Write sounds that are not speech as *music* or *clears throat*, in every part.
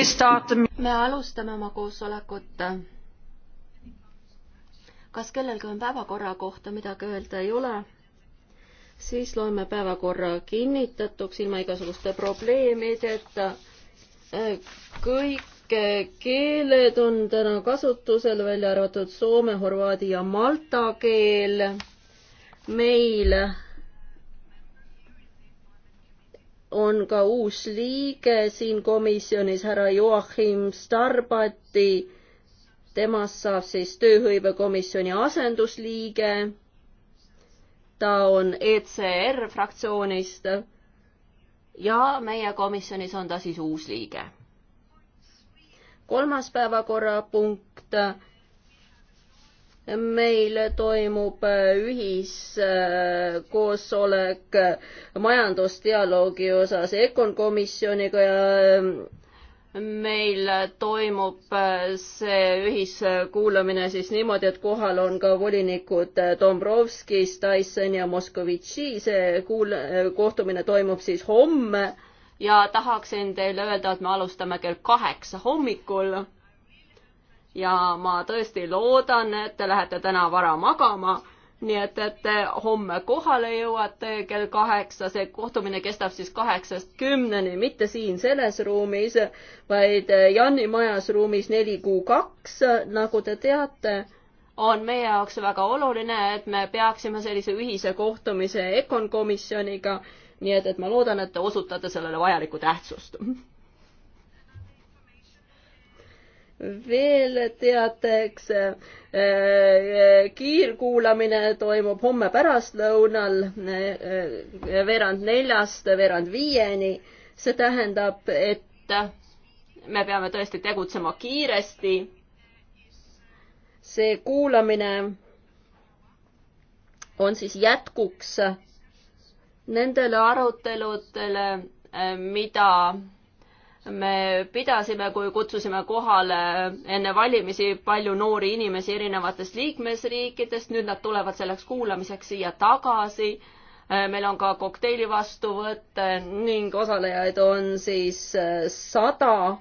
Start... me alustame oma koosolekut. kas kellelgi on päevakorra kohta midagi öelda, ei ole? siis loeme päevakorra kinnitatuks ilma igasuguste probleemideta. kõik keeled on täna kasutusel, välja arvatud soome, horvaadi ja malta keel. meil on ka uus liige siin komisjonis, härra Joachim Starbati. temast saab siis tööhõivekomisjoni asendusliige. ta on ECR fraktsioonist ja meie komisjonis on ta siis uus liige. kolmas päevakorrapunkt meil toimub äh, ühiskoosolek äh, äh, majandusdialoogi osas EKON komisjoniga ja ähm, meil toimub see ühiskuulamine siis niimoodi, et kohal on ka volinikud Dombrovski, Tyson ja Moskovitši, see kuul-, kohtumine toimub siis homme ja tahaksin teile öelda, et me alustame kell kaheksa hommikul ja ma tõesti loodan, et te lähete täna vara magama, nii et, et te homme kohale jõuate kell kaheksa, see kohtumine kestab siis kaheksast kümneni, mitte siin selles ruumis, vaid Janni majas ruumis neli kuu kaks, nagu te teate on meie jaoks väga oluline, et me peaksime sellise ühise kohtumise EKON komisjoniga, nii et, et ma loodan, et te osutate sellele vajalikku tähtsust veel teateks, äh, kiirkuulamine toimub homme pärastlõunal äh, äh, veerand neljast veerand viieni. see tähendab, et me peame tõesti tegutsema kiiresti. see kuulamine on siis jätkuks nendele aruteludele, mida me pidasime, kui kutsusime kohale enne valimisi palju noori inimesi erinevatest liikmesriikidest, nüüd nad tulevad selleks kuulamiseks siia tagasi. meil on ka kokteili vastuvõtt ning osalejaid on siis eh, sada,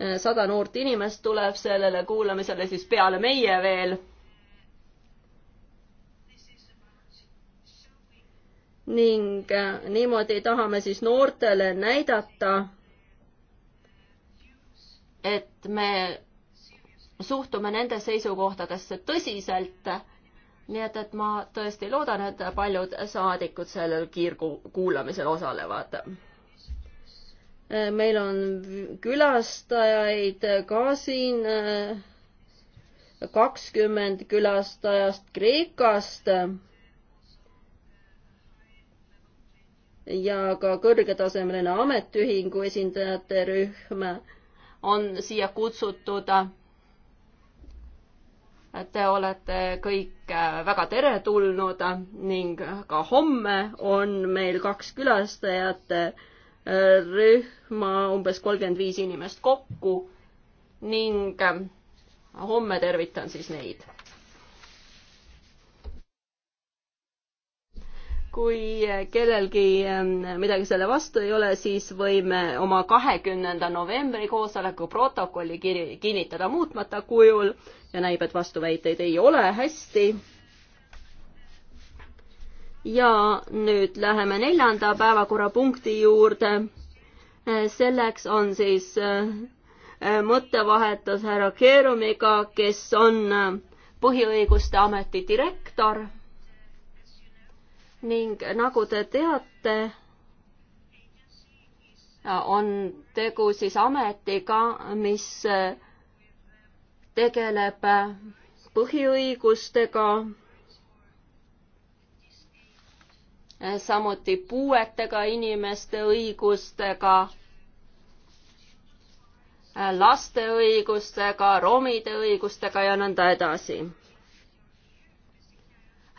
eh, sada noort inimest tuleb sellele kuulamisele siis peale meie veel. ning eh, niimoodi tahame siis noortele näidata et me suhtume nende seisukohtadesse tõsiselt. nii et, et ma tõesti loodan, et paljud saadikud sellel kiirkuulamisel osalevad. meil on külastajaid ka siin, kakskümmend külastajast Kreekast ja ka kõrgetasemeline ametiühingu esindajate rühm on siia kutsutud. Te olete kõik äh, väga teretulnud ning ka homme on meil kaks külastajate äh, rühma, umbes kolmkümmend viis inimest kokku ning äh, homme tervitan siis neid kui kellelgi ähm, midagi selle vastu ei ole, siis võime oma kahekümnenda novembri koosoleku protokolli kinnitada muutmata kujul ja näib, et vastuväiteid ei ole, hästi. ja nüüd läheme neljanda päevakorrapunkti juurde. Äh, selleks on siis äh, mõttevahetus härra Keerumiga, kes on äh, põhiõiguste ameti direktor ning nagu te teate, on tegu siis ametiga, mis tegeleb põhiõigustega, samuti puuetega inimeste õigustega, laste õigustega, romide õigustega ja nõnda edasi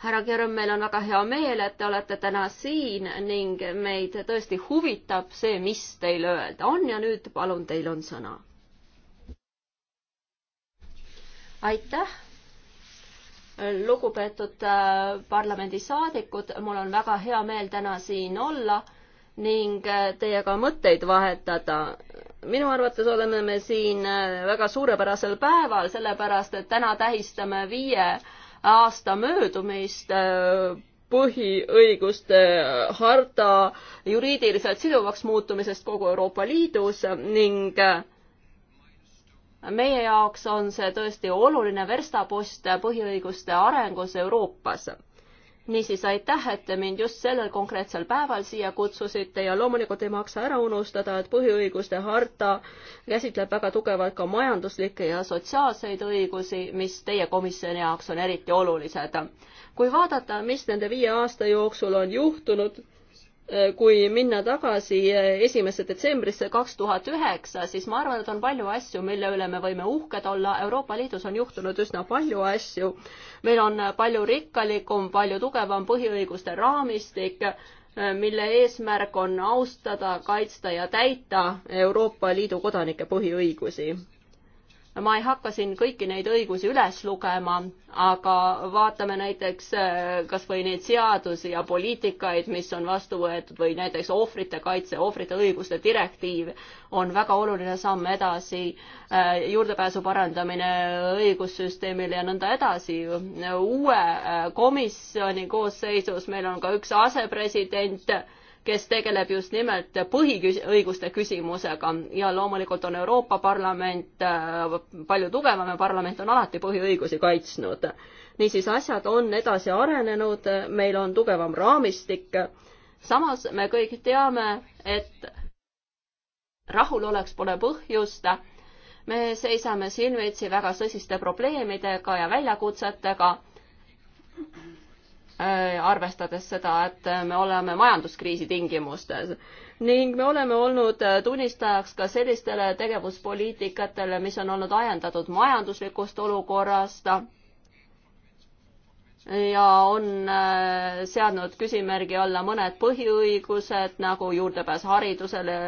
härra Kerm, meil on väga hea meel, et te olete täna siin ning meid tõesti huvitab see, mis teil öelda on ja nüüd palun, teil on sõna. aitäh, lugupeetud äh, parlamendisaadikud, mul on väga hea meel täna siin olla ning äh, teiega mõtteid vahetada. minu arvates oleme me siin äh, väga suurepärasel päeval, sellepärast et täna tähistame viie aasta möödumist äh, põhiõiguste harta juriidiliselt siduvaks muutumisest kogu Euroopa Liidus ning äh, meie jaoks on see tõesti oluline verstapost põhiõiguste arengus Euroopas niisiis aitäh, et te mind just sellel konkreetsel päeval siia kutsusite ja loomulikult ei maksa ära unustada, et põhiõiguste harta käsitleb väga tugevalt ka majanduslikke ja sotsiaalseid õigusi, mis teie komisjoni jaoks on eriti olulised. kui vaadata, mis nende viie aasta jooksul on juhtunud, Äh, kui minna tagasi äh, esimesse detsembrisse kaks tuhat üheksa, siis ma arvan, et on palju asju, mille üle me võime uhked olla. Euroopa Liidus on juhtunud üsna palju asju. meil on palju rikkalikum, palju tugevam põhiõiguste raamistik, äh, mille eesmärk on austada, kaitsta ja täita Euroopa Liidu kodanike põhiõigusi ma ei hakka siin kõiki neid õigusi üles lugema, aga vaatame näiteks äh, kas või neid seadusi ja poliitikaid, mis on vastu võetud või näiteks ohvrite kaitse, ohvrite õiguste direktiiv on väga oluline samm edasi, äh, juurdepääsu parandamine õigussüsteemile ja nõnda edasi. uue äh, komisjoni koosseisus meil on ka üks asepresident kes tegeleb just nimelt põhiõiguste küsimusega ja loomulikult on Euroopa Parlament äh, palju tugevam ja parlament on alati põhiõigusi kaitsnud. niisiis, asjad on edasi arenenud, meil on tugevam raamistik, samas me kõik teame, et rahuloleks pole põhjust, me seisame silmitsi väga tõsiste probleemidega ja väljakutsetega Äh, arvestades seda, et me oleme majanduskriisi tingimustes ning me oleme olnud äh, tunnistajaks ka sellistele tegevuspoliitikatele, mis on olnud ajendatud majanduslikust olukorrast ja on äh, seadnud küsimärgi alla mõned põhiõigused nagu juurdepääs haridusele,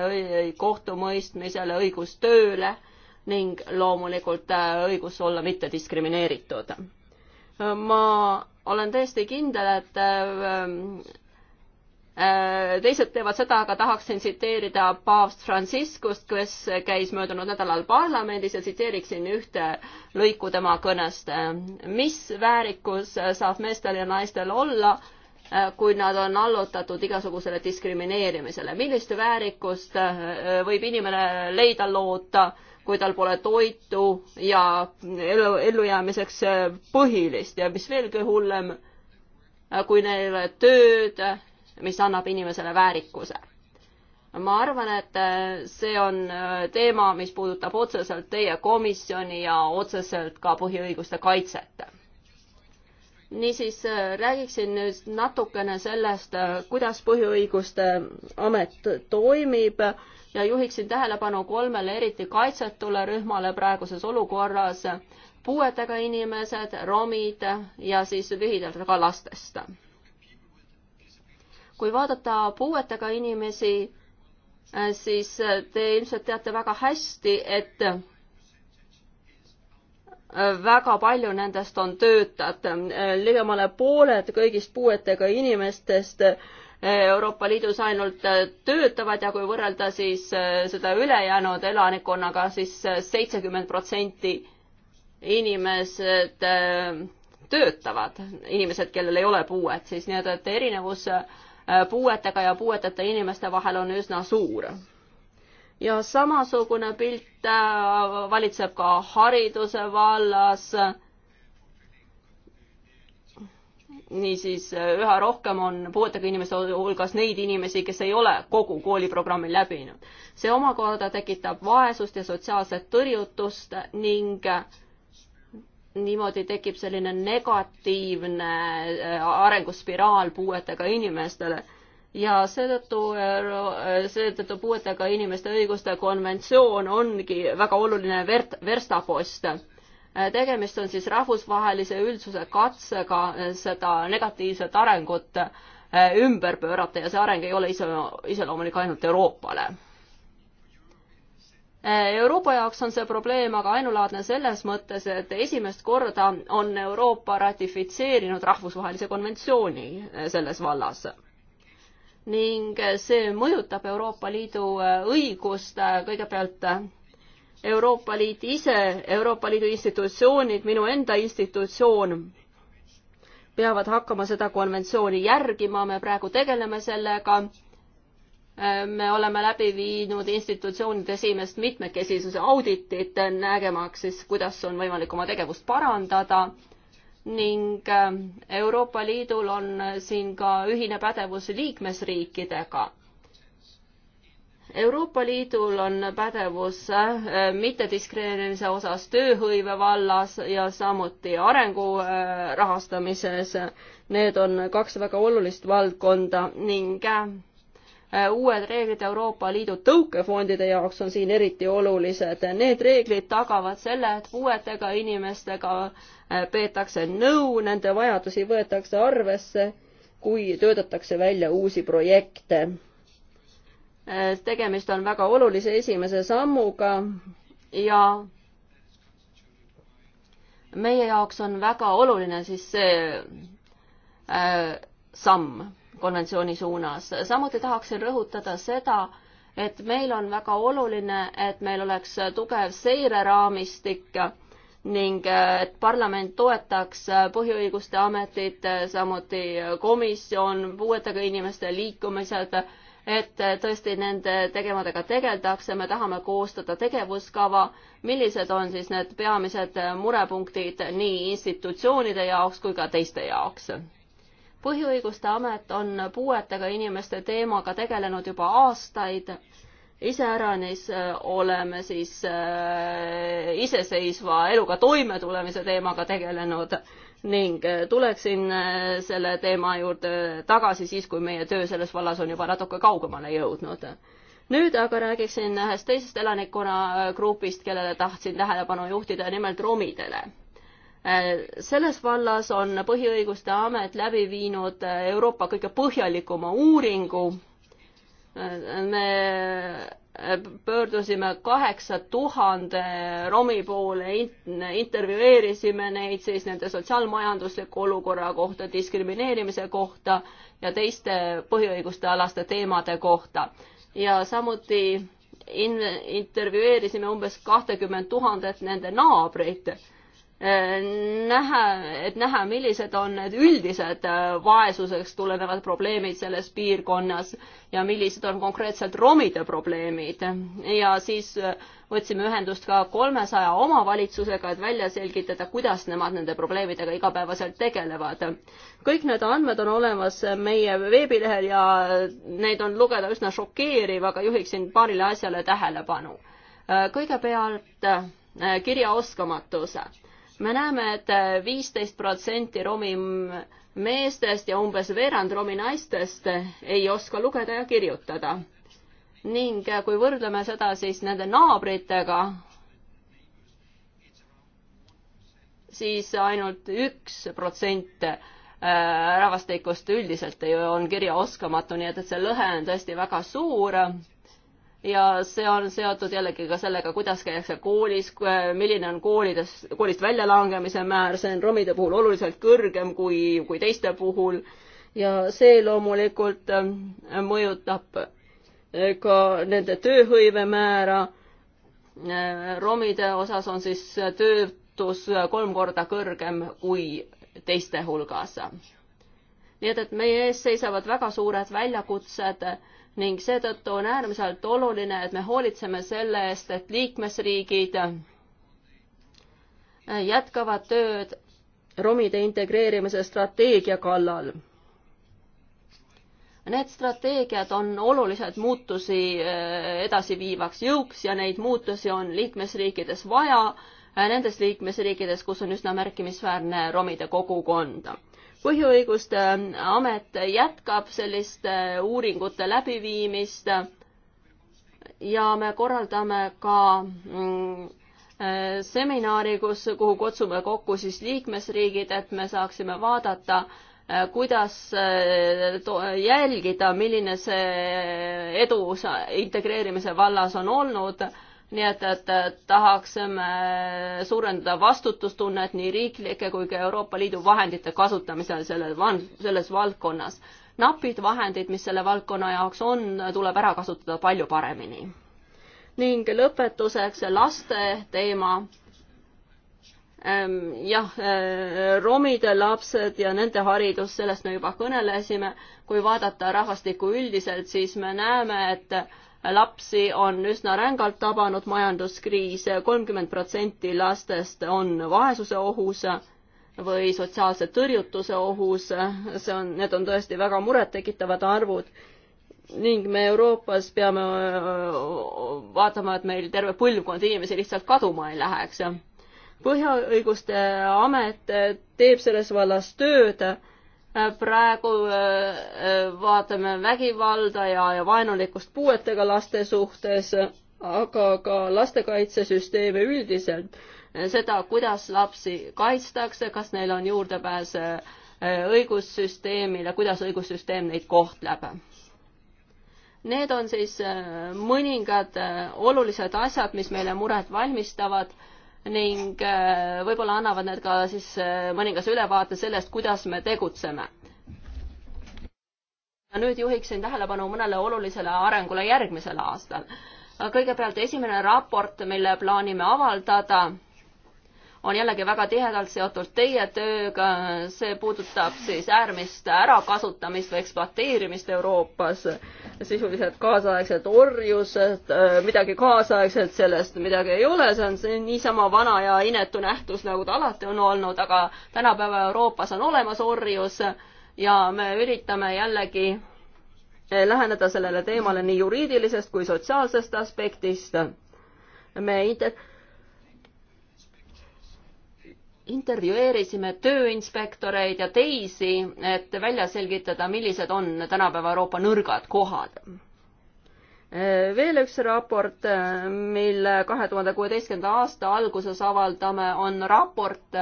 kohtumõistmisele, õigus tööle ning loomulikult õigus olla mittediskrimineeritud. ma olen tõesti kindel, et äh, äh, teised teevad seda, aga tahaksin tsiteerida paavst Franciscust, kes käis möödunud nädalal parlamendis ja tsiteeriksin ühte lõiku tema kõnest. mis väärikus saab meestel ja naistel olla, äh, kui nad on allutatud igasugusele diskrimineerimisele, millist väärikust võib inimene leida loota kui tal pole toitu ja elu, ellujäämiseks eh, põhilist ja mis veelgi hullem, eh, kui neil ei ole tööd, mis annab inimesele väärikuse. ma arvan, et eh, see on teema, mis puudutab otseselt teie komisjoni ja otseselt ka põhiõiguste kaitset niisiis räägiksin nüüd natukene sellest, kuidas põhiõiguste amet toimib ja juhiksin tähelepanu kolmele eriti kaitsetule rühmale praeguses olukorras, puuetega inimesed, romid ja siis lühidalt ka lastest. kui vaadata puuetega inimesi, siis te ilmselt teate väga hästi, et väga palju nendest on töötajad, ligemale pooled kõigist puuetega inimestest Euroopa Liidus ainult äh, töötavad ja kui võrrelda siis äh, seda ülejäänud elanikkonnaga siis, siis äh, seitsekümmend protsenti inimesed töötavad, inimesed, kellel ei ole puuet, siis nii-öelda, et erinevus puuetega ja puueteta inimeste vahel on üsna suur. ja samasugune pilt valitseb ka hariduse vallas niisiis äh, üha rohkem on puuetega inimeste hulgas neid inimesi, kes ei ole kogu kooliprogrammi läbinud. see omakorda tekitab vaesust ja sotsiaalset tõrjutust ning äh, niimoodi tekib selline negatiivne äh, arenguspiraal puuetega inimestele ja seetõttu, seetõttu puuetega inimeste õiguste konventsioon ongi väga oluline vert-, verstapost Äh, tegemist on siis rahvusvahelise üldsuse katsega äh, seda negatiivset arengut äh, ümber pöörata ja see areng ei ole ise, iseloomulik ainult Euroopale. Euroopa jaoks on see probleem aga ainulaadne selles mõttes, et esimest korda on Euroopa ratifitseerinud rahvusvahelise konventsiooni selles vallas. ning see mõjutab Euroopa Liidu õigust kõigepealt Euroopa Liit ise, Euroopa Liidu institutsioonid, minu enda institutsioon peavad hakkama seda konventsiooni järgima, me praegu tegeleme sellega. me oleme läbi viinud institutsioonide esimest mitmekesisuse auditit, nägemaks siis, kuidas on võimalik oma tegevust parandada ning äh, Euroopa Liidul on siin ka ühine pädevus liikmesriikidega Euroopa Liidul on pädevus äh, mittediskrimineerimise osas tööhõive vallas ja samuti arengu äh, rahastamises. Need on kaks väga olulist valdkonda ning äh, uued reeglid Euroopa Liidu tõukefondide jaoks on siin eriti olulised. Need reeglid tagavad selle, et puuetega inimestega peetakse nõu, nende vajadusi võetakse arvesse, kui töötatakse välja uusi projekte Äh, tegemist on väga olulise esimese sammuga ja meie jaoks on väga oluline siis see äh, samm konventsiooni suunas. samuti tahaksin rõhutada seda, et meil on väga oluline, et meil oleks tugev seireraamistik ning äh, et parlament toetaks äh, põhiõiguste ametit, samuti komisjon, puuetega inimeste liikumised äh,, et äh, tõesti nende tegemadega tegeldakse, me tahame koostada tegevuskava, millised on siis need peamised äh, murepunktid nii institutsioonide jaoks kui ka teiste jaoks. põhiõiguste amet on puuetega inimeste teemaga tegelenud juba aastaid, iseäranis äh, oleme siis iseseisva eluga toimetulemise teemaga tegelenud ning äh, tuleksin äh, selle teema juurde tagasi siis, kui meie töö selles vallas on juba natuke kaugemale jõudnud. nüüd aga räägiksin ühest teisest elanikkonnagrupist, kellele tahtsin tähelepanu juhtida, nimelt romidele. Äh, selles vallas on Põhiõiguste Amet läbi viinud Euroopa kõige põhjalikuma uuringu. me pöördusime kaheksa tuhande romi poole, intervjueerisime neid siis nende sotsiaalmajandusliku olukorra kohta, diskrimineerimise kohta ja teiste põhiõiguste alaste teemade kohta. ja samuti in-, intervjueerisime umbes kahtekümmet tuhandet nende naabrit näha, et näha, millised on need üldised äh, vaesuseks tulenevad probleemid selles piirkonnas ja millised on konkreetselt romide probleemid. ja siis äh, võtsime ühendust ka kolmesaja omavalitsusega, et välja selgitada, kuidas nemad nende probleemidega igapäevaselt tegelevad. kõik need andmed on olemas meie veebilehel ja äh, neid on lugeda üsna šokeeriv, aga juhiksin paarile asjale tähelepanu. kõigepealt kirjaoskamatus me näeme et, et äh, viisteist protsenti romi meestest ja umbes veerand romi naistest ei oska lugeda ja kirjutada. ning äh, kui võrdleme seda siis nende naabritega, siis ainult üks protsent äh, rahvastikust üldiselt on kirjaoskamatu, nii et, et see lõhe on tõesti väga suur ja see on seotud jällegi ka sellega, kuidas käiakse koolis, milline on koolides, koolist väljalangemise määr, see on romide puhul oluliselt kõrgem kui, kui teiste puhul ja see loomulikult ähm, mõjutab äh, ka nende tööhõive määra. Äh, romide osas on siis töötus kolm korda kõrgem kui teiste hulgas. nii et, et meie ees seisavad väga suured väljakutsed ning seetõttu on äärmiselt oluline, et me hoolitseme selle eest, et liikmesriigid äh, jätkavad tööd romide integreerimise strateegia kallal. Need strateegiad on olulised muutusi äh, edasiviivaks jõuks ja neid muutusi on liikmesriikides vaja, äh, nendes liikmesriikides, kus on üsna märkimisväärne romide kogukond põhiõiguste amet jätkab selliste uuringute läbiviimist ja me korraldame ka mm, äh, seminari, kus, kuhu kutsume kokku siis liikmesriigid, et me saaksime vaadata, äh, kuidas äh, jälgida, milline see edu integreerimise vallas on olnud nii et, et tahaksime suurendada vastutustunnet nii riiklike kui ka Euroopa Liidu vahendite kasutamisel selles, selles valdkonnas. napid vahendid, mis selle valdkonna jaoks on, tuleb ära kasutada palju paremini. ning lõpetuseks laste teema. Ehm, jah, ehm, romide lapsed ja nende haridus, sellest me juba kõnelesime. kui vaadata rahvastikku üldiselt, siis me näeme, et lapsi on üsna rängalt tabanud majanduskriis, kolmkümmend protsenti lastest on vaesuse ohus või sotsiaalse tõrjutuse ohus, see on, need on tõesti väga murettekitavad arvud ning me Euroopas peame vaatama, et meil terve põlvkond inimesi lihtsalt kaduma ei läheks. põhiõiguste amet teeb selles vallas tööd praegu äh, äh, vaatame vägivalda ja, ja vaenulikkust puuetega laste suhtes, aga ka lastekaitsesüsteeme üldiselt, seda, kuidas lapsi kaitstakse, kas neil on juurdepääs äh, õigussüsteemile, kuidas õigussüsteem neid kohtleb. Need on siis mõningad olulised asjad, mis meile muret valmistavad ning äh, võib-olla annavad need ka siis äh, mõningase ülevaate sellest, kuidas me tegutseme. ja nüüd juhiksin tähelepanu mõnele olulisele arengule järgmisel aastal. kõigepealt esimene raport, mille plaanime avaldada on jällegi väga tihedalt seotud teie tööga, see puudutab siis äärmist ärakasutamist või ekspluateerimist Euroopas, sisuliselt kaasaegsed orjused, äh, midagi kaasaegset sellest midagi ei ole, see on see niisama vana ja inetu nähtus, nagu ta alati on olnud, aga tänapäeva Euroopas on olemas orjus ja me üritame jällegi äh, läheneda sellele teemale nii juriidilisest kui sotsiaalsest aspektist. me inter-, intervjueerisime tööinspektoreid ja teisi, et välja selgitada, millised on tänapäeva Euroopa nõrgad kohad. veel üks raport, mille kahe tuhande kuueteistkümnenda aasta alguses avaldame, on raport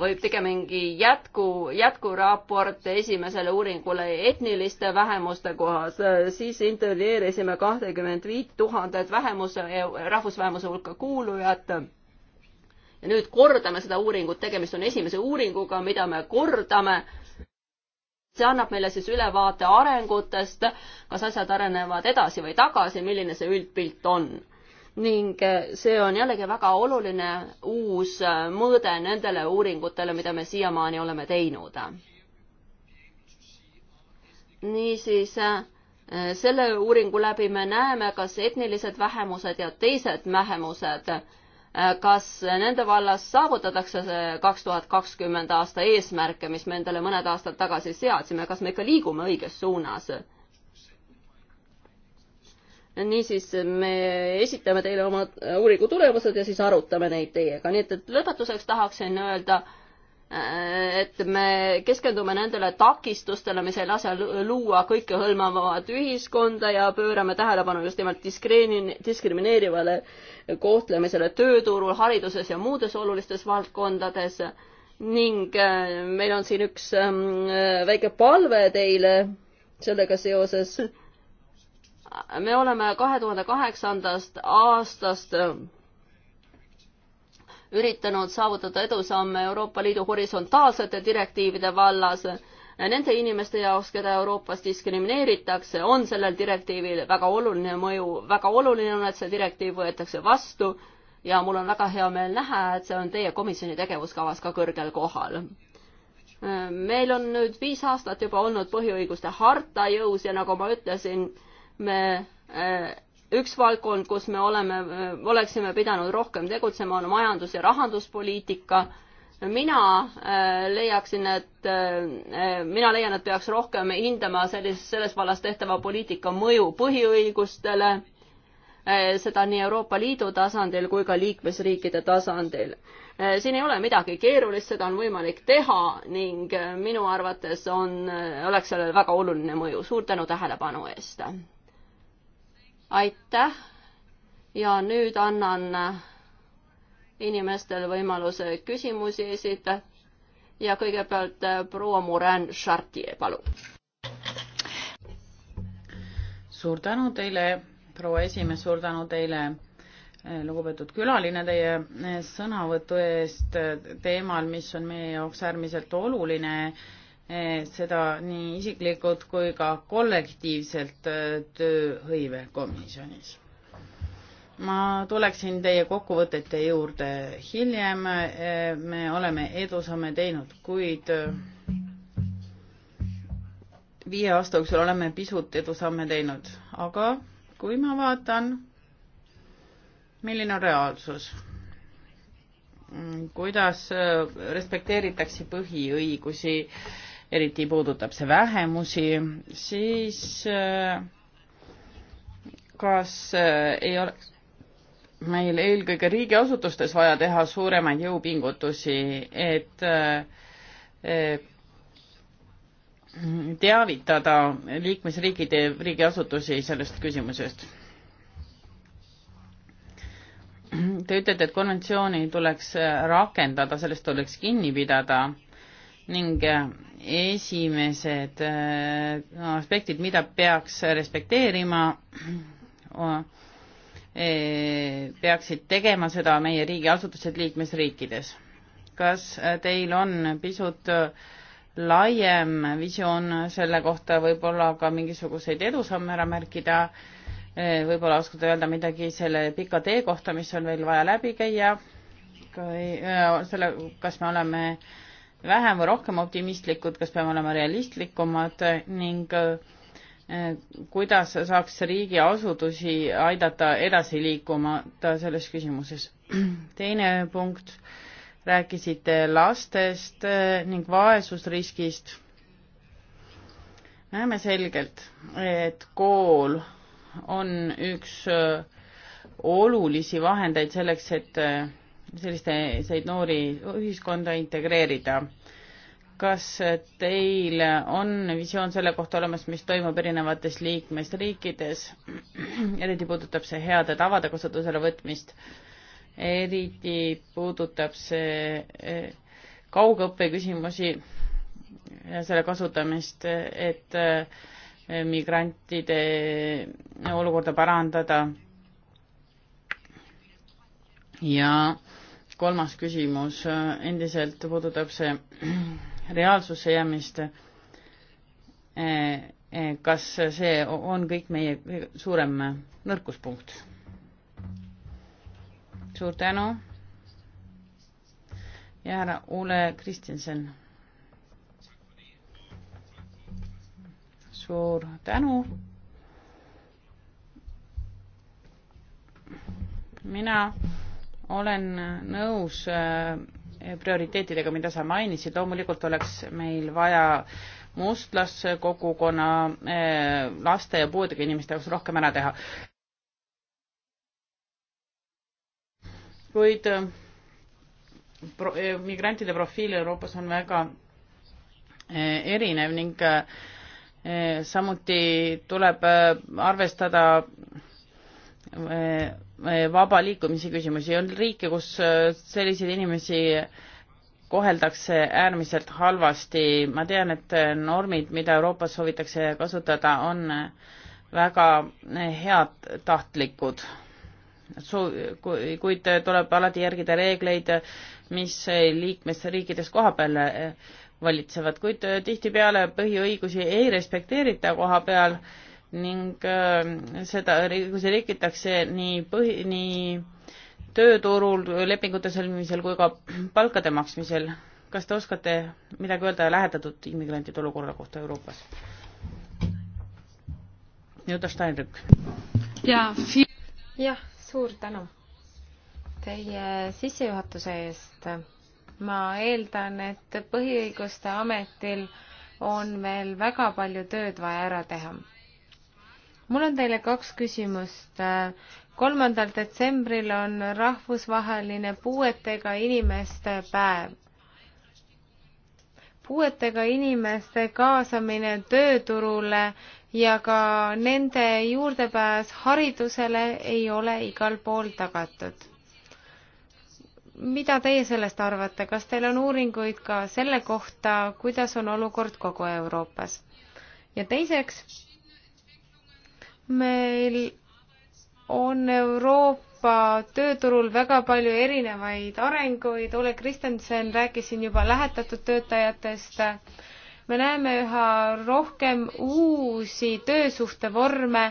või pigem mingi jätku, jätkuraport esimesele uuringule etniliste vähemuste kohas, siis intervjueerisime kahtekümmend viit tuhandet vähemuse, rahvusvähemuse hulka kuulujat ja nüüd kordame seda uuringut, tegemist on esimese uuringuga, mida me kordame. see annab meile siis ülevaate arengutest, kas asjad arenevad edasi või tagasi, milline see üldpilt on ning eh, see on jällegi väga oluline uus eh, mõõde nendele uuringutele, mida me siiamaani oleme teinud. niisiis eh, selle uuringu läbi me näeme, kas etnilised vähemused ja teised vähemused Äh, kas nende vallas saavutatakse see kaks tuhat kakskümmend aasta eesmärke, mis me endale mõned aastad tagasi seadsime, kas me ikka liigume õiges suunas? niisiis, me esitame teile oma äh, uuringu tulemused ja siis arutame neid teiega, nii et, et lõpetuseks tahaksin öelda äh, et me keskendume nendele takistustele, mis ei lase luua kõikehõlmavat ühiskonda ja pöörame tähelepanu just nimelt diskrimineerivale kohtlemisele tööturul, hariduses ja muudes olulistes valdkondades. ning äh, meil on siin üks ähm, väike palve teile sellega seoses. me oleme kahe tuhande kaheksandast aastast äh, üritanud saavutada edusamme Euroopa Liidu horisontaalsete direktiivide vallas. Nende inimeste jaoks, keda Euroopas diskrimineeritakse, on sellel direktiivil väga oluline mõju, väga oluline on, et see direktiiv võetakse vastu ja mul on väga hea meel näha, et see on teie komisjoni tegevuskavas ka kõrgel kohal meil on nüüd viis aastat juba olnud põhiõiguste harta jõus ja nagu ma ütlesin, me üks valdkond, kus me oleme, oleksime pidanud rohkem tegutsema, on majandus- ja rahanduspoliitika. mina äh, leiaksin, et, äh, äh, mina leian, et peaks rohkem hindama sellises, selles vallas tehtava poliitika mõju põhiõigustele, seda nii Euroopa Liidu tasandil kui ka liikmesriikide tasandil. siin ei ole midagi keerulist, seda on võimalik teha ning minu arvates on, oleks sellel väga oluline mõju. suur tänu tähelepanu eest! aitäh ja nüüd annan äh, inimestel võimaluse küsimusi esitada ja kõigepealt äh, proua Morin Chartier, palun. suur tänu teile, proua esimees, suur tänu teile, äh, lugupeetud külaline, teie sõnavõtu eest teemal, mis on meie jaoks äärmiselt oluline Eh, seda nii isiklikult kui ka kollektiivselt eh, tööhõivekomisjonis. ma tuleksin teie kokkuvõtete juurde hiljem, eh, me oleme edusamme teinud, kuid viie aasta jooksul oleme pisut edusamme teinud, aga kui ma vaatan, milline on reaalsus mm, kuidas respekteeritakse põhiõigusi äh, eriti puudutab see vähemusi, siis äh, kas äh, ei ole meil eelkõige riigiasutustes vaja teha suuremaid jõupingutusi, et äh, teavitada liikmesriikide riigiasutusi sellest küsimusest? Te ütlete, et konventsiooni tuleks rakendada, sellest tuleks kinni pidada ning esimesed äh, aspektid, mida peaks respekteerima, *clears throat* äh, peaksid tegema seda meie riigiasutused liikmesriikides. kas teil on pisut äh, laiem visioon selle kohta, võib-olla ka mingisuguseid edusamme ära märkida, võib-olla oskate öelda midagi selle pika tee kohta, mis on veel vaja läbi käia, selle, kas me oleme äh, vähem või rohkem optimistlikud, kas peame olema realistlikumad ning eh, kuidas saaks riigiasutusi aidata edasi liikumata selles küsimuses. *clears throat* teine punkt, rääkisite lastest eh, ning vaesusriskist. näeme selgelt, et kool on üks eh, olulisi vahendeid selleks, et selliseid noori ühiskonda integreerida. kas teil on visioon selle kohta olemas, mis toimub erinevates liikmesriikides, eriti puudutab see heade tavade kasutusele võtmist, eriti puudutab see eh, kaugõppe küsimusi ja selle kasutamist, et eh, migrantide olukorda parandada ja kolmas küsimus, endiselt puudutab see *clears throat* reaalsusse jäämist. E, e, kas see on kõik meie suurem nõrkuspunkt? suur tänu. ja härra Ulle Kristjanson. suur tänu. mina olen nõus äh, prioriteetidega, mida sa mainisid, loomulikult oleks meil vaja mustlaskogukonna äh, laste ja puudega inimeste jaoks rohkem ära teha. kuid äh, pro, migrantide profiil Euroopas on väga erinev ning samuti tuleb arvestada Eh, vaba liikumise küsimusi, on riike, kus eh, selliseid inimesi koheldakse äärmiselt halvasti, ma tean, et eh, normid, mida Euroopas soovitakse kasutada, on väga head tahtlikud. Soo-, kuid tuleb alati järgida reegleid, mis liikmesriikides kohapeal valitsevad, kuid tihtipeale põhiõigusi ei respekteerita kohapeal ning äh, seda, kui see rikitakse nii põhi, nii tööturul, lepingute sõlmimisel kui ka palkade maksmisel. kas te oskate midagi öelda lähedatud immigrantide olukorra kohta Euroopas? Jutta Steinrück. jah, suur tänu teie sissejuhatuse eest. ma eeldan, et Põhiõiguste Ametil on veel väga palju tööd vaja ära teha mul on teile kaks küsimust. kolmandal detsembril on rahvusvaheline puuetega inimeste päev. puuetega inimeste kaasamine tööturule ja ka nende juurdepääs haridusele ei ole igal pool tagatud mida teie sellest arvate, kas teil on uuringuid ka selle kohta, kuidas on olukord kogu Euroopas? ja teiseks, meil on Euroopa tööturul väga palju erinevaid arenguid, Ole Kristensen rääkis siin juba lähetatud töötajatest, me näeme üha rohkem uusi töösuhtevorme,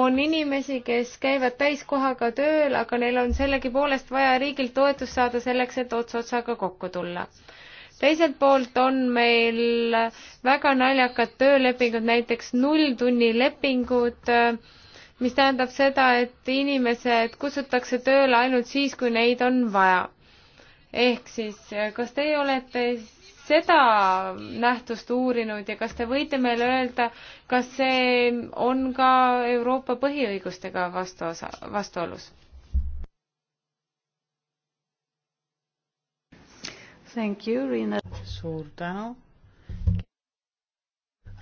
on inimesi, kes käivad täiskohaga tööl, aga neil on sellegipoolest vaja riigilt toetust saada selleks, et ots otsaga kokku tulla teiselt poolt on meil väga naljakad töölepingud, näiteks nulltunnilepingud, mis tähendab seda, et inimesed kutsutakse tööle ainult siis, kui neid on vaja. ehk siis, kas teie olete seda nähtust uurinud ja kas te võite meile öelda, kas see on ka Euroopa põhiõigustega vastu, vastuolus? Thank you, Riina. suur tänu.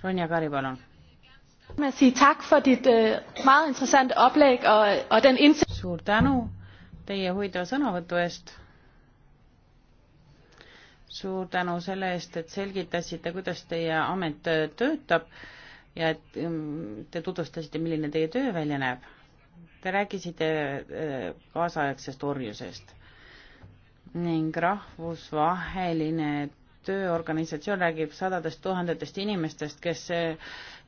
Ronja Kari, palun. ma siin tak for dit øh, meget interessant oplæg og, og den indsats. suur tänu teie huvitava sõnavõtu eest. suur tänu selle eest, et selgitasite, kuidas teie amet töötab ja et mm, te tutvustasite, milline teie töö välja näeb. Te rääkisite äh, kaasaegsest orjusest ning rahvusvaheline tööorganisatsioon räägib sadadest tuhandetest inimestest, kes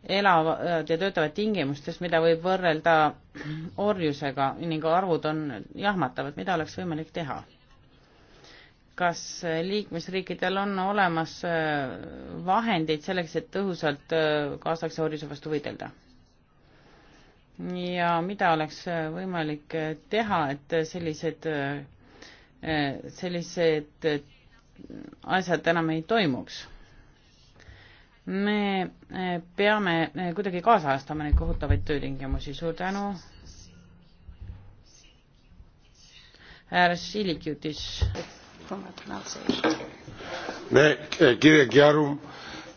elavad ja töötavad tingimustes, mida võib võrrelda *clears throat* orjusega ning arvud on jahmatavad, mida oleks võimalik teha? kas liikmesriikidel on olemas äh, vahendeid selleks, et tõhusalt äh, kaasaegse orjuse vastu võidelda? ja mida oleks äh, võimalik teha, et sellised Eh, sellised eh, asjad enam ei toimuks. me eh, peame kuidagi kaasajastama neid kohutavaid töötingimusi, suur tänu. härra Silikjutis. Ναι, κύριε Κιάρου,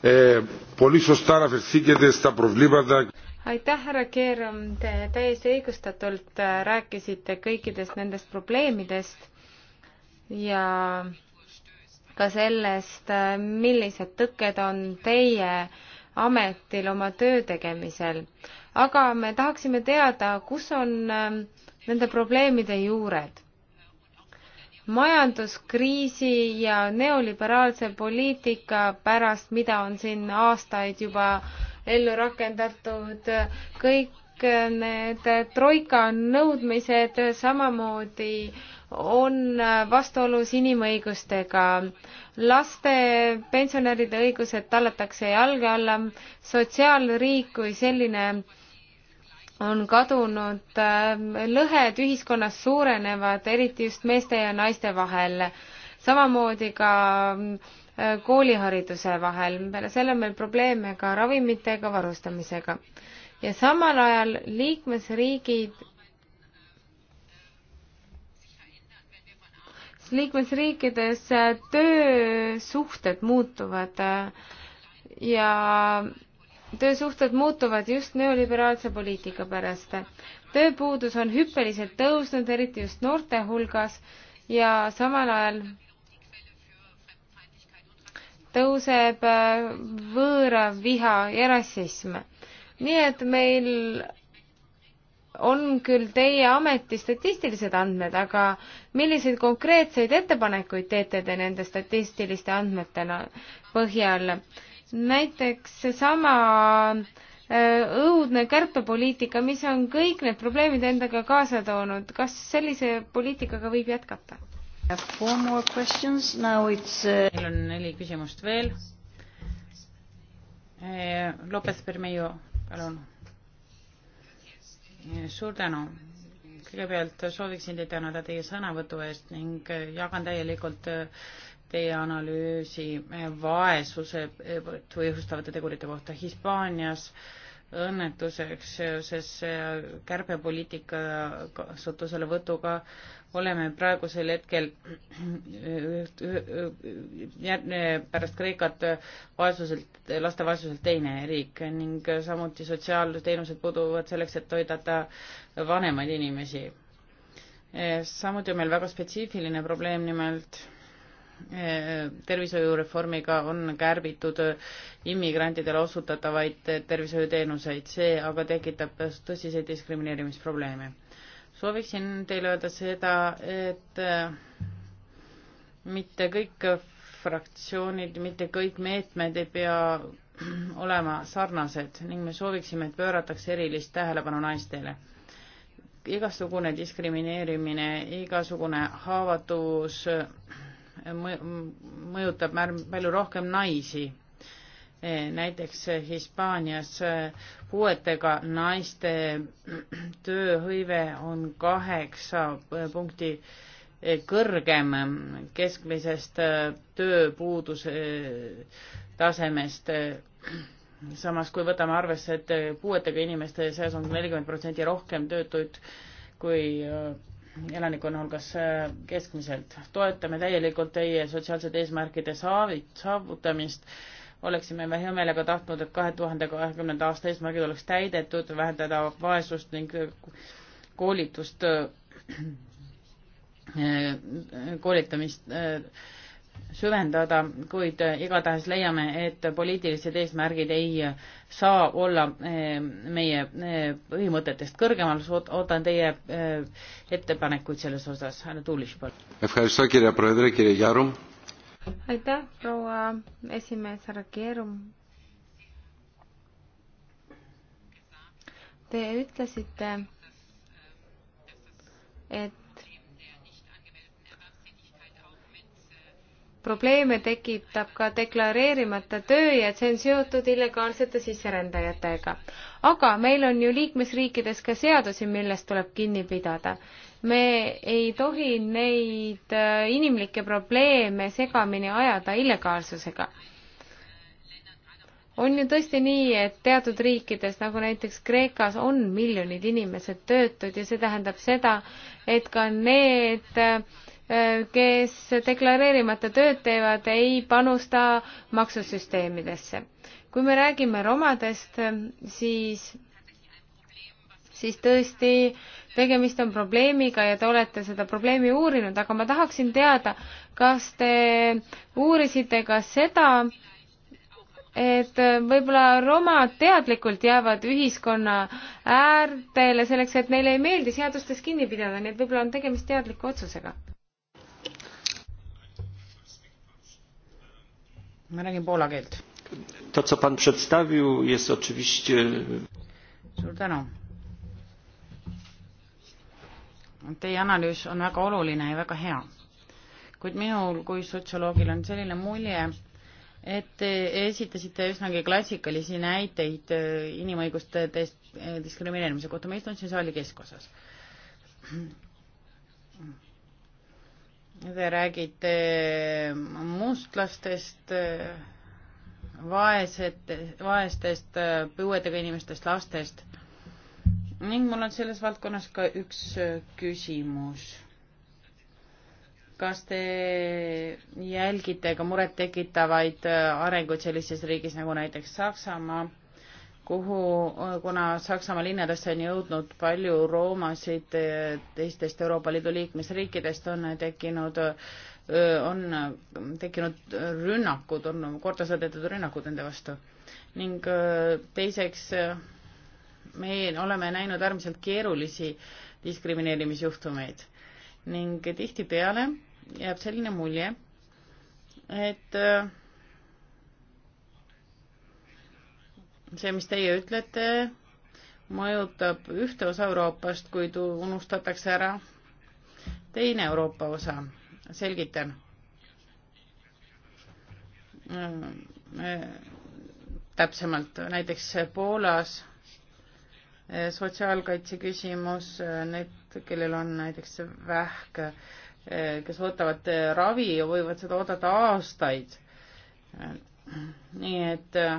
ε, πολύ σωστά αναφερθήκετε στα προβλήματα aitäh, härra Keerum, te täiesti õigustatult äh, rääkisite kõikidest nendest probleemidest ja ka sellest, millised tõkked on teie ametil oma töö tegemisel. aga me tahaksime teada, kus on ähm, nende probleemide juured. majanduskriisi ja neoliberaalse poliitika pärast, mida on siin aastaid juba ellu rakendatud, kõik need troika nõudmised samamoodi äh, on vastuolus inimõigustega. laste, pensionäride õigused tallatakse jalge alla, sotsiaalriik kui selline on kadunud, lõhed ühiskonnas suurenevad, eriti just meeste ja naiste vahel, samamoodi ka äh, koolihariduse vahel, peale selle on meil probleeme ka ravimitega varustamisega. ja samal ajal liikmesriigid liikmesriikides töösuhted muutuvad ja töösuhted muutuvad just neoliberaalse poliitika pärast. tööpuudus on hüppeliselt tõusnud, eriti just noorte hulgas ja samal ajal tõuseb võõraviha ja rassism. nii et meil on küll teie ameti statistilised andmed, aga milliseid konkreetseid ettepanekuid teete te nende statistiliste andmete põhjal? näiteks seesama äh, õudne kärpepoliitika, mis on kõik need probleemid endaga kaasa toonud, kas sellise poliitikaga võib jätkata? Uh, meil on neli küsimust veel. Eh, Lopez Bermejo, palun suur tänu. kõigepealt sooviksin teid tänada teie sõnavõtu eest ning äh, jagan täielikult äh, teie analüüsi äh, vaesuse põhjustavate tegurite kohta Hispaanias äh, õnnetuseks seoses äh, kärbepoliitika kasutuselevõtuga oleme praegusel hetkel *clears throat* pärast Kreekat vaesuselt, laste vaesuselt teine riik ning samuti sotsiaalteenused puuduvad selleks, et toidata vanemaid inimesi. Äh, samuti on meil väga spetsiifiline probleem, nimelt tervishoiureformiga on kärbitud immigrantidele osutatavaid tervishoiuteenuseid, see aga tekitab tõsiseid diskrimineerimisprobleeme. sooviksin teile öelda seda, et äh, mitte kõik fraktsioonid, mitte kõik meetmed ei pea *clears throat* olema sarnased ning me sooviksime, et pööratakse erilist tähelepanu naistele igasugune diskrimineerimine, igasugune haavatavus mõjutab palju rohkem naisi. näiteks Hispaanias puuetega naiste tööhõive on kaheksa punkti kõrgem keskmisest tööpuuduse tasemest. samas, kui võtame arvesse, et puuetega inimeste seas on nelikümmend protsenti rohkem töötuid kui elanikkonna hulgas äh, keskmiselt. toetame täielikult teie sotsiaalsete eesmärkide saavutamist. oleksime me hea meelega tahtnud, et kahe tuhande kahekümnenda aasta eesmärgid oleks täidetud, vähendada vaesust ning koolitust, äh, koolitamist äh, süvendada, kuid eh, igatahes leiame, et poliitilised eesmärgid ei eh, saa olla eh, meie põhimõtetest kõrgemal, ootan teie ettepanekuid selles osas, härra Tuulis, palun. aitäh, proua esimees, härra Keerum. Te ütlesite, et probleeme tekitab ka deklareerimata töö ja et see on seotud illegaalsete sisserändajatega. aga meil on ju liikmesriikides ka seadusi, millest tuleb kinni pidada. me ei tohi neid äh, inimlikke probleeme segamini ajada illegaalsusega. on ju tõesti nii, et teatud riikides, nagu näiteks Kreekas, on miljonid inimesed töötud ja see tähendab seda, et ka need äh, kes deklareerimata tööd teevad, ei panusta maksusüsteemidesse. kui me räägime romadest, siis, siis tõesti tegemist on probleemiga ja te olete seda probleemi uurinud, aga ma tahaksin teada, kas te uurisite ka seda, et võib-olla romad teadlikult jäävad ühiskonna äärtele selleks, et neile ei meeldi seadustes kinni pidada, nii et võib-olla on tegemist teadliku otsusega ma räägin poola keelt. To, co pan przedstawił, jest oczywiście. suur tänu. Teie analüüs on väga oluline ja väga hea. kuid minul kui sotsioloogil on selline mulje, et te esitasite üsnagi klassikalisi näiteid äh, inimõiguste äh, diskrimineerimise kohta, ma istun siin saali keskosas Te räägite mustlastest, vaesed, vaestest, puuetega inimestest, lastest ning mul on selles valdkonnas ka üks küsimus. kas te jälgite ka murettekitavaid arenguid sellises riigis nagu näiteks Saksamaa? kuhu, kuna Saksamaa linnadesse on jõudnud palju roomasid teistest Euroopa Liidu liikmesriikidest, on tekkinud, on tekkinud rünnakud, on korda saadetud rünnakud nende vastu. ning teiseks, me oleme näinud äärmiselt keerulisi diskrimineerimisjuhtumeid ning tihtipeale jääb selline mulje, et äh, see, mis teie ütlete, mõjutab ühte osa Euroopast, kuid unustatakse ära teine Euroopa osa. selgitan. Mm, eh, täpsemalt näiteks Poolas eh, sotsiaalkaitse küsimus, eh, need, kellel on näiteks vähk, kes võtavad ravi ja võivad seda oodata aastaid. nii et äh,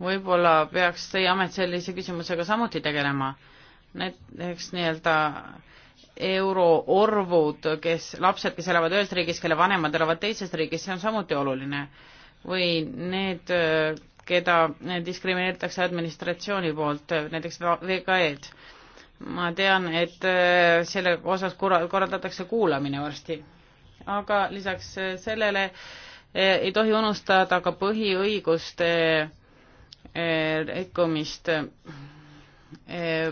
võib-olla peaks teie amet sellise küsimusega samuti tegelema. näiteks nii-öelda euroorvud, kes, lapsed, kes elavad ühes riigis, kelle vanemad elavad teises riigis, see on samuti oluline. või need, keda diskrimineeritakse administratsiooni poolt, näiteks VKE-d. ma tean, et äh, selle osas korra-, korraldatakse kuulamine varsti. aga lisaks sellele äh, ei tohi unustada ka põhiõiguste eh, rikkumist. Eh,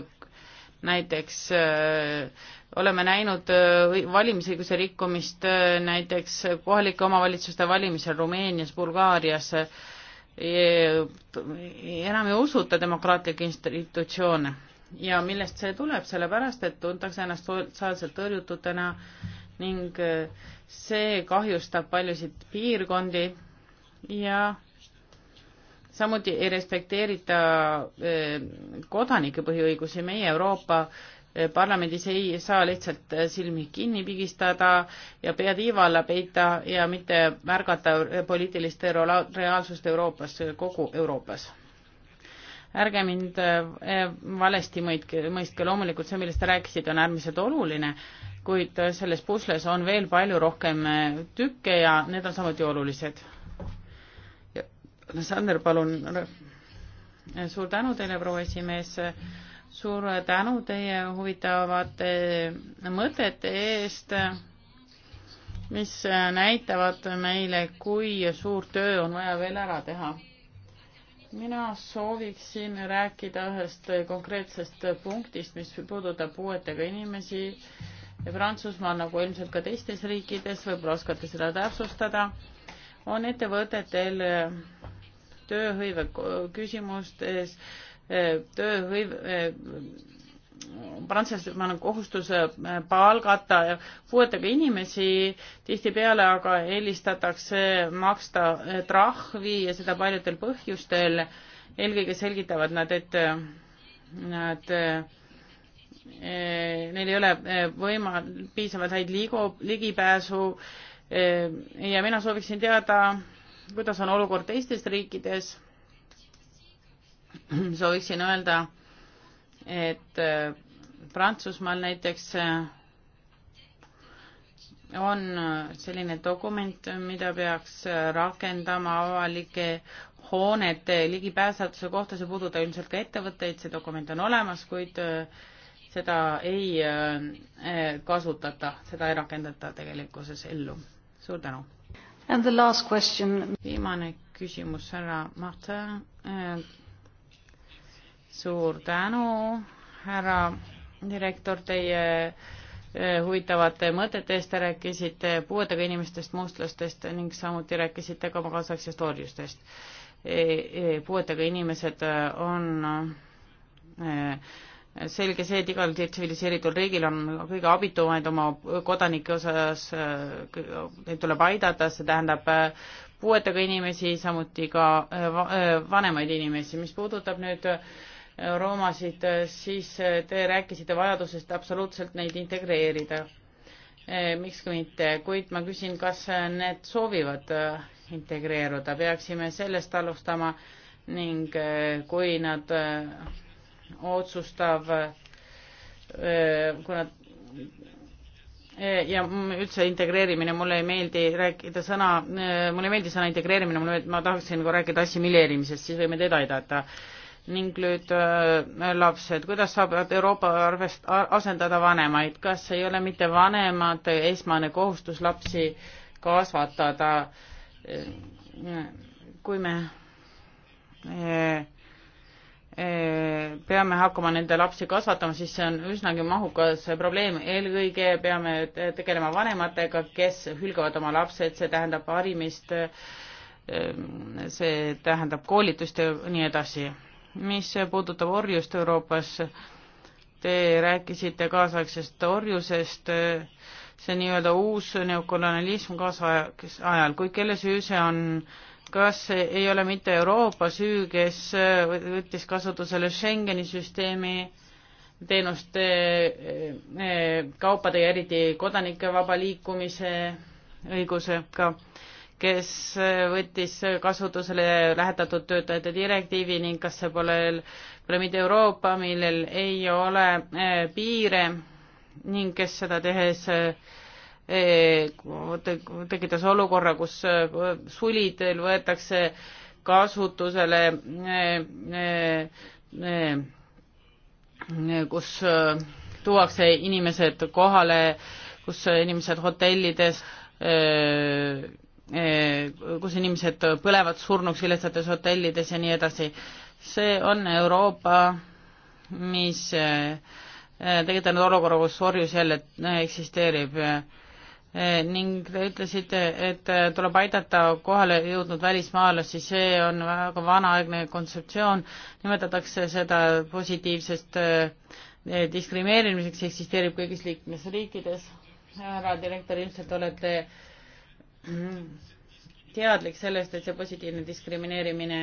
näiteks eh, oleme näinud valimisõiguse rikkumist näiteks kohalike omavalitsuste valimisel Rumeenias, Bulgaarias. enam ei usuta demokraatlikke institutsioone ja millest see tuleb, sellepärast et tuntakse ennast sotsiaalselt tõrjututena ning see kahjustab paljusid piirkondi ja samuti ei respekteerita eh, kodanike põhiõigusi, meie Euroopa eh, parlamendis ei saa lihtsalt eh, silmi kinni pigistada ja pea tiiva alla peita ja mitte märgata poliitilist reaalsust Euroopas, kogu Euroopas. ärge mind valesti mõistke, loomulikult see, millest te rääkisite, on äärmiselt oluline kuid selles pusles on veel palju rohkem tükke ja need on samuti olulised. Sander, palun. suur tänu teile, proua esimees. suur tänu teie huvitavate mõtete eest, mis näitavad meile, kui suur töö on vaja veel ära teha. mina sooviksin rääkida ühest konkreetsest punktist, mis puudutab puuetega inimesi Prantsusmaal nagu ilmselt ka teistes riikides, võib-olla oskate seda täpsustada, on ettevõtetel eh, tööhõive küsimustes, eh, tööhõive, eh, Prantsusmaal on kohustus palgata puuetega inimesi, tihtipeale aga eelistatakse maksta trahvi ja seda paljudel põhjustel. eelkõige selgitavad nad, et nad Eh, neil ei ole eh, võima-, piisavalt häid liigu, ligipääsu eh, ja mina sooviksin teada, kuidas on olukord teistes riikides. *clears throat* sooviksin öelda, et Prantsusmaal näiteks on selline dokument, mida peaks rakendama avalike hoonete ligipääsetuse kohta, see puudutab ilmselt ka ettevõtteid, see dokument on olemas, kuid äh, seda ei äh, kasutata, seda ei rakendata tegelikkuses ellu. suur tänu. And the last question. viimane küsimus härra Martin. Äh, suur tänu, härra direktor, teie äh, huvitavate mõtete eest, te rääkisite puuetega inimestest, mustlastest ning samuti rääkisite ka kaasaegsest orjustest. puuetega inimesed on selge see, et igal tsiviliseeritud riigil on kõige abitumaid oma kodanike osas, neid tuleb aidata, see tähendab äh, puuetega inimesi, samuti ka äh, äh, vanemaid inimesi. mis puudutab nüüd roomasid, siis te rääkisite vajadusest absoluutselt neid integreerida. miks ka mitte, kuid ma küsin, kas need soovivad integreeruda, peaksime sellest alustama ning kui nad otsustav, eh, kuna eh, ja mm, üldse integreerimine, mulle ei meeldi rääkida sõna, eh, mulle ei meeldi sõna integreerimine, mulle, ma tahaksin ka nagu rääkida assimileerimisest, siis võime teda aidata. ning nüüd lapsed, kuidas saavad Euroopa arvest-, asendada vanemaid, kas ei ole mitte vanemate esmane kohustus lapsi kasvatada? kui me Eh, peame hakkama nende lapsi kasvatama, siis see on üsnagi mahukas probleem, eelkõige peame tegelema vanematega, kes hülgavad oma lapsed, see tähendab harimist, eh, see tähendab koolitust ja nii edasi. mis puudutab orjust Euroopas, te rääkisite kaasaegsest orjusest, eh, see nii-öelda uus neokolonialism kaasajal, kuid kelle süü see on äh, kas ei ole mitte Euroopa süü, kes võttis kasutusele Schengeni süsteemi teenuste, eh, eh, kaupade ja eriti kodanike vaba liikumise õigusega, kes võttis kasutusele lähetatud töötajate direktiivi ning kas see pole, pole mitte Euroopa, millel ei ole eh, piire ning kes seda tehes tekitas olukorra, kus äh, sulidel võetakse kasutusele, äh, äh, kus tuuakse inimesed kohale, kus inimesed hotellides, kus inimesed põlevad surnuks vilestates hotellides ja nii edasi. see on Euroopa, mis tegelikult on olukorra, kus orjus jälle eksisteerib Eh, ning te ütlesite, et eh, tuleb aidata kohale jõudnud välismaalasi, see on väga vanaaegne kontseptsioon, nimetatakse seda positiivsest eh, diskrimineerimiseks, eksisteerib kõigis liikmesriikides. härra direktor, ilmselt olete mm, teadlik sellest, et see positiivne diskrimineerimine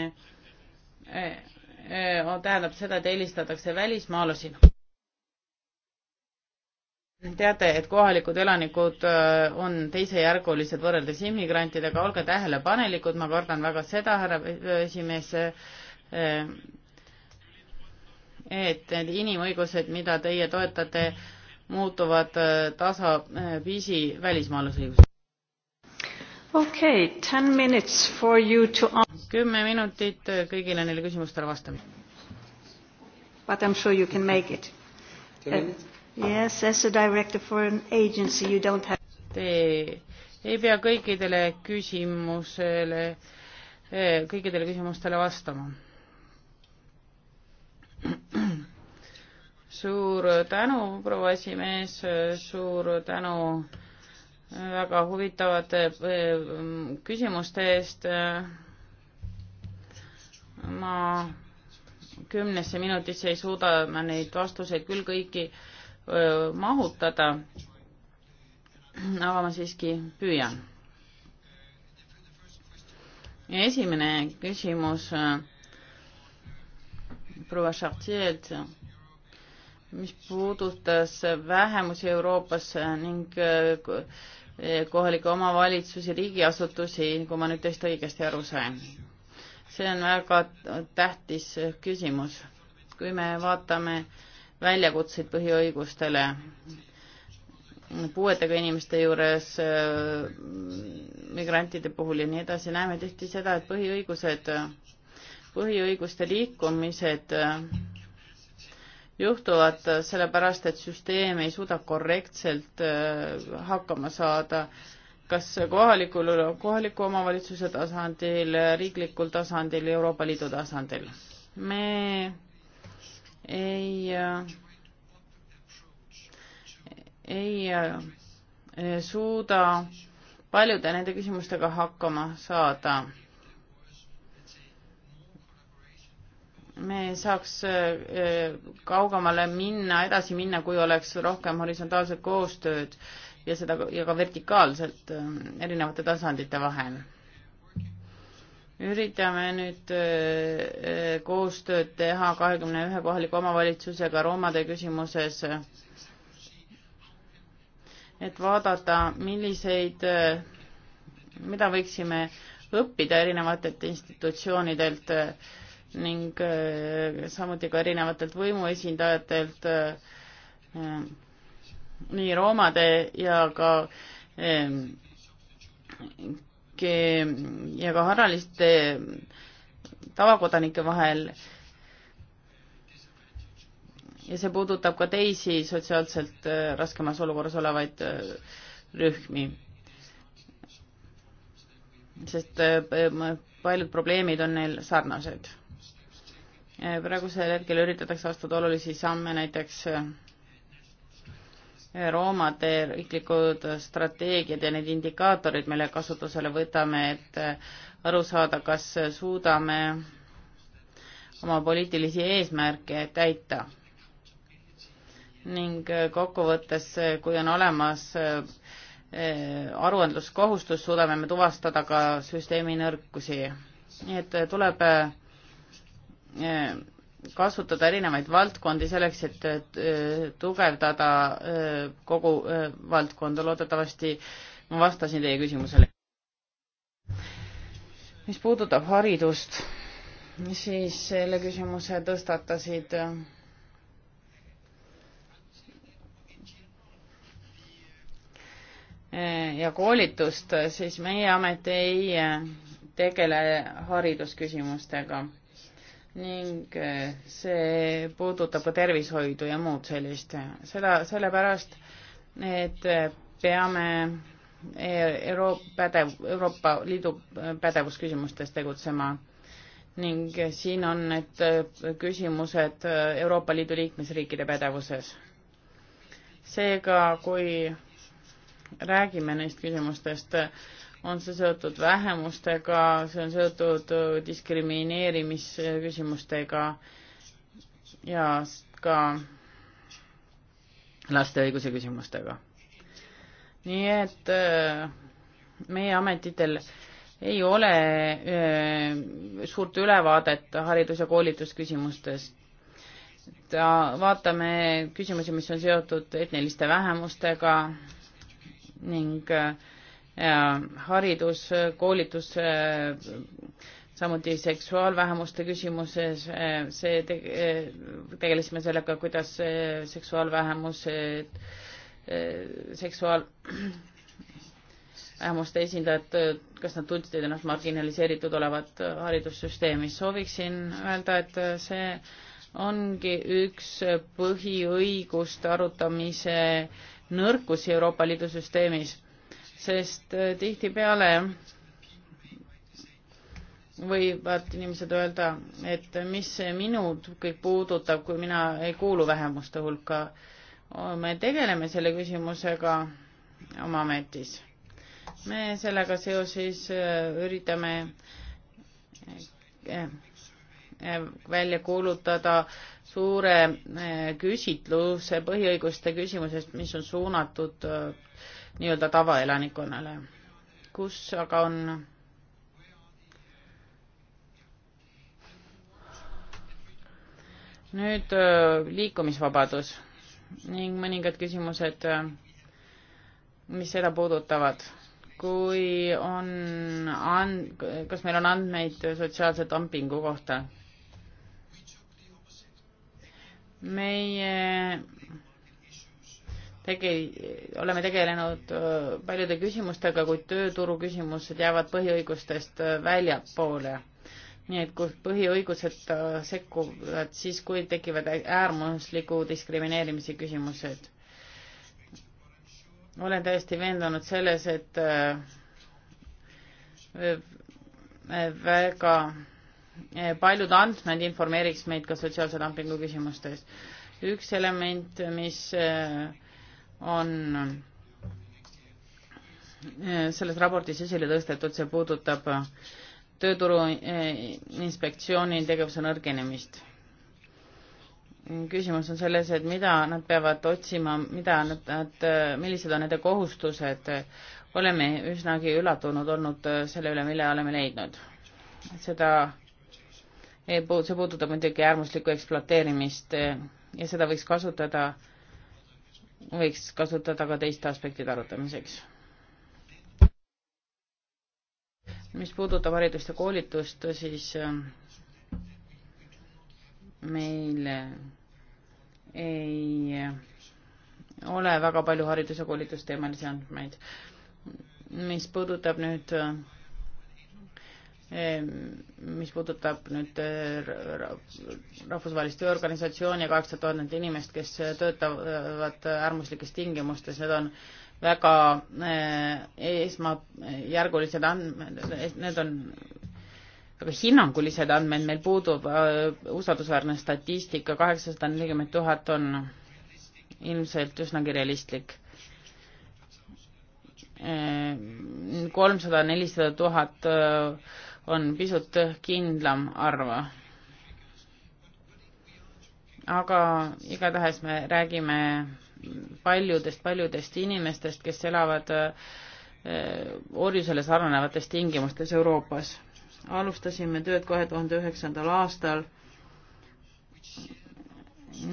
tähendab seda, et eelistatakse välismaalasi teate, et kohalikud elanikud äh, on teisejärgulised võrreldes immigrantidega, olge tähelepanelikud, ma kardan väga seda, härra äh, esimees, äh, et need inimõigused, mida teie toetate, muutuvad tasapisi välismaalasõiguseks. okei okay,, ten minutes for you to kümme minutit kõigile neile küsimustele vastamiseks. But I am sure you can make it. Ten minutes? Yes, as a director for an agency you don't have. Te ei pea kõikidele küsimusele, eh, kõikidele küsimustele vastama. *clears throat* suur tänu, proua esimees, suur tänu väga huvitavate eh, küsimuste eest. ma kümnesse minutisse ei suuda ma neid vastuseid küll kõiki äh, mahutada. aga ma siiski püüan. esimene küsimus proua Chartier'd, mis puudutas vähemusi Euroopas ning kohalikke omavalitsusi, riigiasutusi, kui ma nüüd teist õigesti aru sain. see on väga tähtis küsimus. kui me vaatame äh, väljakutseid põhiõigustele puuetega inimeste juures, migrantide puhul ja nii edasi, näeme tihti seda, et põhiõigused, põhiõiguste liikumised juhtuvad sellepärast, et süsteem ei suuda korrektselt äh, hakkama saada kas kohalikul, kohaliku omavalitsuse tasandil, riiklikul tasandil, Euroopa Liidu tasandil. me ei ei suuda paljude nende küsimustega hakkama saada. me saaks eh, kaugemale minna, edasi minna, kui oleks rohkem horisontaalset koostööd ja seda ja ka vertikaalselt eh, erinevate tasandite vahel üritame nüüd äh, äh, koostööd teha kahekümne ühe kohaliku omavalitsusega roomade küsimuses, et vaadata, milliseid, äh, mida võiksime õppida erinevatelt institutsioonidelt ning samuti ka erinevatelt võimuesindajatelt, nii roomade ja ka kodanike ja ka harraliste tavakodanike vahel. ja see puudutab ka teisi sotsiaalselt äh, raskemas olukorras olevaid äh, rühmi. sest äh, paljud probleemid on neil sarnased. praegusel hetkel üritatakse astuda olulisi samme näiteks roomade riiklikud strateegiad ja need indikaatorid, mille kasutusele võtame, et aru saada, kas suudame oma poliitilisi eesmärke täita. ning kokkuvõttes, kui on olemas eh, aruandluskohustus, suudame me tuvastada ka süsteemi nõrkusi. nii et tuleb eh, kasutada erinevaid valdkondi selleks, et tugevdada kogu valdkonda. loodetavasti ma vastasin teie küsimusele. mis puudutab haridust, siis selle küsimuse tõstatasid ja koolitust, siis meie amet ei tegele haridusküsimustega ning eh, see puudutab ka tervishoidu ja muud sellist. seda sellepärast, et eh, peame eh, Euro-, pädev, Euroopa Liidu pädevusküsimustes tegutsema ning siin on need küsimused Euroopa Liidu liikmesriikide pädevuses. seega, kui räägime neist küsimustest, on see seotud vähemustega, see on seotud äh, diskrimineerimisküsimustega ja ka laste õiguse küsimustega. nii et äh, meie ametitel ei ole äh, suurt ülevaadet haridus- ja koolitusküsimustest. vaatame küsimusi, mis on seotud etniliste vähemustega ning äh, haridus, koolitus, samuti seksuaalvähemuste küsimuses, see te,, tegelesime sellega, kuidas seksuaalvähemused, seksuaalvähemuste esindajad, kas nad tundsid ennast marginaliseeritud olevat haridussüsteemis, sooviksin öelda, et see ongi üks põhiõiguste arutamise nõrkusi Euroopa Liidu süsteemis sest äh, tihtipeale võivad inimesed öelda, et mis see minut kõik puudutab, kui mina ei kuulu vähemuste hulka. me tegeleme selle küsimusega oma ametis. me sellega seoses äh, üritame äh, välja kuulutada suure küsitluse põhiõiguste küsimusest, mis on suunatud nii-öelda tavaelanikkonnale, kus aga on nüüd liikumisvabadus ning mõningad küsimused, mis seda puudutavad. kui on and-, kas meil on andmeid sotsiaalse dumpingu kohta? meie tege-, oleme tegelenud äh, paljude küsimustega, kuid tööturu küsimused jäävad põhiõigustest äh, väljapoole. nii et kui põhiõigused äh, sekkuvad siis, kui tekivad äärmusliku diskrimineerimise küsimused. olen täiesti veendunud selles, et väga paljud andmed informeeriks meid ka sotsiaalse dumpingu küsimustest. üks element, mis äh, on eh, selles raportis esile tõstetud, see puudutab eh, tööturu eh, inspektsiooni tegevuse nõrgenemist. küsimus on selles, et mida nad peavad otsima, mida nad, nad, millised on nende kohustused. oleme üsnagi üllatunud olnud selle üle, mille oleme leidnud. seda, see puudutab muidugi äärmuslikku ekspluateerimist ja seda võiks kasutada äh, võiks kasutada ka teiste aspektide arutamiseks. mis puudutab haridust ja koolitust, siis ähm, meil ei ole väga palju haridus- ja koolitusteemalisi andmeid. mis puudutab nüüd äh, Ehm, mis puudutab nüüd eh, rahvusvahelist tööorganisatsiooni ja kaheksat tuhandet inimest, kes töötavad eh, äärmuslikes tingimustes, need on väga eh, esmajärgulised andmed, need on väga hinnangulised andmed, meil puudub usaldusväärne statistika, kaheksasada nelikümmend tuhat on ilmselt üsnagi realistlik ehm, kolmsada, nelisada tuhat on pisut kindlam arv. aga igatahes me räägime paljudest-paljudest inimestest, kes elavad eh, orjusele sarnanevates tingimustes Euroopas. alustasime tööd kahe tuhande üheksandal aastal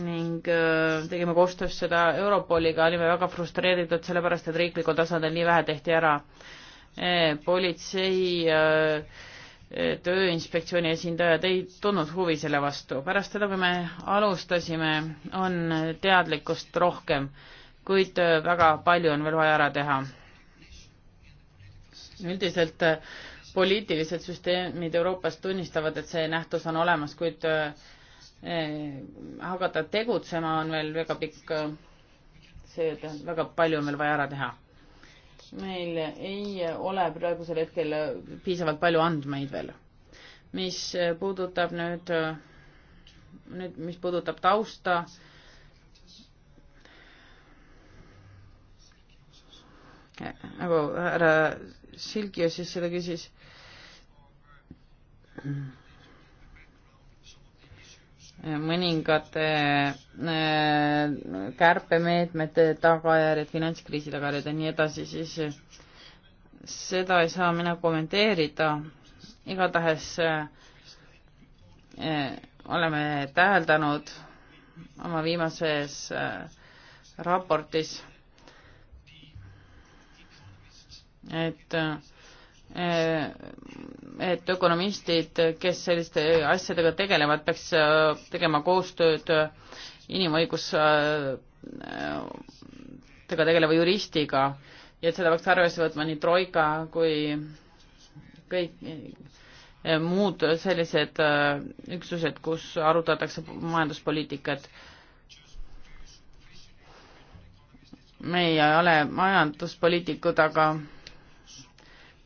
ning eh, tegime koostöös seda Europoliga, olime väga frustreeritud, sellepärast et riiklikul tasandil nii vähe tehti ära. Eh, politsei äh, tööinspektsiooni esindajad ei tundnud huvi selle vastu. pärast seda, kui me alustasime, on teadlikkust rohkem, kuid äh, väga palju on veel vaja ära teha. üldiselt äh, poliitilised süsteemid Euroopas tunnistavad, et see nähtus on olemas, kuid äh, hakata tegutsema on veel väga pikk, see, väga palju on veel vaja ära teha meil ei ole praegusel hetkel piisavalt palju andmeid veel. mis puudutab nüüd, nüüd, mis puudutab tausta, nagu härra Silkios siis seda küsis mõningate äh, kärpemeetmete tagajärjed, finantskriisi tagajärjed ja nii edasi, siis seda ei saa mina kommenteerida. igatahes äh, oleme täheldanud oma viimases äh, raportis, et äh, Eh, et ökonomistid, kes selliste asjadega tegelevad, peaks eh, tegema koostööd eh, inimõigustega tegeleva juristiga ja et seda peaks arvesse võtma nii Troika kui kõik muud sellised üksused, kus arutatakse majanduspoliitikat. me ei ole majanduspoliitikud, aga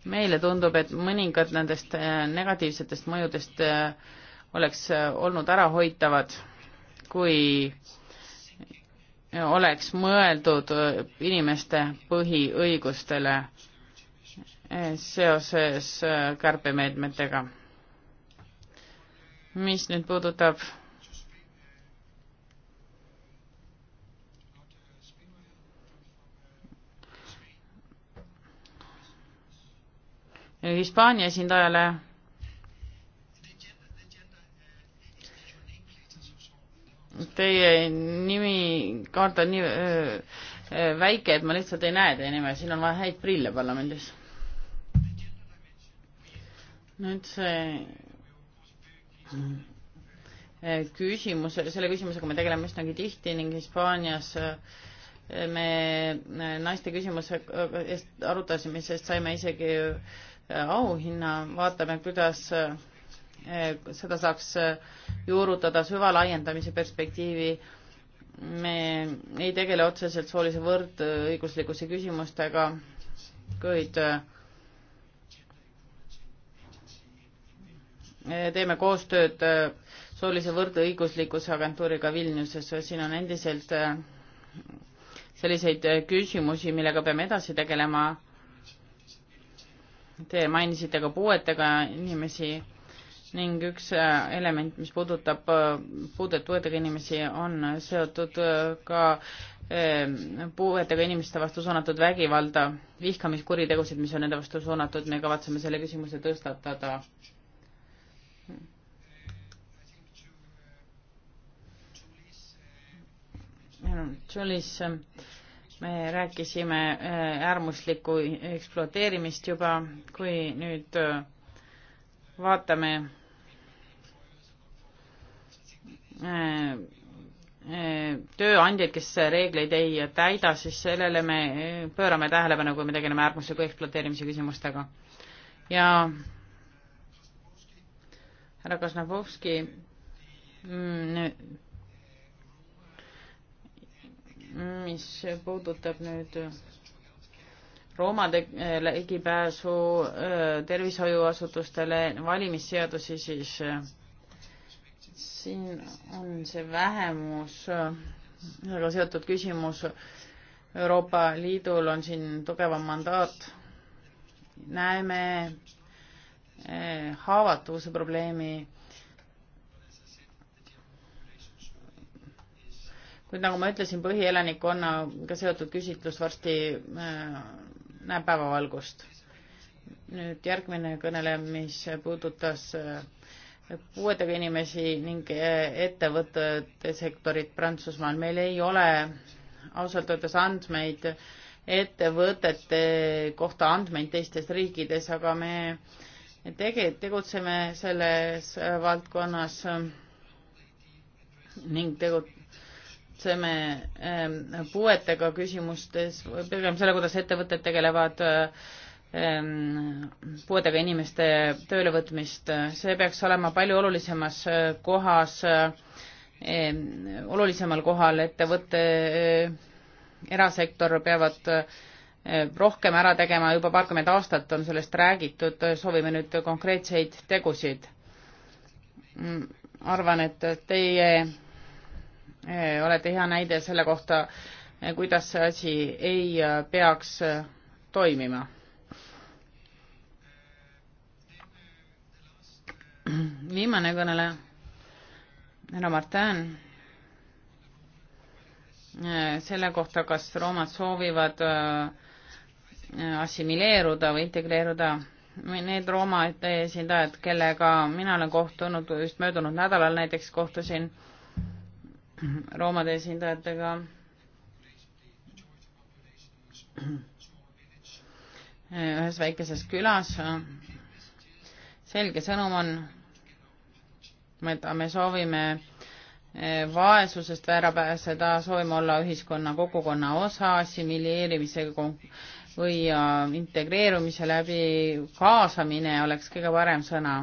meile tundub, et mõningad nendest äh, negatiivsetest mõjudest äh, oleks äh, olnud ärahoitavad, kui oleks mõeldud inimeste põhiõigustele seoses kärpemeetmetega. mis nüüd puudutab Hispaania esindajale. Teie nimi, kaart on nii öö, väike, et ma lihtsalt ei näe teie nime, siin on vaja häid prille parlamendis. nüüd see küsimus, selle küsimusega me tegeleme üsnagi tihti ning Hispaanias me naiste küsimuse eest arutasime, sest saime isegi öö, auhinna, vaatame, kuidas eh, seda saaks eh, juurutada süvalaiendamise perspektiivi. me ei tegele otseselt soolise võrdõiguslikkuse küsimustega, kuid eh, teeme koostööd soolise võrdõiguslikkuse agentuuriga Vilniuses, siin on endiselt selliseid küsimusi, millega peame edasi tegelema Te mainisite ka puuetega inimesi ning üks äh, element, mis puudutab äh, puudet puuetega inimesi, on seotud äh, ka ähm, puuetega inimeste vastu suunatud vägivalda, vihkamiskuritegusid, mis on nende vastu suunatud, me kavatseme selle küsimuse tõstatada. Julis me rääkisime äh, äärmuslikku ekspluateerimist juba, kui nüüd äh, vaatame äh, tööandjaid, kes reegleid ei täida, siis sellele me pöörame tähelepanu, kui me tegeleme äärmusliku ekspluateerimise küsimustega. ja härra Kasnapovski mm, mis puudutab nüüd äh, roomade äh, ligipääsu äh, tervishoiuasutustele, valimisseadusi, siis siin on see vähemus, sellega seotud küsimus. Euroopa Liidul on siin tugevam mandaat. näeme haavatavuse probleemi kuid nagu ma ütlesin, põhielanikkonnaga seotud küsitlus varsti äh, näeb päevavalgust. nüüd järgmine kõneleja, mis puudutas äh, puuetega inimesi ning äh, ettevõtete sektorit Prantsusmaal. meil ei ole ausalt öeldes andmeid ettevõtete kohta andmeid teistes riikides, aga me tege-, tegutseme selles valdkonnas ning tegu-, tegutseme ähm, puuetega küsimustes, pigem selle, kuidas ettevõtted tegelevad ähm, puuetega inimeste töölevõtmist, see peaks olema palju olulisemas äh, kohas, ähm, olulisemal kohal ettevõtte, äh, erasektor peavad äh, rohkem ära tegema, juba paarkümmend aastat on sellest räägitud, soovime nüüd konkreetseid tegusid. Mm, arvan, et teie Eh, olete hea näide selle kohta, eh, kuidas see asi ei eh, peaks toimima. *clears throat* viimane kõneleja, härra Martin, selle kohta, kas roomad soovivad assimileeruda või integreeruda need Rooma esindajad, kellega mina olen kohtunud just möödunud nädalal näiteks kohtusin roomade esindajatega. ühes väikeses külas. selge sõnum on, et me soovime eh, vaesusest ära pääseda, soovime olla ühiskonna, kogukonna osa, assimileerimise või integreerumise läbi kaasamine oleks kõige parem sõna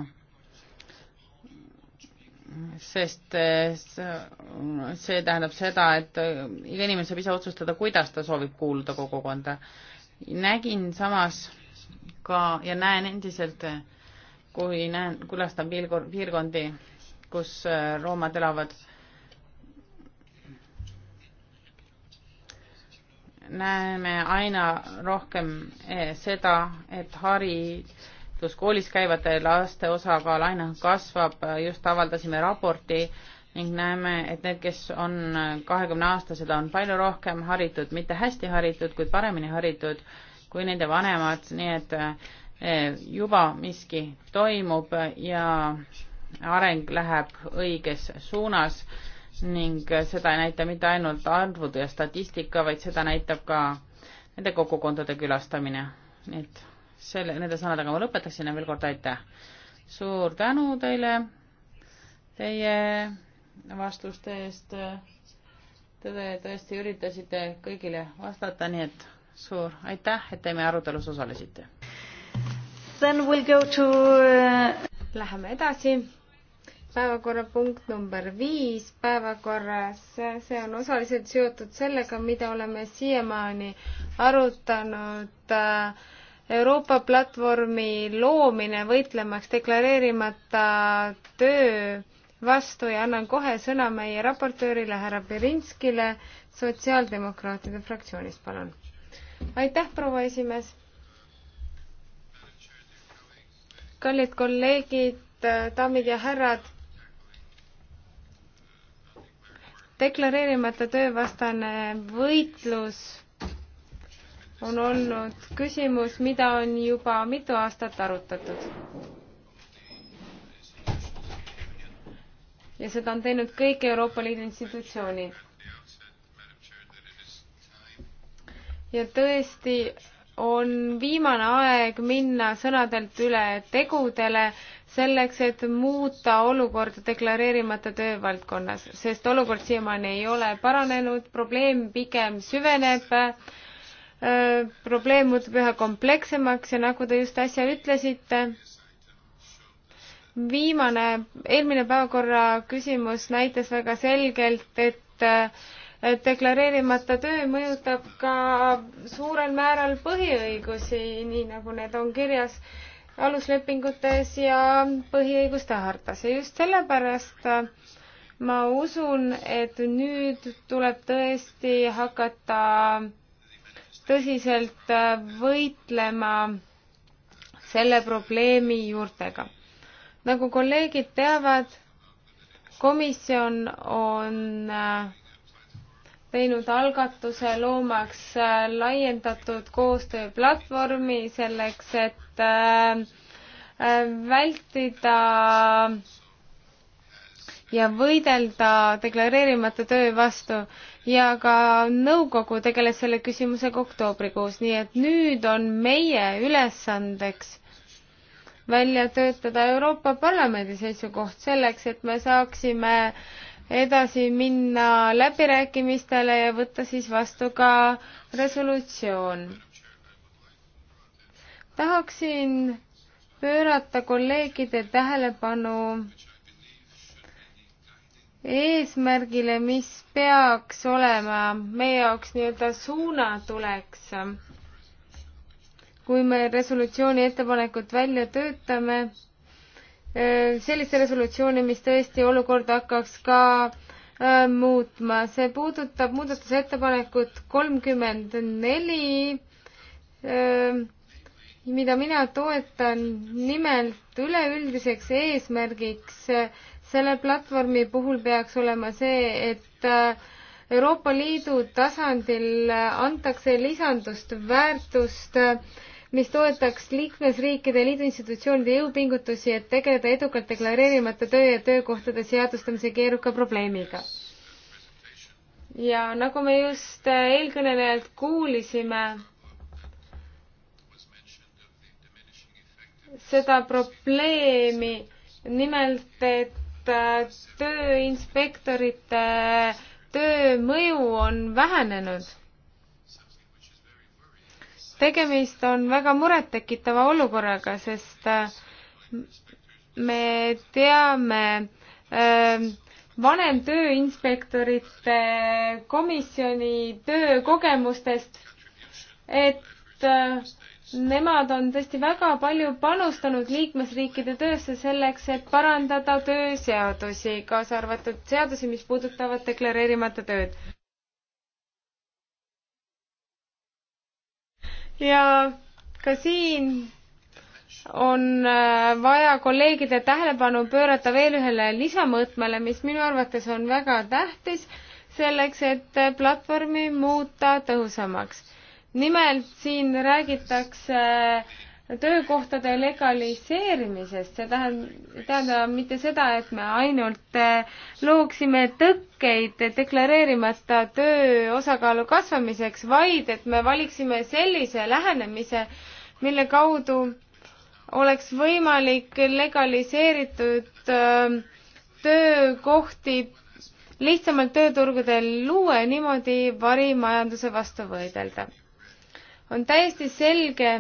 sest eh, see tähendab seda, et eh, iga inimene saab ise otsustada, kuidas ta soovib kuuluda kogukonda. nägin samas ka ja näen endiselt, kui näen, külastan piirkond, piirkondi, kus eh, roomad elavad, näeme aina rohkem seda, et hari- pluss koolis käivate laste osakaal aina kasvab, just avaldasime raporti ning näeme, et need, kes on kahekümne aastased, on palju rohkem haritud, mitte hästi haritud, kuid paremini haritud kui nende vanemad, nii et eh, juba miski toimub ja areng läheb õiges suunas ning seda ei näita mitte ainult arvud ja statistika, vaid seda näitab ka nende kogukondade külastamine, et selle, nende sõnadega ma lõpetaksin ja veel kord aitäh. suur tänu teile teie vastuste eest. Te tõesti üritasite kõigile vastata, nii et suur aitäh, et te meie arutelus osalesite. Then we'll go to uh, Läheme edasi päevakorrapunkt number viis päevakorras, see on osaliselt seotud sellega, mida oleme siiamaani arutanud äh, Euroopa platvormi loomine võitlemaks deklareerimata töö vastu ja annan kohe sõna meie raportöörile härra Berinskile Sotsiaaldemokraatide fraktsioonist, palun. aitäh, proua esimees. kallid kolleegid, daamid ja härrad. deklareerimata töövastane võitlus on olnud küsimus, mida on juba mitu aastat arutatud. ja seda on teinud kõik Euroopa Liidu institutsioonid. ja tõesti on viimane aeg minna sõnadelt üle tegudele, selleks, et muuta olukorda deklareerimata töövaldkonnas, sest olukord siiamaani ei ole paranenud, probleem pigem süveneb Äh, probleem muutub üha komplekssemaks ja nagu te just äsja ütlesite, viimane, eelmine päevakorra küsimus näitas väga selgelt, et äh, deklareerimata töö mõjutab ka suurel määral põhiõigusi, nii nagu need on kirjas aluslepingutes ja põhiõiguste hartas ja just sellepärast äh, ma usun, et nüüd tuleb tõesti hakata tõsiselt äh, võitlema selle probleemi juurtega. nagu kolleegid teavad, komisjon on äh, teinud algatuse loomaks äh, laiendatud koostööplatvormi selleks, et vältida ja võidelda deklareerimata töö vastu ja ka nõukogu tegeles selle küsimusega oktoobrikuus, nii et nüüd on meie ülesandeks välja töötada Euroopa Parlamendi seisukoht selleks, et me saaksime edasi minna läbirääkimistele ja võtta siis vastu ka resolutsioon. tahaksin pöörata kolleegide tähelepanu eesmärgile, mis peaks olema meie jaoks nii-öelda suunatuleks. kui me resolutsiooni ettepanekut välja töötame, eh, sellist resolutsiooni, mis tõesti olukorda hakkaks ka eh, muutma, see puudutab muudatusettepanekut kolmkümmend neli, eh, mida mina toetan nimelt üleüldiseks eesmärgiks selle platvormi puhul peaks olema see, et äh, Euroopa Liidu tasandil antakse lisandust väärtust, äh, mis toetaks liikmesriikide liidu institutsioonide jõupingutusi, et tegeleda edukalt deklareerimata töö ja töökohtade seadustamise keeruka probleemiga. ja nagu me just äh, eelkõnelejalt kuulisime, seda probleemi nimelt, et Äh, tööinspektorite töö mõju on vähenenud. tegemist on väga murettekitava olukorraga, sest äh, me teame äh, vanem tööinspektorite komisjoni töökogemustest, et Nemad on tõesti väga palju panustanud liikmesriikide töösse selleks, et parandada tööseadusi, kaasa arvatud seadusi, mis puudutavad deklareerimata tööd. ja ka siin on äh, vaja kolleegide tähelepanu pöörata veel ühele lisamõõtmele, mis minu arvates on väga tähtis selleks, et platvormi muuta tõhusamaks nimelt siin räägitakse töökohtade legaliseerimisest, see tähendab, tähendab mitte seda, et me ainult eh, looksime tõkkeid deklareerimata töö osakaalu kasvamiseks, vaid et me valiksime sellise lähenemise, mille kaudu oleks võimalik legaliseeritud eh, töökohti lihtsamalt tööturgudel luua ja niimoodi varimajanduse vastu võidelda on täiesti selge,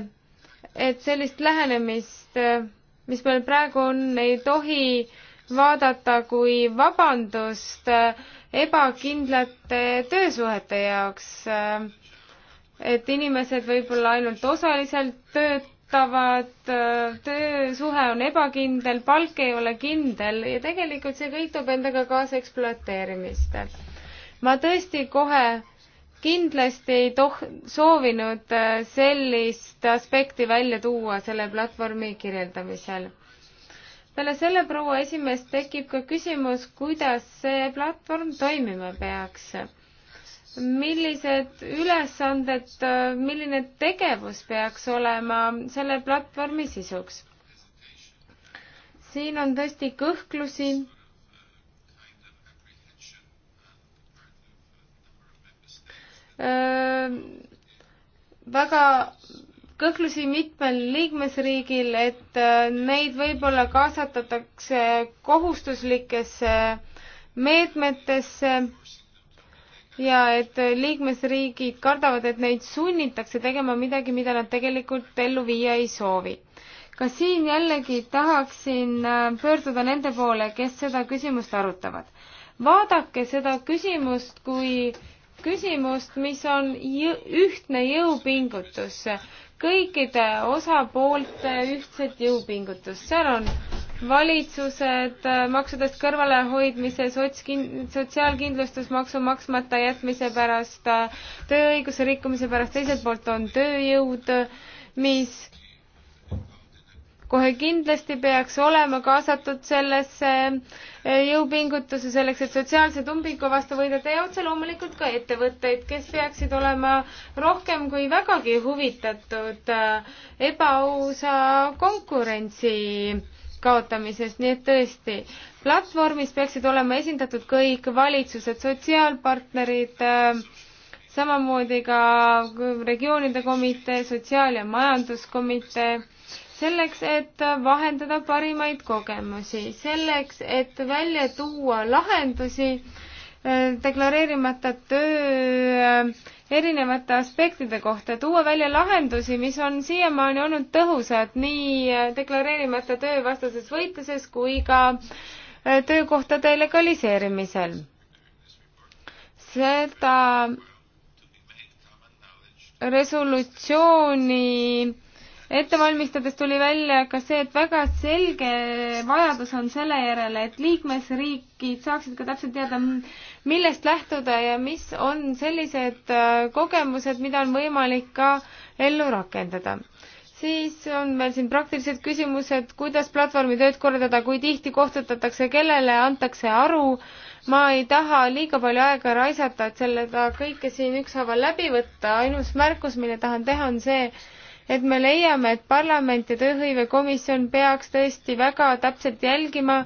et sellist lähenemist, mis meil praegu on, ei tohi vaadata kui vabandust ebakindlate töösuhete jaoks. et inimesed võib-olla ainult osaliselt töötavad, töösuhe on ebakindel, palk ei ole kindel ja tegelikult see kõik toob endaga kaasa ekspluateerimist. ma tõesti kohe kindlasti ei toh-, soovinud äh, sellist aspekti välja tuua selle platvormi kirjeldamisel. peale selle, proua esimees, tekib ka küsimus, kuidas see platvorm toimima peaks. millised ülesanded, äh, milline tegevus peaks olema selle platvormi sisuks? siin on tõesti kõhklusi väga kõhklusi mitmel liikmesriigil, et äh, neid võib-olla kaasatatakse kohustuslikesse meetmetesse ja et liikmesriigid kardavad, et neid sunnitakse tegema midagi, mida nad tegelikult ellu viia ei soovi. ka siin jällegi tahaksin äh, pöörduda nende poole, kes seda küsimust arutavad. vaadake seda küsimust kui küsimust, mis on jõ ühtne jõupingutus, kõikide osapoolte ühtset jõupingutust, seal on valitsused, äh, maksudest kõrvalehoidmise, sotskin-, sotsiaalkindlustusmaksu maksmata jätmise pärast, äh, tööõiguse rikkumise pärast, teiselt poolt on tööjõud, mis kohe kindlasti peaks olema kaasatud sellesse eh, jõupingutuse selleks, et sotsiaalse tumbiku vastu võidelda ja otse loomulikult ka ettevõtteid, kes peaksid olema rohkem kui vägagi huvitatud eh, ebaausa konkurentsi kaotamisest, nii et tõesti, platvormis peaksid olema esindatud kõik valitsused, sotsiaalpartnerid, eh, samamoodi ka regioonide komitee, sotsiaal- ja majanduskomitee selleks, et vahendada parimaid kogemusi, selleks, et välja tuua lahendusi äh, deklareerimata töö äh, erinevate aspektide kohta, tuua välja lahendusi, mis on siiamaani olnud tõhusad nii äh, deklareerimata töö vastases võitluses kui ka töökohtade legaliseerimisel. seda resolutsiooni ettevalmistades tuli välja ka see, et väga selge vajadus on selle järele, et liikmesriigid saaksid ka täpselt teada, millest lähtuda ja mis on sellised äh, kogemused, mida on võimalik ka ellu rakendada. siis on meil siin praktilised küsimused, kuidas platvormi tööd korraldada, kui tihti kohtutatakse, kellele antakse aru. ma ei taha liiga palju aega raisata, et sellega kõike siin ükshaaval läbi võtta, ainus märkus, mille tahan teha, on see, et me leiame, et parlament ja tööhõivekomisjon peaks tõesti väga täpselt jälgima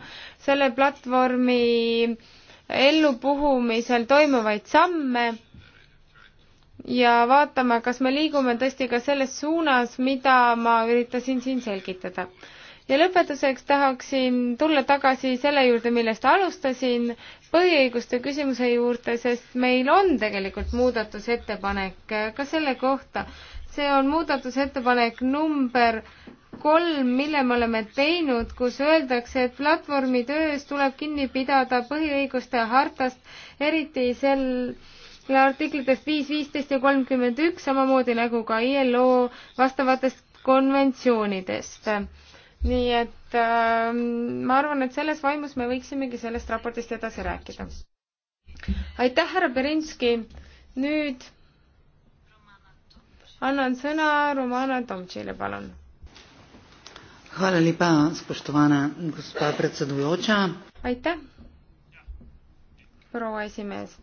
selle platvormi ellupuhumisel toimuvaid samme ja vaatama, kas me liigume tõesti ka selles suunas, mida ma üritasin siin selgitada ja lõpetuseks tahaksin tulla tagasi selle juurde, millest alustasin, põhiõiguste küsimuse juurde, sest meil on tegelikult muudatusettepanek ka selle kohta see on muudatusettepanek number kolm, mille me oleme teinud, kus öeldakse, et platvormi töös tuleb kinni pidada põhiõiguste hartast, eriti sel artiklitest viis, viisteist ja kolmkümmend üks, samamoodi nagu ka ILO vastavatest konventsioonidest. nii et äh, ma arvan, et selles vaimus me võiksimegi sellest raportist edasi rääkida. aitäh, härra Berinski, nüüd annan sõna Romana Tomtšile, palun. Hvala lepa, spoštovana gospa predsedujoča. aitäh, proua esimees.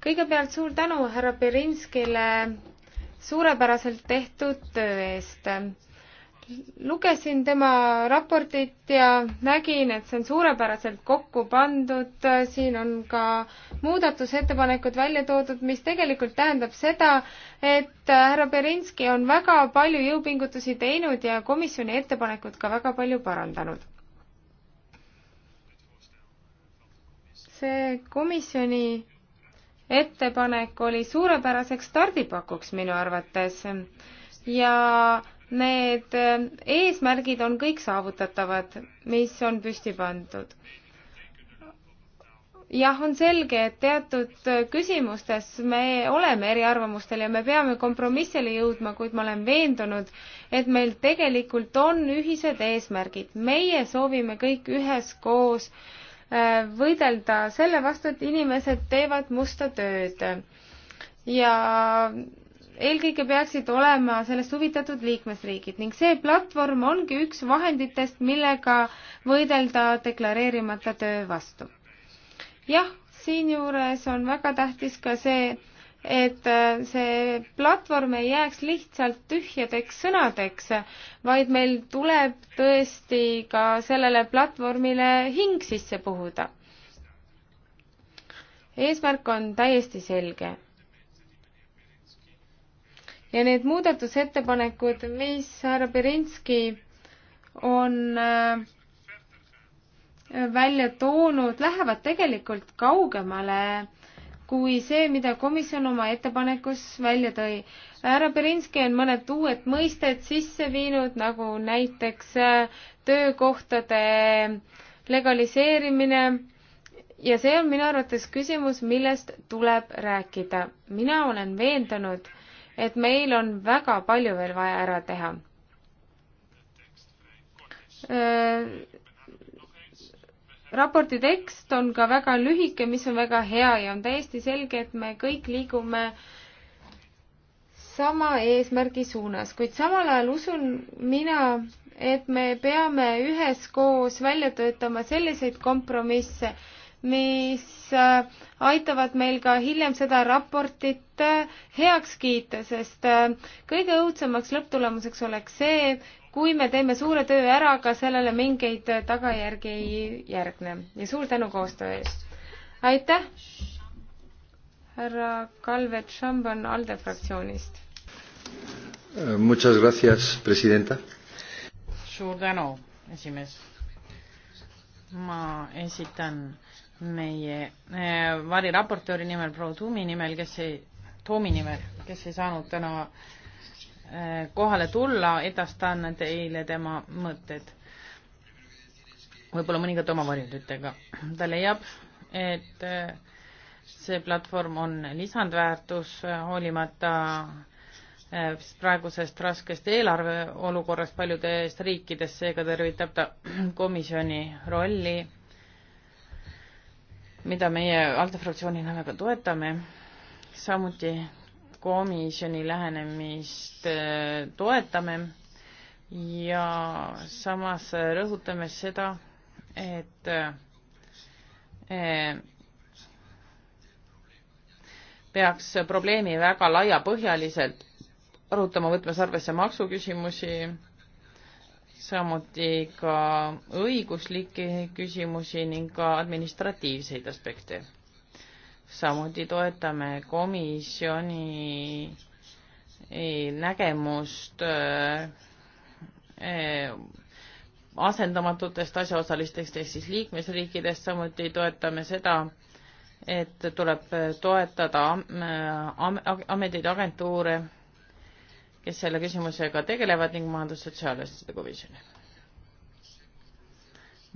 kõigepealt suur tänu härra Berinskile suurepäraselt tehtud töö eest lugesin tema raportit ja nägin, et see on suurepäraselt kokku pandud, siin on ka muudatusettepanekud välja toodud, mis tegelikult tähendab seda, et härra Berinski on väga palju jõupingutusi teinud ja komisjoni ettepanekut ka väga palju parandanud. see komisjoni ettepanek oli suurepäraseks stardipakuks minu arvates ja Need äh, eesmärgid on kõik saavutatavad, mis on püsti pandud. jah, on selge, et teatud äh, küsimustes me oleme eriarvamustel ja me peame kompromissile jõudma, kuid ma olen veendunud, et meil tegelikult on ühised eesmärgid. meie soovime kõik üheskoos äh, võidelda selle vastu, et inimesed teevad musta tööd ja eelkõige peaksid olema sellest huvitatud liikmesriigid ning see platvorm ongi üks vahenditest, millega võidelda deklareerimata töö vastu. jah, siinjuures on väga tähtis ka see, et äh, see platvorm ei jääks lihtsalt tühjadeks sõnadeks, vaid meil tuleb tõesti ka sellele platvormile hing sisse puhuda. eesmärk on täiesti selge ja need muudatusettepanekud, mis härra Berinski on äh, välja toonud, lähevad tegelikult kaugemale kui see, mida komisjon oma ettepanekus välja tõi. härra Berinski on mõned uued mõisted sisse viinud, nagu näiteks äh, töökohtade legaliseerimine ja see on minu arvates küsimus, millest tuleb rääkida. mina olen veendunud et meil on väga palju veel vaja ära teha. Äh, raporti tekst on ka väga lühike, mis on väga hea ja on täiesti selge, et me kõik liigume sama eesmärgi suunas, kuid samal ajal usun mina, et me peame üheskoos välja töötama selliseid kompromisse, mis äh, aitavad meil ka hiljem seda raportit äh, heaks kiita, sest äh, kõige õudsemaks lõpptulemuseks oleks see, kui me teeme suure töö ära, aga sellele mingeid tagajärgi ei järgne ja suur tänu koostöö eest. aitäh, härra Kalvet Šambon ALDE fraktsioonist. Muchas gracias, presidenta. suur tänu, esimees. ma esitan meie eh, variraportööri nimel, proua Tumi nimel, kes ei, Toomi nimel, kes ei saanud täna eh, kohale tulla, edastan teile tema mõtted. võib-olla mõningad oma varjunditega. ta leiab, et eh, see platvorm on lisandväärtus, hoolimata praegusest raskest eelarve olukorrast paljudes riikides, seega tervitab ta komisjoni rolli mida meie ALDE fraktsioonina väga toetame, samuti komisjoni lähenemist äh, toetame ja samas rõhutame seda, et äh, peaks probleemi väga laiapõhjaliselt arutama, võtmes arvesse maksuküsimusi samuti ka õiguslikke küsimusi ning ka administratiivseid aspekte. samuti toetame komisjoni eh, nägemust eh, eh, asendamatutest asjaosalistest ehk siis liikmesriikidest, samuti toetame seda, et tuleb toetada ameteid, agentuure kes selle küsimusega tegelevad ning majandussotsiaalasjade komisjoni.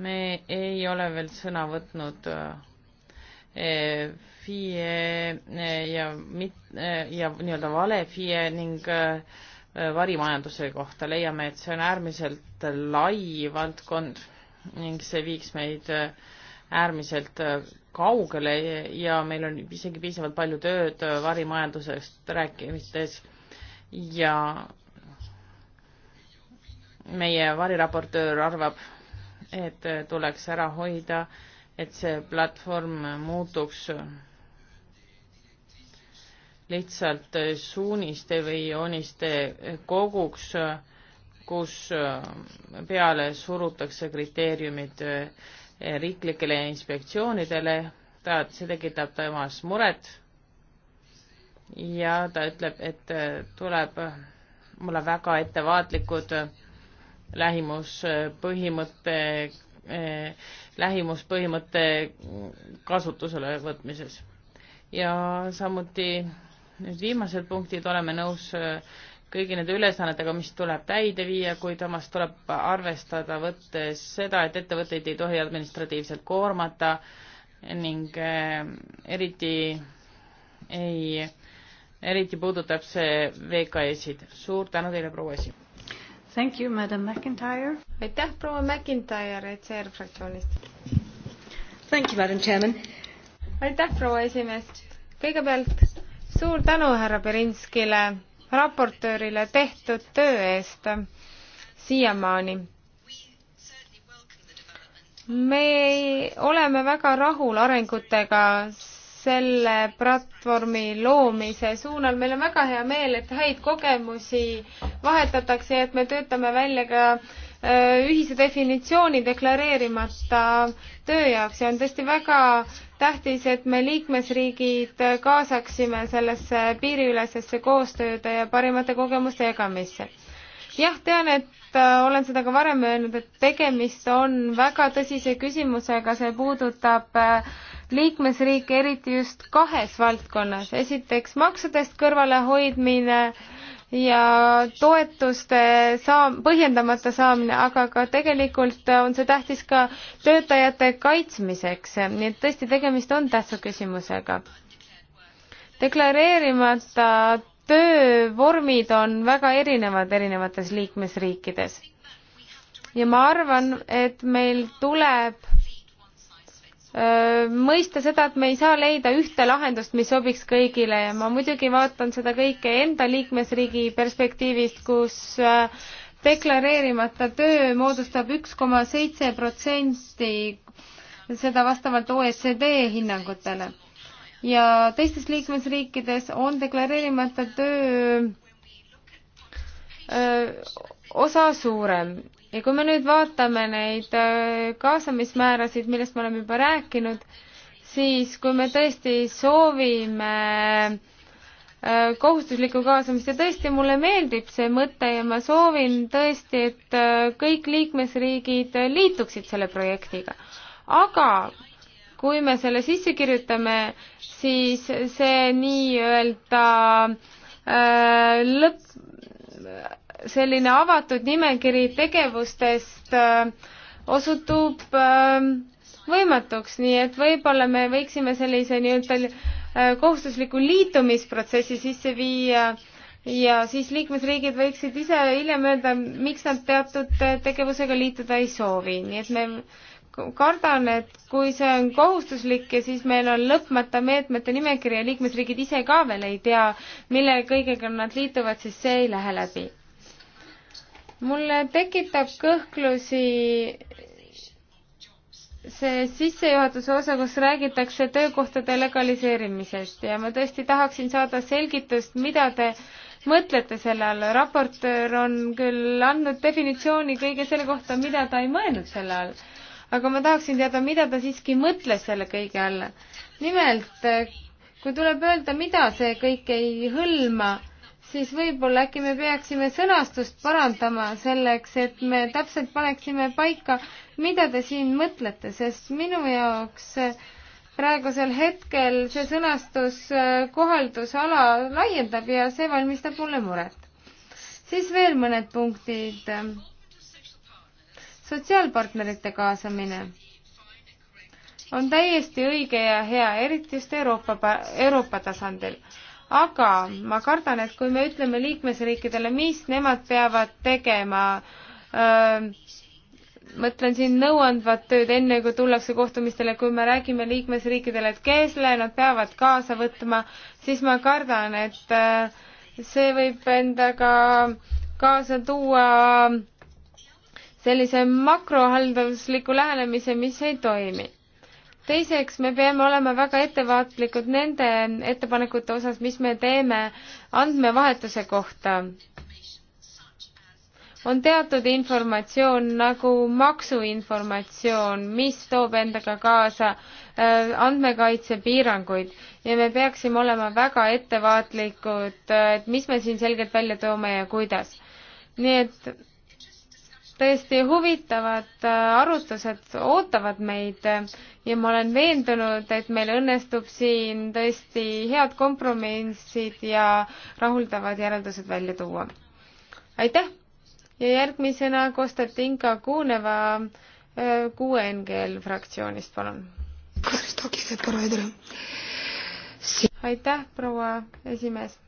me ei ole veel sõna võtnud eh, FIE eh, ja mit- eh, ja nii-öelda vale FIE ning varimajanduse kohta leiame, et see on äärmiselt lai valdkond ning see viiks meid äärmiselt kaugele ja meil on isegi piisavalt palju tööd varimajandusest rääkimistes ja meie variraportöör arvab, et tuleks ära hoida, et see platvorm muutuks lihtsalt suuniste või jooniste koguks, kus peale surutakse kriteeriumid riiklikele inspektsioonidele, ta, see tekitab temas muret ja ta ütleb, et äh, tuleb olla väga ettevaatlikud äh, lähimuspõhimõtte, äh, lähimuspõhimõtte kasutusele võtmises. ja samuti nüüd viimased punktid, oleme nõus kõigi nende ülesannetega, mis tuleb täide viia, kuid samas tuleb arvestada võttes seda, et ettevõtteid ei tohi administratiivselt koormata ning eriti ei eriti puudutab see VKE-sid. suur tänu teile, proua esi-. Thank you, madam McIntyre. aitäh, proua McIntyre ECR fraktsioonist. Thank you, madam chairman. aitäh, proua esimees. kõigepealt suur tänu härra Berinskile, raportöörile tehtud töö eest siiamaani me oleme väga rahul arengutega selle platvormi loomise suunal. meil on väga hea meel, et häid kogemusi vahetatakse ja et me töötame välja ka äh, ühise definitsiooni deklareerimata töö jaoks ja on tõesti väga tähtis, et me liikmesriigid kaasaksime sellesse piiriülesesse koostööde ja parimate kogemuste jagamisse. jah, tean, et äh, olen seda ka varem öelnud, et tegemist on väga tõsise küsimusega, see puudutab äh, liikmesriike, eriti just kahes valdkonnas. esiteks maksudest kõrvalehoidmine ja toetuste saam-, põhjendamata saamine, aga ka tegelikult on see tähtis ka töötajate kaitsmiseks, nii et tõesti, tegemist on tähtsa küsimusega. deklareerimata töövormid on väga erinevad erinevates liikmesriikides. ja ma arvan, et meil tuleb mõista seda, et me ei saa leida ühte lahendust, mis sobiks kõigile ja ma muidugi vaatan seda kõike enda liikmesriigi perspektiivist, kus deklareerimata töö moodustab üks koma seitse protsenti, seda vastavalt OECD hinnangutele. ja teistes liikmesriikides on deklareerimata töö öö, osa suurem ja kui me nüüd vaatame neid äh, kaasamismäärasid, millest me oleme juba rääkinud, siis kui me tõesti soovime äh, kohustuslikku kaasamist ja tõesti mulle meeldib see mõte ja ma soovin tõesti, et äh, kõik liikmesriigid liituksid selle projektiga. aga kui me selle sisse kirjutame, siis see nii-öelda lõpp selline avatud nimekiri tegevustest äh, osutub ähm, võimatuks, nii et võib-olla me võiksime sellise nii-öelda äh, kohustusliku liitumisprotsessi sisse viia ja siis liikmesriigid võiksid ise hiljem öelda, miks nad teatud äh, tegevusega liituda ei soovi, nii et me kardan, et kui see on kohustuslik ja siis meil on lõpmata meetmete nimekiri ja liikmesriigid ise ka veel ei tea, mille kõigega nad liituvad, siis see ei lähe läbi mulle tekitab kõhklusi see sissejuhatuse osa, kus räägitakse töökohtade legaliseerimisest ja ma tõesti tahaksin saada selgitust, mida te mõtlete selle all. raportöör on küll andnud definitsiooni kõige selle kohta, mida ta ei mõelnud selle all, aga ma tahaksin teada, mida ta siiski mõtles selle kõige all. nimelt, kui tuleb öelda, mida see kõik ei hõlma siis võib-olla äkki me peaksime sõnastust parandama selleks, et me täpselt paneksime paika, mida te siin mõtlete, sest minu jaoks praegusel hetkel see sõnastus äh, kohaldusala laiendab ja see valmistab mulle muret. siis veel mõned punktid. sotsiaalpartnerite kaasamine on täiesti õige ja hea, eriti just Euroopa, Euroopa tasandil aga ma kardan, et kui me ütleme liikmesriikidele, mis nemad peavad tegema öö, mõtlen siin nõuandvat tööd, enne kui tullakse kohtumistele, kui me räägime liikmesriikidele, et kelle nad peavad kaasa võtma, siis ma kardan, et see võib endaga kaasa tuua sellise makrohaldusliku lähenemise, mis ei toimi teiseks, me peame olema väga ettevaatlikud nende ettepanekute osas, mis me teeme andmevahetuse kohta. on teatud informatsioon nagu maksuinformatsioon, mis toob endaga kaasa äh, andmekaitsepiiranguid ja me peaksime olema väga ettevaatlikud, äh, et mis me siin selgelt välja toome ja kuidas. nii et tõesti huvitavad äh, arutlused ootavad meid ja ma olen veendunud, et meil õnnestub siin tõesti head kompromissid ja rahuldavad järeldused välja tuua. aitäh! ja järgmisena Konstantinka Kuuneva äh, QNGL fraktsioonist, palun. aitäh, proua esimees.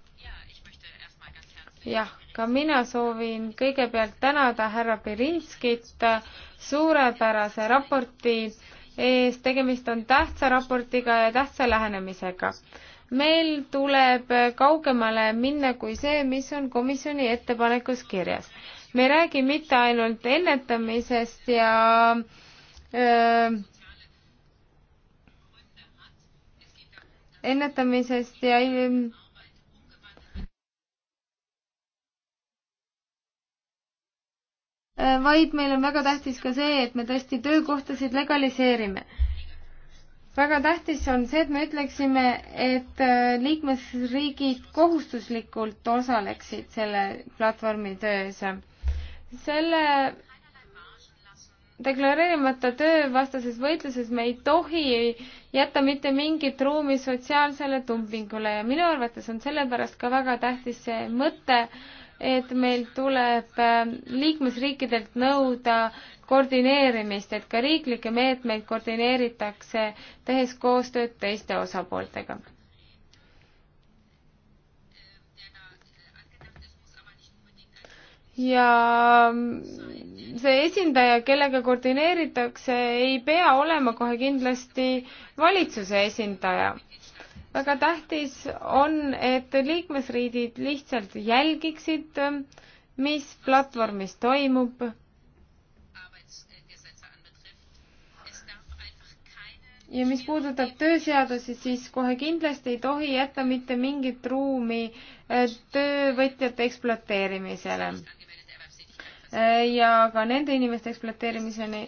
jah ka mina soovin kõigepealt tänada härra Pirinskit suurepärase raporti eest, tegemist on tähtsa raportiga ja tähtsa lähenemisega. meil tuleb kaugemale minna kui see, mis on komisjoni ettepanekus kirjas. me ei räägi mitte ainult ennetamisest ja öö, äh, ennetamisest ja öö, äh, Äh, vaid meil on väga tähtis ka see, et me tõesti töökohtasid legaliseerime. väga tähtis on see, et me ütleksime, et äh, liikmesriigid kohustuslikult osaleksid selle platvormi töös. selle deklareerimata töövastases võitluses me ei tohi jätta mitte mingit ruumi sotsiaalsele dumpingule ja minu arvates on sellepärast ka väga tähtis see mõte, et meil tuleb äh, liikmesriikidelt nõuda koordineerimist, et ka riiklikke meetmeid koordineeritakse, tehes koostööd teiste osapooltega. ja see esindaja, kellega koordineeritakse, ei pea olema kohe kindlasti valitsuse esindaja väga tähtis on, et liikmesriigid lihtsalt jälgiksid, mis platvormis toimub. ja mis puudutab tööseadusi, siis kohe kindlasti ei tohi jätta mitte mingit ruumi äh, töövõtjate ekspluateerimisele äh, ja ka nende inimeste ekspluateerimiseni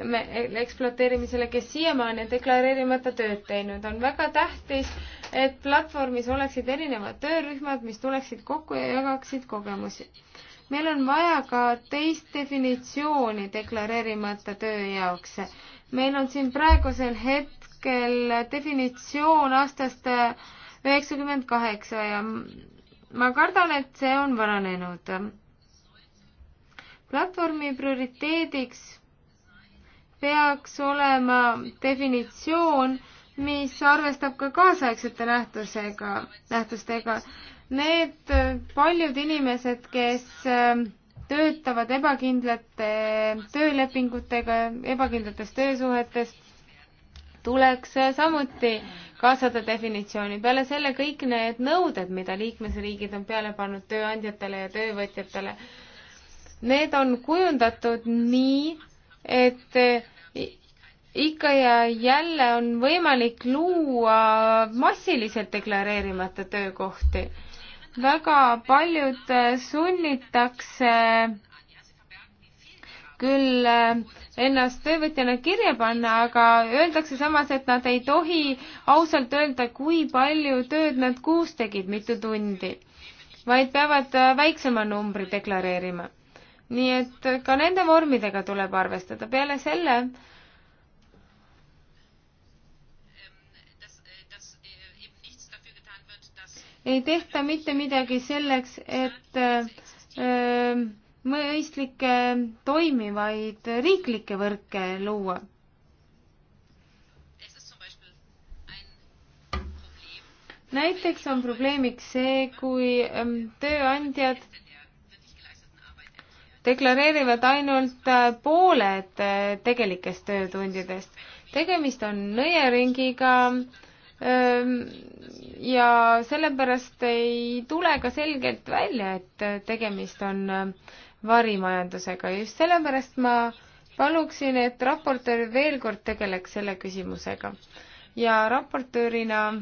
me ekspluateerimisele, kes siiamaani deklareerimata tööd teinud. on väga tähtis, et platvormis oleksid erinevad töörühmad, mis tuleksid kokku ja jagaksid kogemusi. meil on vaja ka teist definitsiooni deklareerimata töö jaoks. meil on siin praegusel hetkel definitsioon aastast äh, üheksakümmend kaheksa ja ma kardan, et see on vananenud. platvormi prioriteediks peaks olema definitsioon, mis arvestab ka kaasaegsete nähtusega, nähtustega. Need paljud inimesed, kes ähm, töötavad ebakindlate töölepingutega, ebakindlates töösuhetes, tuleks äh, samuti kaasada definitsiooni. peale selle kõik need nõuded, mida liikmesriigid on peale pannud tööandjatele ja töövõtjatele, need on kujundatud nii, et eh, ikka ja jälle on võimalik luua massiliselt deklareerimata töökohti. väga paljud eh, sunnitakse küll eh, ennast töövõtjana kirja panna, aga öeldakse samas, et nad ei tohi ausalt öelda, kui palju tööd nad kuus tegid, mitu tundi, vaid peavad väiksema numbri deklareerima nii et ka nende vormidega tuleb arvestada. peale selle ei tehta mitte midagi selleks, et äh, mõistlikke toimivaid riiklikke võrke luua. näiteks on probleemiks see, kui ähm, tööandjad deklareerivad ainult äh, pooled äh, tegelikest töötundidest. tegemist on nõiaringiga ähm, ja sellepärast ei tule ka selgelt välja, et äh, tegemist on varimajandusega. just sellepärast ma paluksin, et raportöör veel kord tegeleks selle küsimusega. ja raportöörina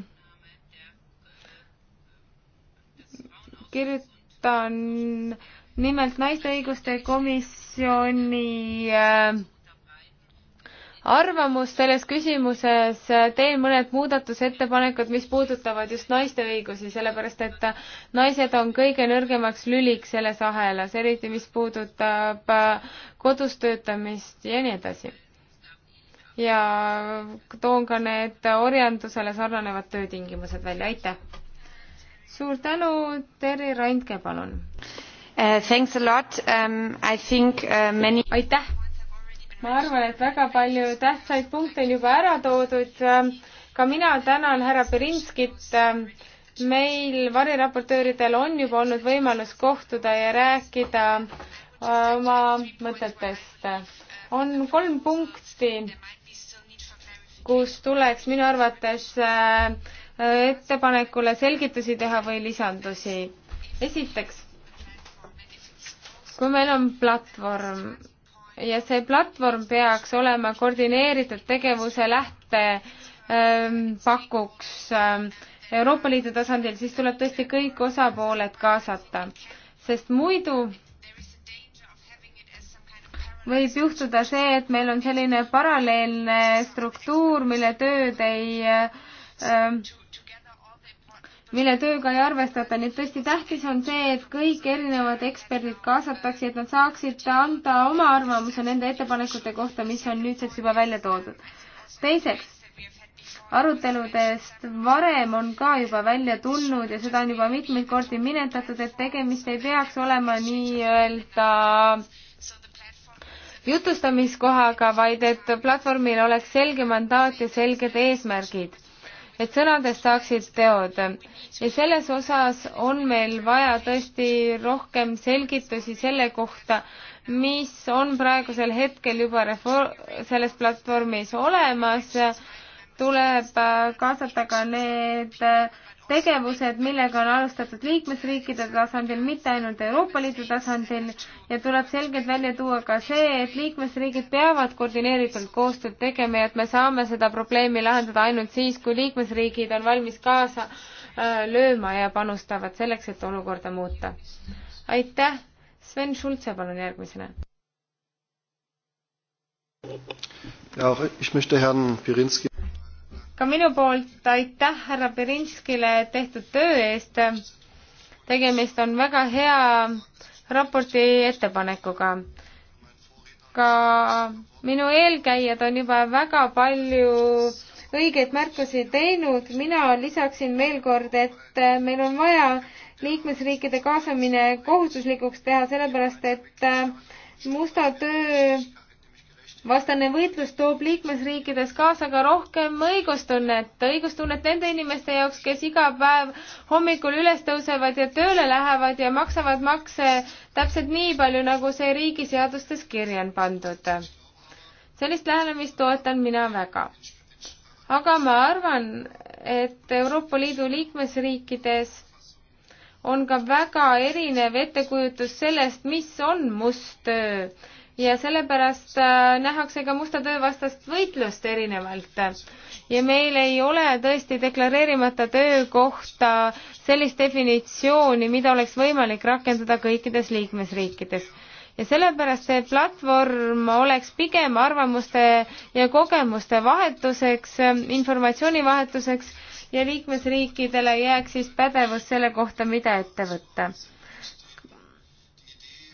kirjutan nimelt Naiste õiguste komisjoni äh, arvamus selles küsimuses, teen mõned muudatusettepanekud, mis puudutavad just naiste õigusi, sellepärast et naised on kõige nõrgemaks lüliks selles ahelas, eriti mis puudutab äh, kodus töötamist ja nii edasi. ja toon ka need orjandusele sarnanevad töötingimused välja, aitäh! suur tänu, Terri Randke, palun! Uh, um, uh, aitäh! ma arvan, et väga palju tähtsaid punkte on juba ära toodud. Um, ka mina tänan härra Berinskit. Um, meil variraportööridel on juba olnud võimalus kohtuda ja rääkida uh, oma mõtetest. on kolm punkti, kus tuleks minu arvates ettepanekule selgitusi teha või lisandusi. esiteks kui meil on platvorm ja see platvorm peaks olema koordineeritud tegevuse lähtepakuks ähm, ähm, Euroopa Liidu tasandil, siis tuleb tõesti kõik osapooled kaasata, sest muidu võib juhtuda see, et meil on selline paralleelne struktuur, mille tööd ei äh, mille tööga ei arvestata, nii et tõesti tähtis on see, et kõik erinevad eksperdid kaasatakse, et nad saaksid anda oma arvamuse nende ettepanekute kohta, mis on nüüdseks juba välja toodud. teiseks, aruteludest varem on ka juba välja tulnud ja seda on juba mitmeid kordi minetatud, et tegemist ei peaks olema nii-öelda jutustamiskohaga, vaid et platvormil oleks selge mandaat ja selged eesmärgid et sõnadest saaksid teod. ja selles osas on meil vaja tõesti rohkem selgitusi selle kohta, mis on praegusel hetkel juba reform, selles platvormis olemas, tuleb kaasata ka need äh, tegevused, millega on alustatud liikmesriikide tasandil, mitte ainult Euroopa Liidu tasandil ja tuleb selgelt välja tuua ka see, et liikmesriigid peavad koordineeritult koostööd tegema ja et me saame seda probleemi lahendada ainult siis, kui liikmesriigid on valmis kaasa äh, lööma ja panustavad selleks, et olukorda muuta. aitäh, Sven Schulze, palun järgmisena. Ja, auch ich möchte Herrn Pirinski ka minu poolt aitäh härra Berinskile tehtud töö eest. tegemist on väga hea raporti ettepanekuga. ka minu eelkäijad on juba väga palju õigeid märkusi teinud, mina lisaksin veel kord, et meil on vaja liikmesriikide kaasamine kohustuslikuks teha, sellepärast et musta töö vastane võitlus toob liikmesriikides kaasa ka rohkem õigustunnet, õigustunnet nende inimeste jaoks, kes iga päev hommikul üles tõusevad ja tööle lähevad ja maksavad makse täpselt nii palju, nagu see riigi seadustes kirja on pandud. sellist lähenemist toetan mina väga. aga ma arvan, et Euroopa Liidu liikmesriikides on ka väga erinev ettekujutus sellest, mis on must töö ja sellepärast äh, nähakse ka musta töö vastast võitlust erinevalt. ja meil ei ole tõesti deklareerimata töökohta sellist definitsiooni, mida oleks võimalik rakendada kõikides liikmesriikides ja sellepärast see platvorm oleks pigem arvamuste ja kogemuste vahetuseks, informatsioonivahetuseks ja liikmesriikidele jääks siis pädevus selle kohta, mida ette võtta.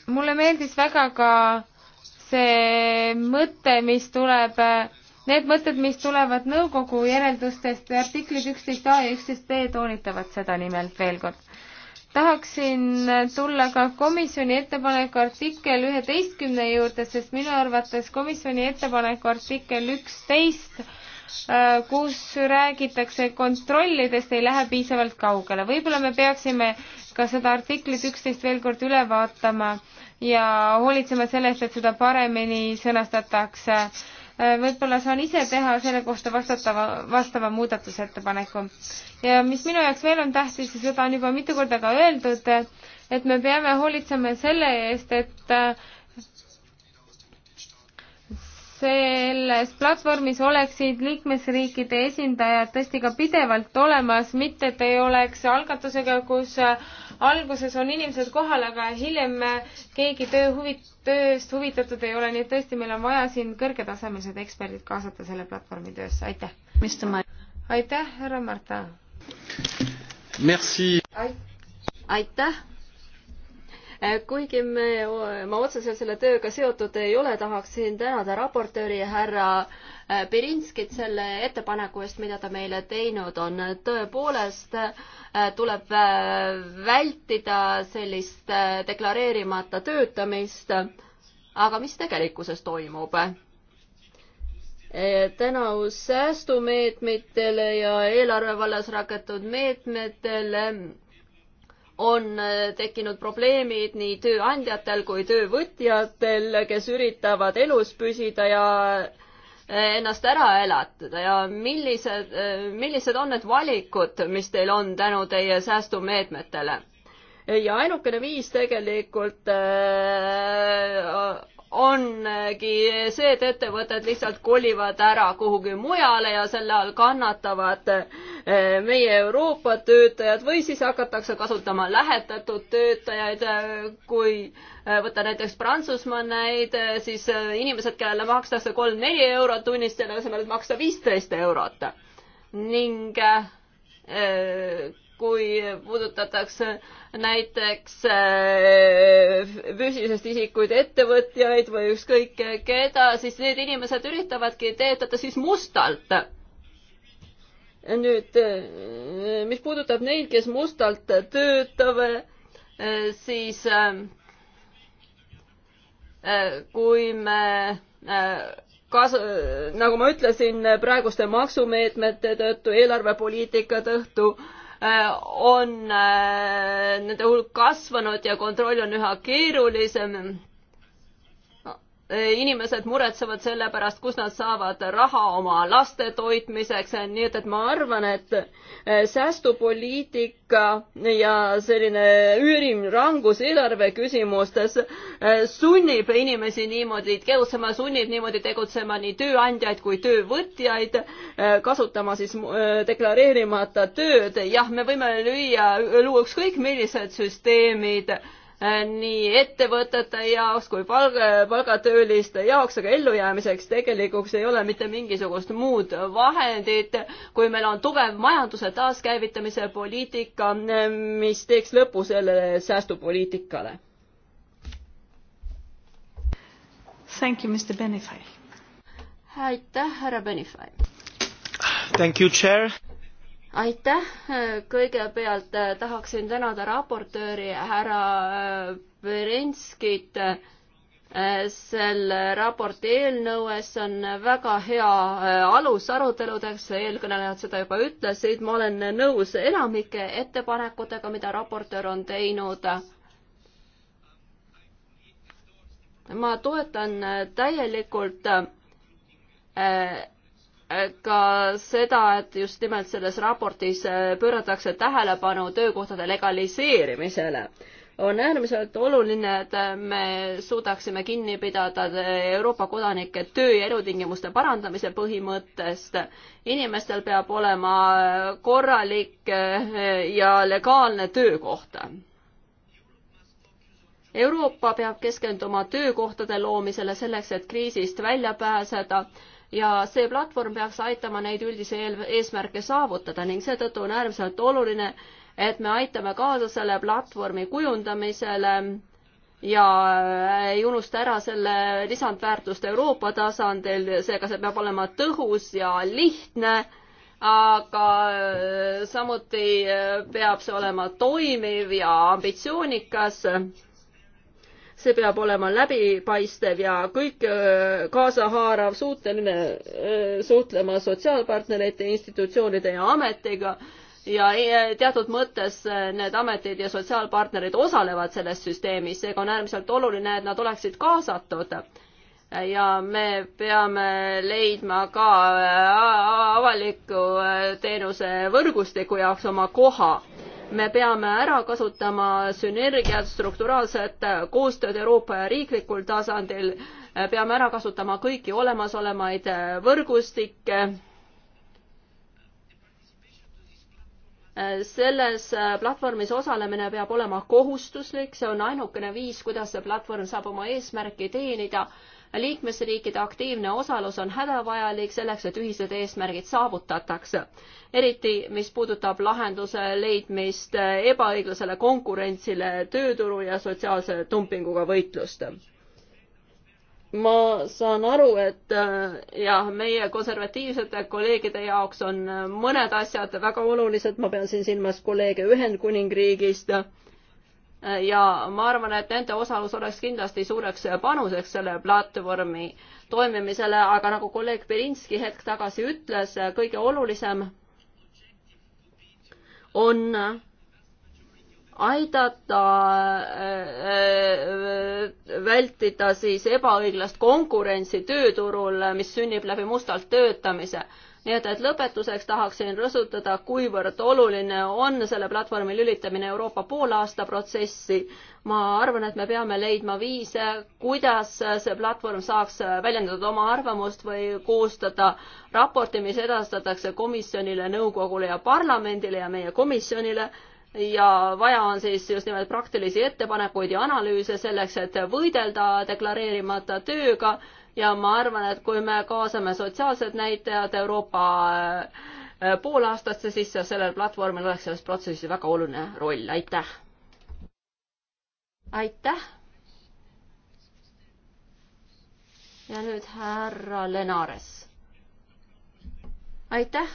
mulle meeldis väga ka see mõte, mis tuleb, need mõtted, mis tulevad nõukogu järeldustest, artiklid üksteist A ja üksteist B toonitavad seda nimelt veel kord. tahaksin tulla ka komisjoni ettepaneku artikkel üheteistkümne juurde, sest minu arvates komisjoni ettepaneku artikkel üksteist 11 Äh, kus räägitakse kontrollidest, ei lähe piisavalt kaugele. võib-olla me peaksime ka seda artiklit üksteist veel kord üle vaatama ja hoolitsema selle eest, et seda paremini sõnastatakse. Äh, võib-olla saan ise teha selle kohta vastatava, vastava muudatusettepaneku. ja mis minu jaoks veel on tähtis ja seda on juba mitu korda ka öeldud, et me peame hoolitsema selle eest, et äh, selles platvormis oleksid liikmesriikide esindajad tõesti ka pidevalt olemas, mitte et ei oleks algatusega, kus äh, alguses on inimesed kohal, aga hiljem äh, keegi töö huvi, tööst huvitatud ei ole, nii et tõesti, meil on vaja siin kõrgetasemelised eksperdid kaasata selle platvormi töösse, aitäh. aitäh, härra Marta. aitäh kuigi me, ma otseselt selle tööga seotud ei ole, tahaksin tänada raportööri härra äh, Pirinskit selle ettepaneku eest, mida ta meile teinud on. tõepoolest äh, tuleb äh, vältida sellist deklareerimata töötamist. aga mis tegelikkuses toimub? tänu säästumeetmetele ja eelarve vallas rakendatud meetmetele on äh, tekkinud probleemid nii tööandjatel kui töövõtjatel, kes üritavad elus püsida ja äh, ennast ära elatada ja millised, äh, millised on need valikud, mis teil on tänu teie säästumeetmetele? ja ainukene viis tegelikult äh, ongi see, et ettevõtted lihtsalt kolivad ära kuhugi mujale ja selle all kannatavad eh, meie Euroopa töötajad või siis hakatakse kasutama lähetatud töötajaid. Eh, kui eh, võtta näiteks Prantsusmaa näide, siis inimesed, kellele makstakse kolm-neli eurot tunnis, selle asemel, et maksta viisteist eurot ning kui puudutatakse näiteks äh, füüsilisest isikuid ettevõtjaid või ükskõik keda, siis need inimesed üritavadki teetada siis mustalt. nüüd, äh, mis puudutab neid, kes mustalt töötavad, äh, siis kui me kas-, nagu ma ütlesin, praeguste maksumeetmete tõttu, eelarvepoliitika tõttu Äh, on äh, nende hulk kasvanud ja kontroll on üha keerulisem Äh, inimesed muretsevad selle pärast, kus nad saavad raha oma laste toitmiseks, nii et, et ma arvan, et äh, säästupoliitika ja selline üürim rangus eelarve küsimustes äh, sunnib inimesi niimoodi tegutsema, sunnib niimoodi tegutsema nii tööandjaid kui töövõtjaid, kasutama siis deklareerimata tööd. jah, me võime lüüa, luua ükskõik millised süsteemid Äh, nii ettevõtete jaoks kui palga, palgatööliste jaoks, aga ellujäämiseks tegelikult ei ole mitte mingisugust muud vahendit, kui meil on tugev majanduse taaskäivitamise poliitika, mis teeks lõpu sellele säästupoliitikale. Thank you, Mr Benify. aitäh, härra Benify. Thank you, chair aitäh, kõigepealt äh, tahaksin tänada raportööri härra äh, Berenskit äh, selle raporti eelnõu ees on väga hea alus aruteludeks, eelkõnelejad seda juba ütlesid, ma olen nõus enamike ettepanekutega, mida raportöör on teinud. ma toetan täielikult ka seda, et just nimelt selles raportis äh, pööratakse tähelepanu töökohtade legaliseerimisele. on äärmiselt oluline, et äh, me suudaksime kinni pidada äh, Euroopa kodanike töö ja elutingimuste parandamise põhimõttest. inimestel peab olema korralik ja legaalne töökoht Euroopa peab keskenduma töökohtade loomisele selleks, et kriisist välja pääseda ja see platvorm peaks aitama neid üldisi eesmärke saavutada ning seetõttu on äärmiselt oluline, et me aitame kaasa selle platvormi kujundamisele ja äh, ei unusta ära selle lisandväärtust Euroopa tasandil, seega see peab olema tõhus ja lihtne, aga äh, samuti äh, peab see olema toimiv ja ambitsioonikas see peab olema läbipaistev ja kõik kaasahaarav, suuteline suhtlema sotsiaalpartnerite, institutsioonide ja ametiga ja e, teatud mõttes need ametid ja sotsiaalpartnerid osalevad selles süsteemis, seega on äärmiselt oluline, et nad oleksid kaasatud. ja me peame leidma ka avaliku teenuse võrgustiku jaoks oma koha me peame ära kasutama sünergiat, strukturaalset koostööd Euroopa ja riiklikul tasandil, peame ära kasutama kõiki olemasolevaid võrgustikke. selles platvormis osalemine peab olema kohustuslik, see on ainukene viis, kuidas see platvorm saab oma eesmärki teenida liikmesriikide aktiivne osalus on hädavajalik selleks, et ühised eesmärgid saavutatakse. eriti, mis puudutab lahenduse leidmist ebaõiglasele konkurentsile, tööturu ja sotsiaalse dumpinguga võitlust ma saan aru, et jah, meie konservatiivsete kolleegide jaoks on mõned asjad väga olulised, ma pean siin silmas kolleege Ühendkuningriigist ja ma arvan, et nende osalus oleks kindlasti suureks panuseks selle platvormi toimimisele, aga nagu kolleeg Berinski hetk tagasi ütles, kõige olulisem on aidata äh, äh, vältida siis ebaõiglast konkurentsi tööturul, mis sünnib läbi mustalt töötamise nii et, et lõpetuseks tahaksin rõhutada, kuivõrd oluline on selle platvormi lülitamine Euroopa poolaasta protsessi. ma arvan, et me peame leidma viise, kuidas see platvorm saaks väljendada oma arvamust või koostada raporti, mis edastatakse komisjonile, nõukogule ja parlamendile ja meie komisjonile ja vaja on siis just nimelt praktilisi ettepanekuid ja analüüse selleks, et võidelda deklareerimata tööga ja ma arvan, et kui me kaasame sotsiaalsed näitajad Euroopa äh, äh, poolaastasse, siis sellel platvormil oleks selles protsessis väga oluline roll, aitäh! aitäh! ja nüüd härra Lenares. aitäh.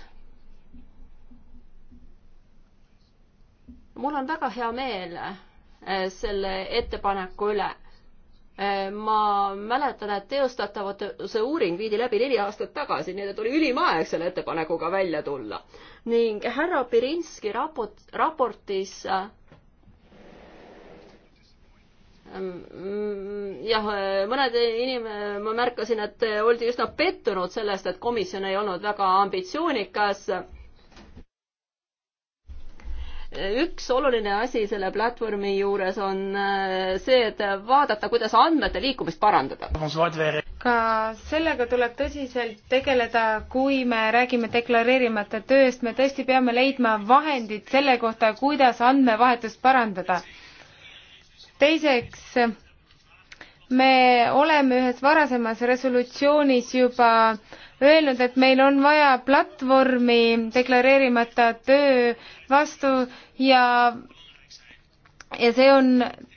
mul on väga hea meel äh, selle ettepaneku üle ma mäletan, et teostatavuse uuring viidi läbi neli aastat tagasi, nii et oli ülim aeg selle ettepanekuga välja tulla. ning härra Pirinski raport, raportis ähm, mm, jah, mõned inim-, ma märkasin, et oldi üsna pettunud sellest, et komisjon ei olnud väga ambitsioonikas üks oluline asi selle platvormi juures on äh, see, et vaadata, kuidas andmete liikumist parandada. ka sellega tuleb tõsiselt tegeleda, kui me räägime deklareerimata tööst, me tõesti peame leidma vahendid selle kohta, kuidas andmevahetust parandada. teiseks, me oleme ühes varasemas resolutsioonis juba äh, öelnud, et meil on vaja platvormi deklareerimata töö vastu ja ja see on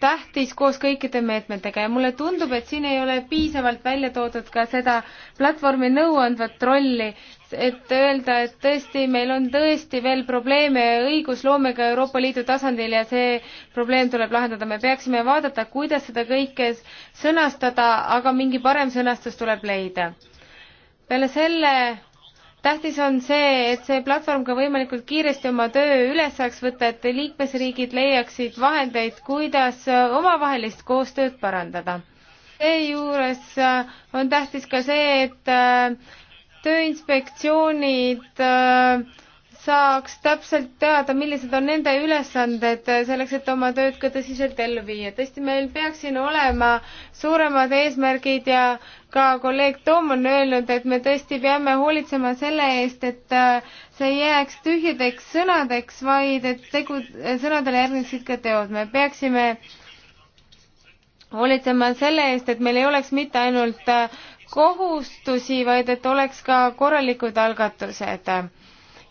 tähtis koos kõikide meetmetega ja mulle tundub, et siin ei ole piisavalt välja toodud ka seda platvormi nõuandvat rolli, et öelda, et tõesti, meil on tõesti veel probleeme õigusloomega Euroopa Liidu tasandil ja see probleem tuleb lahendada. me peaksime vaadata, kuidas seda kõike sõnastada, aga mingi parem sõnastus tuleb leida peale selle tähtis on see, et see platvorm ka võimalikult kiiresti oma töö üles saaks võtta, et liikmesriigid leiaksid vahendeid, kuidas omavahelist koostööd parandada. seejuures äh, on tähtis ka see, et äh, tööinspektsioonid äh, saaks täpselt teada, millised on nende ülesanded selleks, et oma tööd ka tõsiselt ellu viia. tõesti, meil peaks siin olema suuremad eesmärgid ja ka kolleeg Tom on öelnud, et me tõesti peame hoolitsema selle eest, et äh, see ei jääks tühjadeks sõnadeks, vaid et tegu, sõnadele järgneksid ka teod. me peaksime hoolitsema selle eest, et meil ei oleks mitte ainult äh, kohustusi, vaid et oleks ka korralikud algatused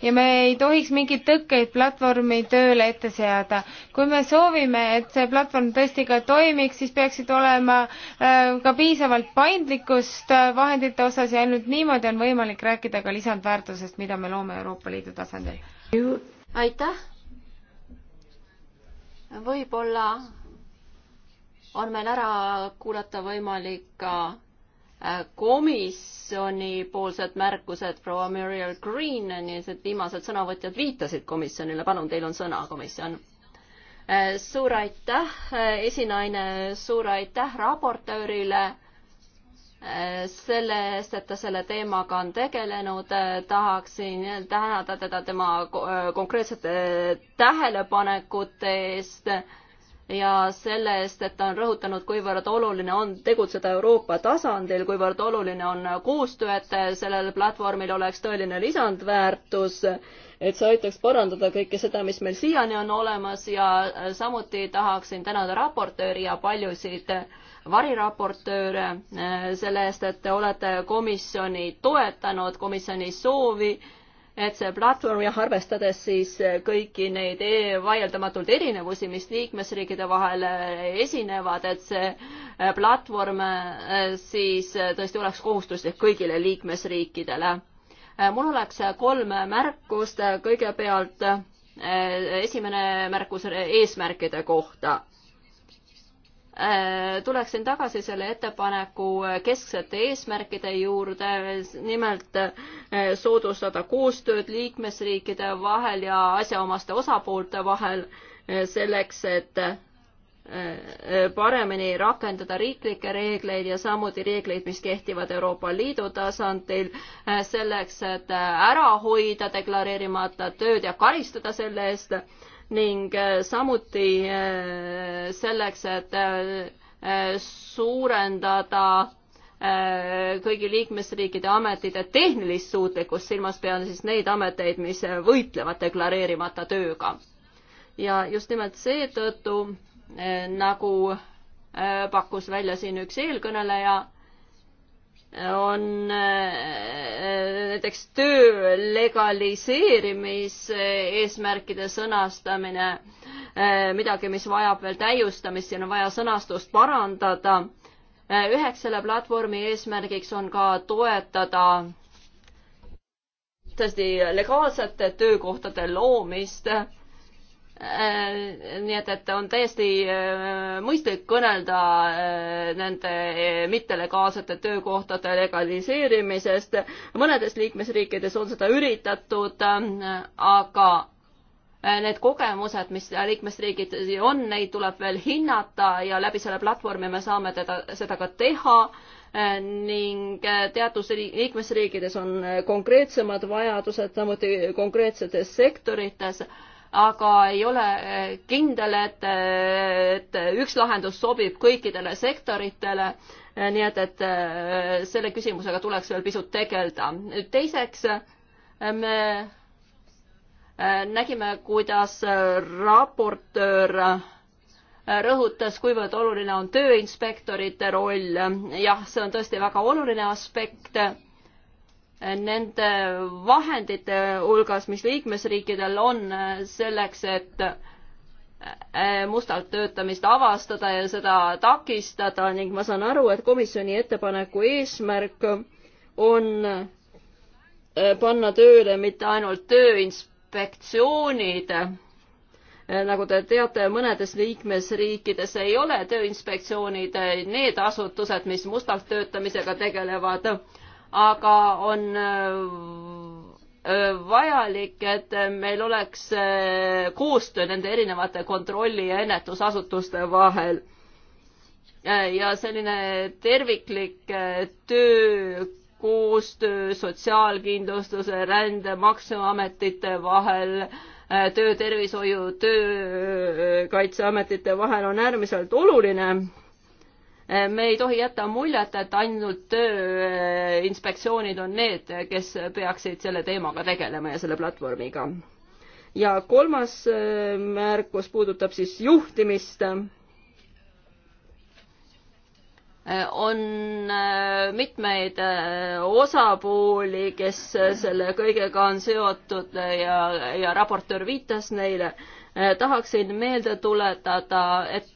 ja me ei tohiks mingeid tõkkeid platvormi tööle ette seada. kui me soovime, et see platvorm tõesti ka toimiks, siis peaksid olema äh, ka piisavalt paindlikkust äh, vahendite osas ja ainult niimoodi on võimalik rääkida ka lisandväärtusest, mida me loome Euroopa Liidu tasandil. aitäh! võib-olla on meil ära kuulata võimalik ka Äh, komisjoni poolsed märkused proua Muriel Green, nii et viimased sõnavõtjad viitasid komisjonile, palun, teil on sõna, komisjon. Äh, suur aitäh, äh, esinaine, suur aitäh raportöörile selle eest, et ta selle teemaga on tegelenud, tahaksin tänada teda tema konkreetsete tähelepanekute eest ja selle eest, et ta on rõhutanud, kuivõrd oluline on tegutseda Euroopa tasandil, kuivõrd oluline on koostöö, et sellel platvormil oleks tõeline lisandväärtus, et see aitaks parandada kõike seda, mis meil siiani on olemas ja samuti tahaksin tänada raportööri ja paljusid variraportööre eh, selle eest, et te olete komisjoni toetanud, komisjoni soovi et see platvorm ja arvestades siis kõiki neid e vaieldamatult erinevusi, mis liikmesriikide vahel esinevad, et see platvorm äh, siis tõesti oleks kohustuslik kõigile liikmesriikidele. Äh, mul oleks kolm märkust, kõigepealt äh, esimene märkus eesmärkide kohta Äh, tuleksin tagasi selle ettepaneku äh, kesksete eesmärkide juurde, nimelt äh, soodustada koostööd liikmesriikide vahel ja asjaomaste osapoolte vahel selleks, et paremini rakendada riiklikke reegleid ja samuti reegleid, mis kehtivad Euroopa Liidu tasandil, selleks, et ära hoida deklareerimata tööd ja karistada selle eest ning äh, samuti äh, selleks, et äh, suurendada kõigi liikmesriikide ametite tehnilist suutlikkust, silmas pean siis neid ameteid, mis võitlevad deklareerimata tööga. ja just nimelt seetõttu, nagu pakkus välja siin üks eelkõneleja, on äh, näiteks töö legaliseerimise äh, eesmärkide sõnastamine, äh, midagi, mis vajab veel täiustamist, siin on vaja sõnastust parandada. üheks selle platvormi eesmärgiks on ka toetada tõesti legaalsete töökohtade loomist Äh, nii et, et on täiesti äh, mõistlik kõnelda äh, nende mittelegaalsete töökohtade legaliseerimisest. mõnedes liikmesriikides on seda üritatud, aga need kogemused, mis liikmesriigid on, neid tuleb veel hinnata ja läbi selle platvormi me saame teda, seda ka teha ning teatud liikmesriikides on konkreetsemad vajadused, samuti konkreetsetes sektorites aga ei ole eh, kindel, et, eh, et üks lahendus sobib kõikidele sektoritele. Eh, nii et, et selle küsimusega tuleks veel pisut tegeleda. teiseks me nägime, kuidas raportöör rõhutas, kuivõrd oluline on tööinspektorite roll. jah, see on tõesti väga oluline aspekt nende vahendite hulgas, mis liikmesriikidel on selleks, et eh, mustalt töötamist avastada ja seda takistada ning ma saan aru, et komisjoni ettepaneku eesmärk on eh, panna tööle mitte ainult tööinspektsioonid, eh, nagu te teate, mõnedes liikmesriikides ei ole tööinspektsioonid need asutused, mis mustalt töötamisega tegelevad aga on äh, vajalik, et meil oleks äh, koostöö nende erinevate kontrolli- ja ennetusasutuste vahel. Äh, ja selline terviklik töö, koostöö sotsiaalkindlustuse, rände, maksuametite vahel, töötervishoiu, töökaitseametite vahel on äärmiselt oluline Eh, me ei tohi jätta muljet, et ainult tööinspektsioonid on need, kes peaksid selle teemaga tegelema ja selle platvormiga. ja kolmas eh, märkus puudutab siis juhtimist. Eh, on mitmeid osapooli, kes selle kõigega on seotud ja, ja raportöör viitas neile. tahaksin meelde tuletada, et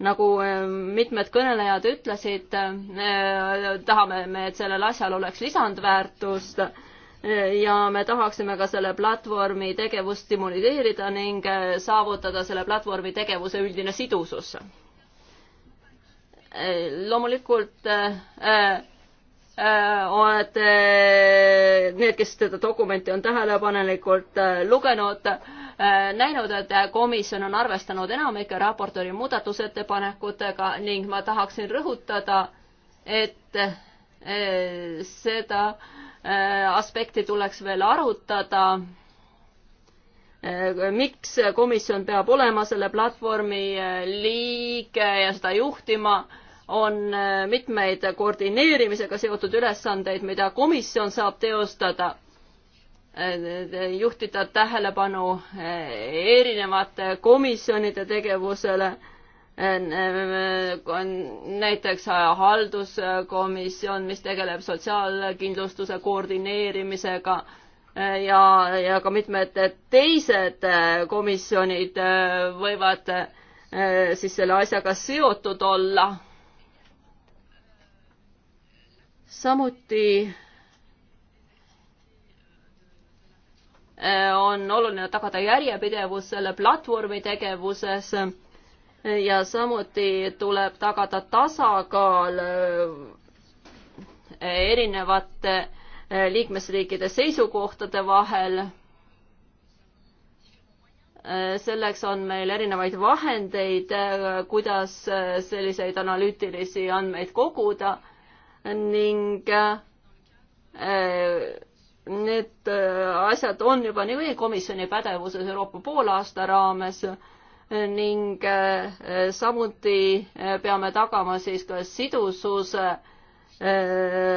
nagu ähm, mitmed kõnelejad ütlesid, äh, tahame me, et sellel asjal oleks lisandväärtust äh, ja me tahaksime ka selle platvormi tegevust stimuleerida ning äh, saavutada selle platvormi tegevuse üldine sidusus. loomulikult äh, Äh, et äh, need, kes seda dokumenti on tähelepanelikult äh, lugenud, näinud, et komisjon on arvestanud enamike raportööri muudatusettepanekutega ning ma tahaksin rõhutada, et seda aspekti tuleks veel arutada. miks komisjon peab olema selle platvormi liige ja seda juhtima on äh, mitmeid koordineerimisega seotud ülesandeid, mida komisjon saab teostada, äh, juhtida tähelepanu äh, erinevate komisjonide tegevusele, näiteks halduskomisjon, mis tegeleb sotsiaalkindlustuse koordineerimisega ja, ja ka mitmed teised komisjonid võivad siis selle asjaga seotud olla samuti äh, on oluline tagada järjepidevus selle platvormi tegevuses ja samuti tuleb tagada tasakaal äh, erinevate äh, liikmesriikide seisukohtade vahel. selleks on meil erinevaid vahendeid, kuidas selliseid analüütilisi andmeid koguda ning äh, need äh, asjad on juba niikuinii komisjoni pädevuses Euroopa poolaasta raames ning äh, samuti peame tagama siis ka sidususe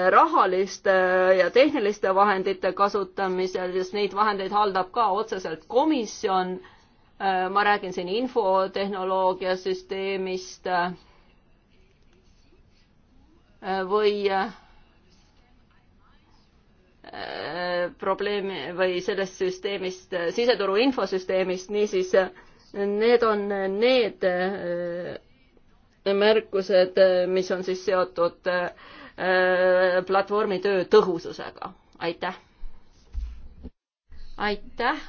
rahaliste ja tehniliste vahendite kasutamisel, sest neid vahendeid haldab ka otseselt komisjon. ma räägin siin infotehnoloogiasüsteemist või äh, probleemi või sellest süsteemist, äh, siseturu infosüsteemist, niisiis äh, need on need märkused, mis on siis seotud platvormi töö tõhususega. aitäh! aitäh!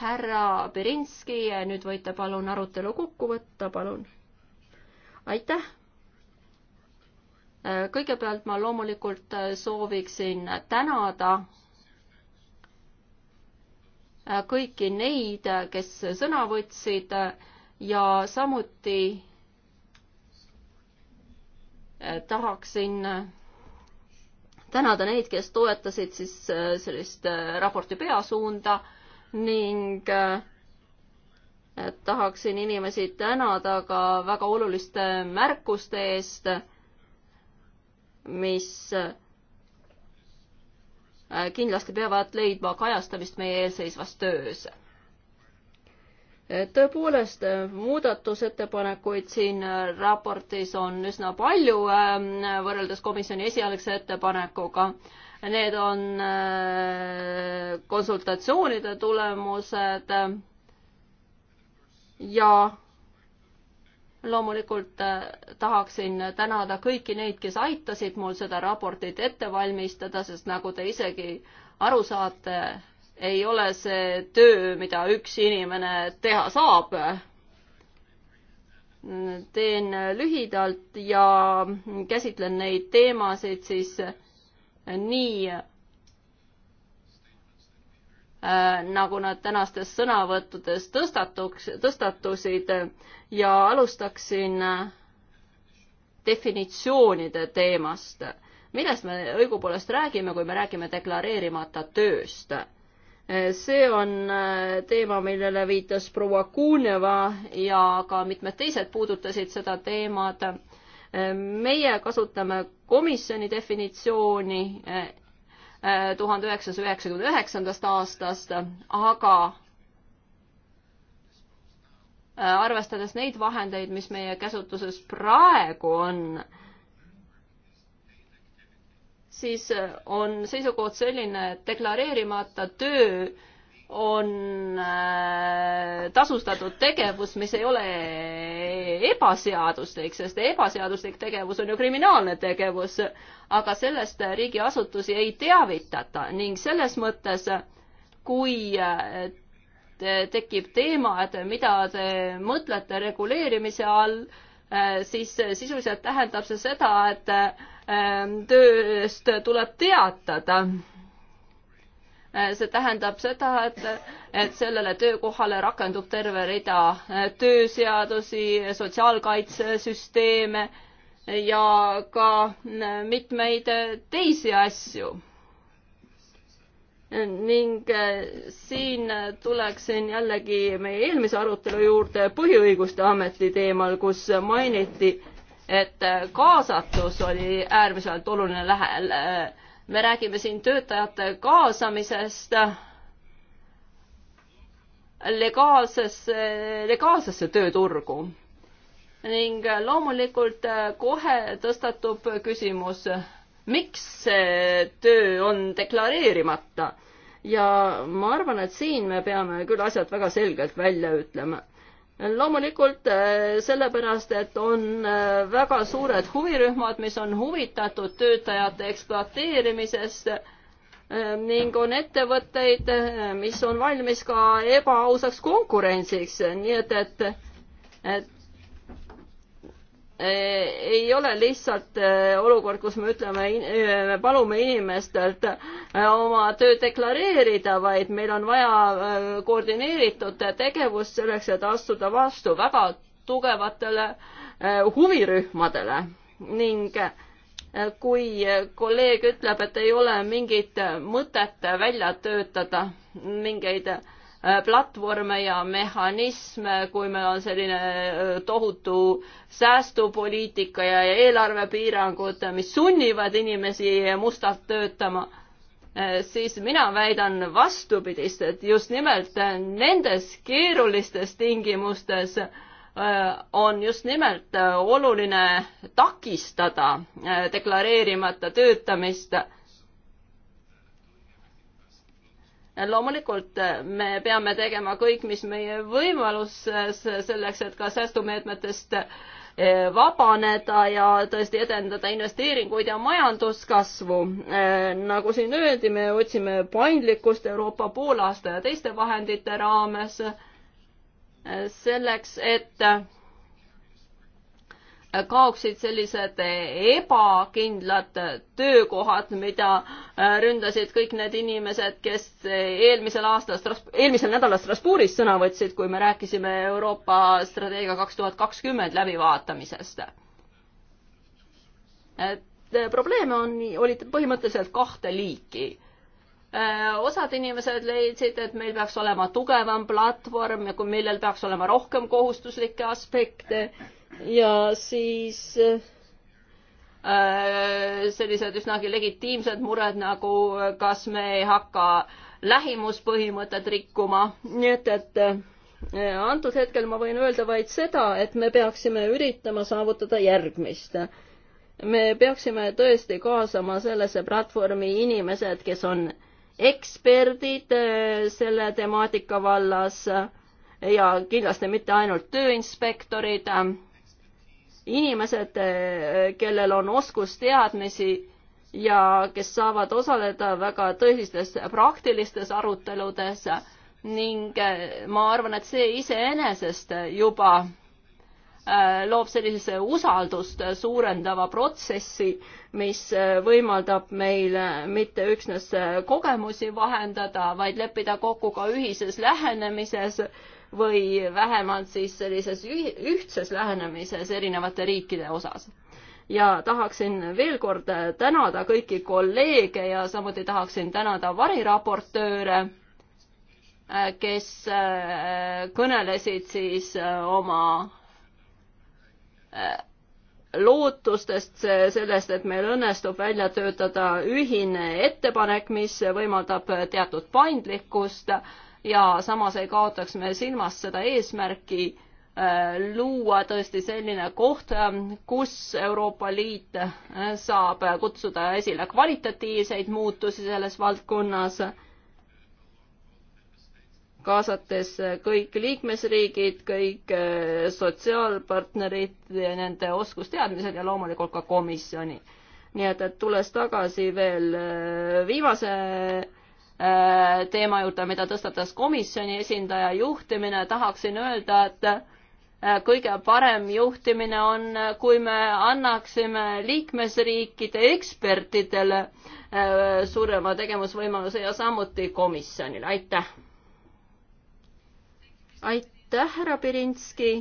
härra Berinski, nüüd võite palun arutelu kokku võtta, palun. aitäh! kõigepealt ma loomulikult äh, sooviksin tänada äh, kõiki neid, äh, kes sõna võtsid ja samuti tahaksin tänada neid, kes toetasid siis sellist raporti peasuunda ning tahaksin inimesi tänada ka väga oluliste märkuste eest mis äh, kindlasti peavad leidma kajastamist meie eelseisvas töös. tõepoolest, muudatusettepanekuid siin raportis on üsna palju ähm, võrreldes komisjoni esialgse ettepanekuga. Need on äh, konsultatsioonide tulemused ja loomulikult äh, tahaksin tänada kõiki neid, kes aitasid mul seda raportit ette valmistada, sest nagu te isegi aru saate, ei ole see töö, mida üks inimene teha saab. teen lühidalt ja käsitlen neid teemasid siis nii Äh, nagu nad tänastes sõnavõttudes tõstatuks, tõstatusid ja alustaksin äh, definitsioonide teemast. millest me õigupoolest räägime, kui me räägime deklareerimata tööst? Äh, see on teema, millele viitas proua Kuneva ja ka mitmed teised puudutasid seda teemat meie kasutame komisjoni definitsiooni tuhande üheksasaja üheksakümne üheksandast aastast, aga äh, arvestades neid vahendeid, mis meie käsutuses praegu on, siis äh, on seisukoht selline, et deklareerimata töö on äh, tasustatud tegevus, mis ei ole ebaseaduslik, sest ebaseaduslik tegevus on ju kriminaalne tegevus, aga sellest riigiasutusi ei teavitata ning selles mõttes, kui äh, tekib teema, et mida te mõtlete reguleerimise all, äh, siis sisuliselt tähendab see seda, et tööst tuleb teatada Eh, see tähendab seda, et, et sellele töökohale rakendub terve rida eh, tööseadusi, sotsiaalkaitsesüsteeme ja ka eh, mitmeid teisi asju. ning siin tuleksin jällegi meie eelmise arutelu juurde Põhiõiguste Ameti teemal, kus mainiti, et kaasatus oli äärmiselt oluline lähe-, me räägime siin töötajate kaasamisest legaalsesse, legaalsesse tööturgu. ning loomulikult äh, kohe tõstatub küsimus, miks see töö on deklareerimata ja ma arvan, et siin me peame küll asjad väga selgelt välja ütlema loomulikult äh, sellepärast, et on äh, väga suured huvirühmad, mis on huvitatud töötajate ekspluateerimisest äh, ning on ettevõtteid, mis on valmis ka ebaausaks konkurentsiks, nii et, et, et Eh, ei ole lihtsalt eh, olukord, kus me ütleme, eh, me palume inimestelt oma töö deklareerida, vaid meil on vaja koordineeritud tegevust selleks, et astuda vastu väga tugevatele huvirühmadele ning kui kolleeg ütleb, et ei ole mingit mõtet välja töötada mingeid Äh, platvorme ja mehhanisme, äh, kui meil on selline äh, tohutu säästupoliitika ja eelarvepiirangud, mis sunnivad inimesi mustalt töötama, siis mina väidan vastupidist, et just nimelt nendes keerulistes tingimustes on just nimelt oluline takistada deklareerimata töötamist loomulikult eh, me peame tegema kõik, mis meie võimaluses eh, selleks, et ka säästumeetmetest eh, vabaneda ja tõesti edendada investeeringuid ja majanduskasvu. nagu siin öeldi, me otsime paindlikkust Euroopa poolaasta ja teiste vahendite raames selleks, et kaoksid sellised ebakindlad töökohad, mida äh, ründasid kõik need inimesed, kes eelmisel aastal, eelmisel nädalal Strasbourgis sõna võtsid, kui me rääkisime Euroopa strateegia kaks tuhat kakskümmend läbivaatamisest. et äh, probleeme on, olid põhimõtteliselt kahte liiki äh, osad inimesed leidsid, et meil peaks olema tugevam platvorm ja kui millel peaks olema rohkem kohustuslikke aspekte ja siis äh, sellised üsnagi legitiimsed mured nagu äh, kas me ei hakka lähimuspõhimõtet rikkuma, nii et, et äh, antud hetkel ma võin öelda vaid seda, et me peaksime üritama saavutada järgmist. me peaksime tõesti kaasama sellesse platvormi inimesed, kes on eksperdid selle temaatika vallas ja kindlasti mitte ainult tööinspektorid inimesed, kellel on oskusteadmisi ja kes saavad osaleda väga tõsistes praktilistes aruteludes ning eh, ma arvan, et see iseenesest juba eh, loob sellise usaldust suurendava protsessi, mis eh, võimaldab meil mitte üksnes kogemusi vahendada, vaid leppida kokku ka ühises lähenemises või vähemalt siis sellises ühtses lähenemises erinevate riikide osas. ja tahaksin veel kord tänada kõiki kolleege ja samuti tahaksin tänada variraportööre, kes äh, kõnelesid siis äh, oma äh, lootustest, sellest, et meil õnnestub välja töötada ühine ettepanek, mis võimaldab teatud paindlikkust ja samas ei kaotaks me silmast seda eesmärki äh, luua tõesti selline koht, äh, kus Euroopa Liit äh, saab kutsuda esile kvalitatiivseid muutusi selles valdkonnas, kaasates kõik liikmesriigid, kõik sotsiaalpartnerid, nende oskusteadmised ja loomulikult ka komisjoni. nii et, et tulles tagasi veel viimase Äh, teema juurde, mida tõstatas komisjoni esindaja juhtimine, tahaksin öelda, et äh, kõige parem juhtimine on, äh, kui me annaksime liikmesriikide ekspertidele suurema tegevusvõimaluse ja samuti komisjonile, aitäh. aitäh, härra Pirinski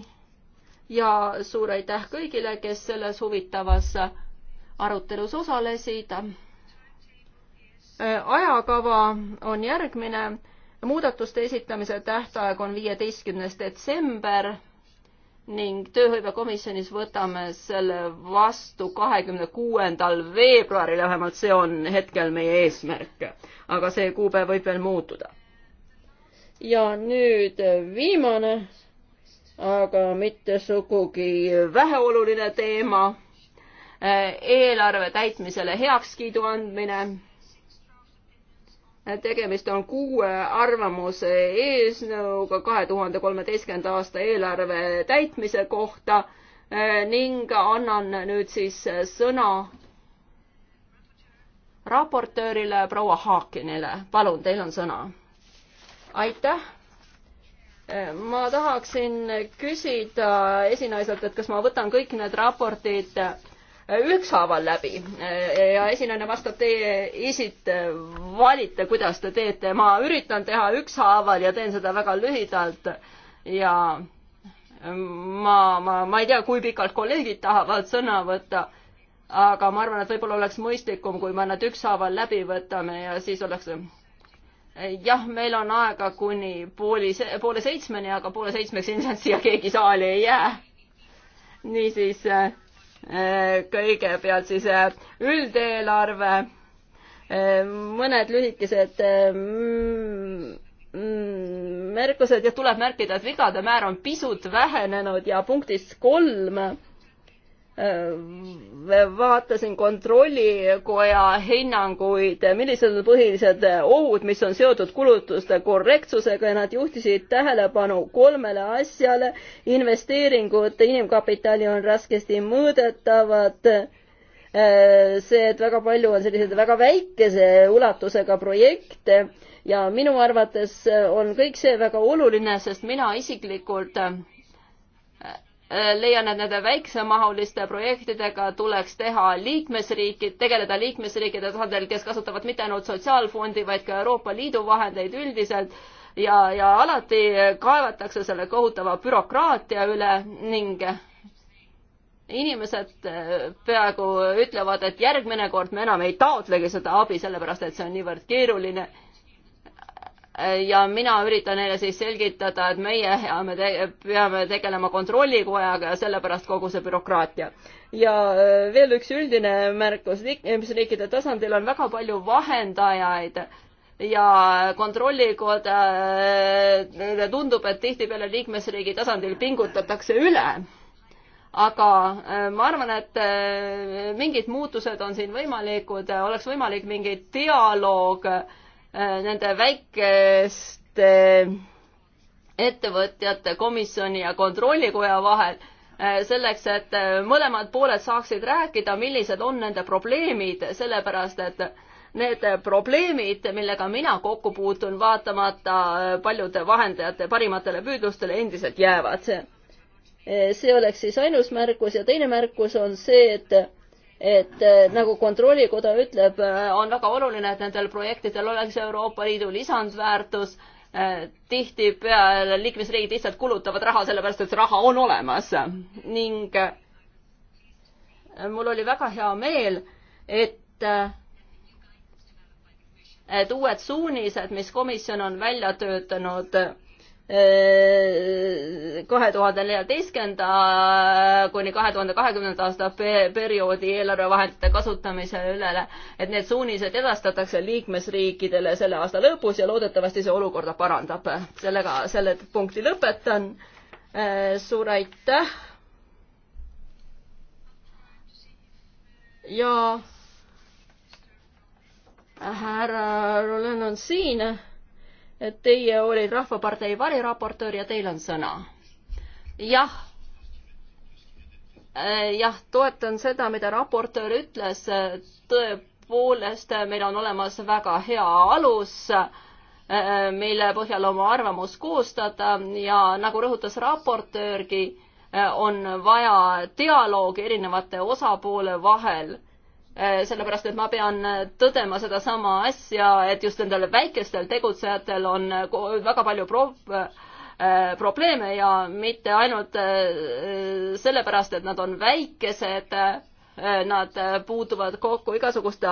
ja suur aitäh kõigile, kes selles huvitavas arutelus osalesid ajakava on järgmine. muudatuste esitamise tähtaeg on viieteistkümnes detsember ning tööhõivekomisjonis võtame selle vastu kahekümne kuuendal veebruaril, vähemalt see on hetkel meie eesmärk. aga see kuupäev võib veel muutuda. ja nüüd viimane, aga mitte sugugi väheoluline teema, eelarve täitmisele heakskiidu andmine tegemist on kuue arvamuse eelnõuga kahe tuhande kolmeteistkümnenda aasta eelarve täitmise kohta ning annan nüüd siis sõna raportöörile proua Haakinile. palun, teil on sõna. aitäh. ma tahaksin küsida esinaiselt, et kas ma võtan kõik need raportid ükshaaval läbi ja esinejana vastab teie isit, eh, valite, kuidas te teete, ma üritan teha ükshaaval ja teen seda väga lühidalt ja eh, ma, ma, ma ei tea, kui pikalt kolleegid tahavad sõna võtta, aga ma arvan, et võib-olla oleks mõistlikum, kui me nad ükshaaval läbi võtame ja siis oleks eh, jah, meil on aega kuni pooli, poole seitsmeni, aga poole seitsmeks ilmselt siia keegi saali ei jää. niisiis äh, Eh, kõigepealt siis eh, üldeelarve, eh, mõned lühikesed mm, mm, märkused ja tuleb märkida, et vigade määr on pisut vähenenud ja punktis kolm Äh, vaatasin kontrollikoja hinnanguid, millised on põhilised ohud, mis on seotud kulutuste korrektsusega ja nad juhtisid tähelepanu kolmele asjale. investeeringud inimkapitali on raskesti mõõdetavad. Äh, see, et väga palju on selliseid väga väikese ulatusega projekte ja minu arvates on kõik see väga oluline, sest mina isiklikult Äh, leian, et nende väiksemahuliste projektidega tuleks teha liikmesriikid, tegeleda liikmesriikide tasandil, kes kasutavad mitte ainult Sotsiaalfondi, vaid ka Euroopa Liidu vahendeid üldiselt ja, ja alati kaevatakse selle kohutava bürokraatia üle ning inimesed äh, peaaegu ütlevad, et järgmine kord me enam ei taotlegi seda abi, sellepärast et see on niivõrd keeruline ja mina üritan neile siis selgitada, et meie me te peame tegelema kontrollikojaga ja sellepärast kogu see bürokraatia. ja äh, veel üks üldine märkus, liikmesriikide tasandil on väga palju vahendajaid ja kontrollikoda, äh, tundub, et tihtipeale liikmesriigi tasandil pingutatakse üle aga äh, ma arvan, et mingid muutused on siin võimalikud, oleks võimalik mingi dialoog äh, Äh, nende väikeste ettevõtjate komisjoni ja kontrollikoja vahel äh, selleks, et äh, mõlemad pooled saaksid rääkida, millised on nende probleemid, sellepärast et need probleemid, millega mina kokku puutun, vaatamata paljude vahendajate parimatele püüdlustele, endiselt jäävad. see oleks siis ainus märkus ja teine märkus on see, et et äh, nagu Kontrollikoda ütleb, äh, on väga oluline, et nendel projektidel oleks Euroopa Liidu lisandväärtus. Äh, tihtipeale liikmesriigid lihtsalt kulutavad raha sellepärast, et raha on olemas ning mul oli väga hea meel, et et uued suunised, mis komisjon on välja töötanud, kahe tuhande neljateistkümnenda kuni kahe tuhande kahekümnenda aasta perioodi eelarvevahendite kasutamise üle, et need suunised edastatakse liikmesriikidele selle aasta lõpus ja loodetavasti see olukorda parandab. sellega selle punkti lõpetan. suur aitäh. ja härra Roland on siin Teie olid Rahvapartei variraportöör ja teil on sõna. jah, äh, jah, toetan seda, mida raportöör ütles, tõepoolest, meil on olemas väga hea alus, äh, mille põhjal oma arvamus koostada ja nagu rõhutas raportöörgi, äh, on vaja dialoogi erinevate osapoole vahel Äh, sellepärast et ma pean äh, tõdema sedasama asja, et just nendel väikestel tegutsejatel on äh, väga palju proov, probleeme ja mitte ainult sellepärast, et nad on väikesed, nad puutuvad kokku igasuguste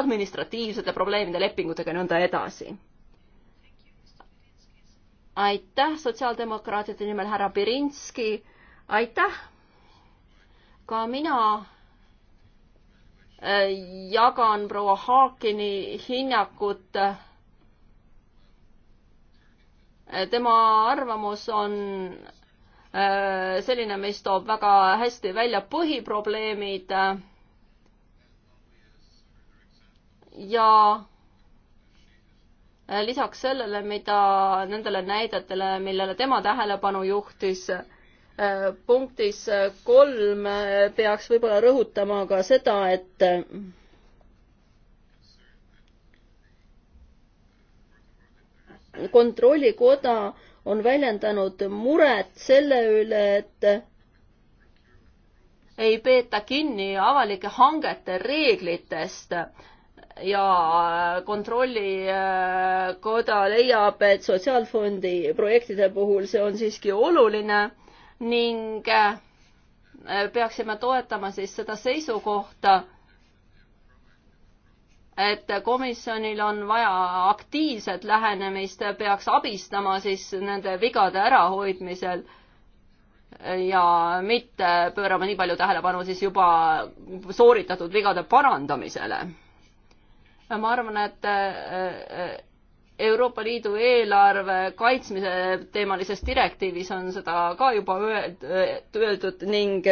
administratiivsete probleemide, lepingutega ja nõnda edasi. aitäh sotsiaaldemokraatide nimel, härra Pirinski, aitäh! ka mina Äh, jagan proua Haakini hinnakut. Äh, tema arvamus on äh, selline, mis toob väga hästi välja põhiprobleemid. ja lisaks sellele, mida nendele näidetele, millele tema tähelepanu juhtis Äh, punktis äh, kolm äh, peaks võib-olla rõhutama ka seda, et kontrollikoda on väljendanud muret selle üle, et ei peeta kinni avalike hangete reeglitest ja kontrollikoda leiab, et sotsiaalfondi projektide puhul see on siiski oluline ning äh, peaksime toetama siis seda seisukohta, et komisjonil on vaja aktiivset lähenemist, peaks abistama siis nende vigade ärahoidmisel ja mitte pöörama nii palju tähelepanu siis juba sooritatud vigade parandamisele. ma arvan, et äh, Euroopa Liidu eelarve kaitsmise teemalises direktiivis on seda ka juba öeldud ning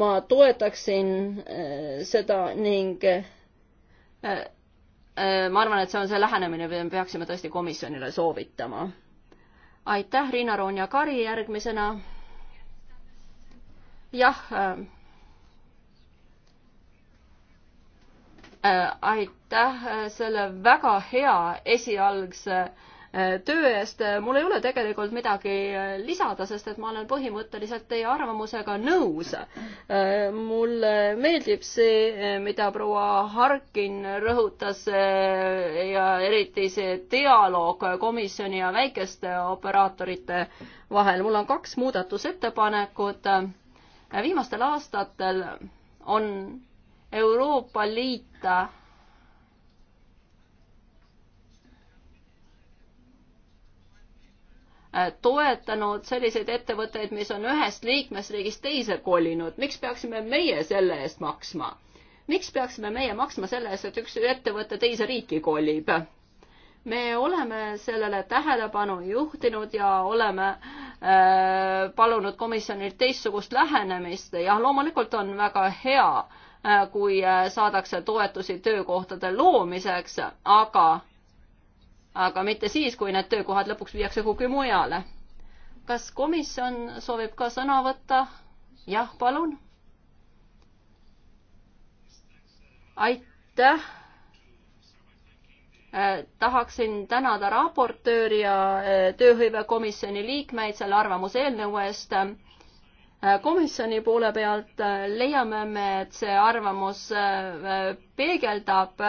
ma toetaksin äh, seda ning äh, äh, ma arvan, et see on see lähenemine, mida me peaksime tõesti komisjonile soovitama. aitäh, Riina Roonja Kari järgmisena. jah Äh, aitäh selle väga hea esialgse äh, töö eest. mul ei ole tegelikult midagi äh, lisada, sest et ma olen põhimõtteliselt teie arvamusega nõus. mulle meeldib see, mida proua Harkin rõhutas ja eriti see dialoog komisjoni ja väikeste operaatorite vahel. mul on kaks muudatusettepanekut. viimastel aastatel on Euroopa Liit äh, toetanud selliseid ettevõtteid, mis on ühest liikmesriigist teise kolinud, miks peaksime meie selle eest maksma? miks peaksime meie maksma selle eest, et üks ettevõte teise riiki kolib? me oleme sellele tähelepanu juhtinud ja oleme äh, palunud komisjonilt teistsugust lähenemist ja loomulikult on väga hea, Äh, kui äh, saadakse toetusi töökohtade loomiseks, aga, aga mitte siis, kui need töökohad lõpuks viiakse kuhugi mujale. kas komisjon soovib ka sõna võtta? jah, palun. aitäh äh, tahaksin tänada raportööri ja tööhõivekomisjoni liikmeid selle arvamuse eelnõu eest. Äh, komisjoni poole pealt äh, leiame me, et see arvamus äh, peegeldab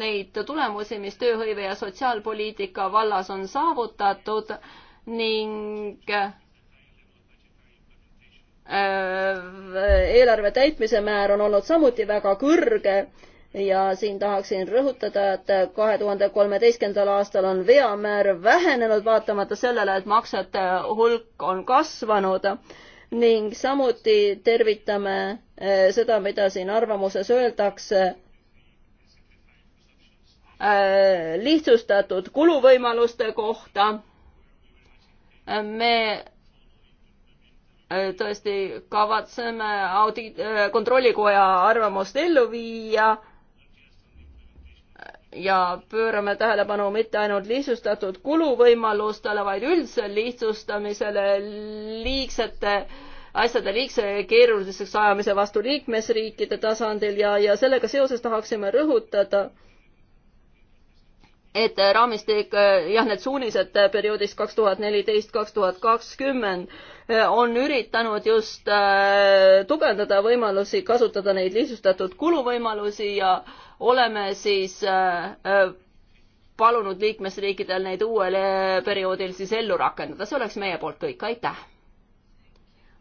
neid tulemusi, mis tööhõive ja sotsiaalpoliitika vallas on saavutatud ning eelarve täitmise määr on olnud samuti väga kõrge ja siin tahaksin rõhutada, et kahe tuhande kolmeteistkümnendal aastal on veamäär vähenenud, vaatamata sellele, et maksete hulk on kasvanud ning samuti tervitame eh, seda, mida siin arvamuses öeldakse eh, lihtsustatud kuluvõimaluste kohta. Eh, me tõesti kavatseme audi-, kontrollikoja arvamust ellu viia ja pöörame tähelepanu mitte ainult lihtsustatud kuluvõimalustele, vaid üldse lihtsustamisele, liigsete asjade liigse keeruliseks ajamise vastu liikmesriikide tasandil ja, ja sellega seoses tahaksime rõhutada, et raamistik, jah, need suunised perioodist kaks tuhat neliteist, kaks tuhat kakskümmend on üritanud just äh, tugevdada võimalusi kasutada neid lihtsustatud kuluvõimalusi ja oleme siis äh, äh, palunud liikmesriikidel neid uuel perioodil siis ellu rakendada, see oleks meie poolt kõik, aitäh.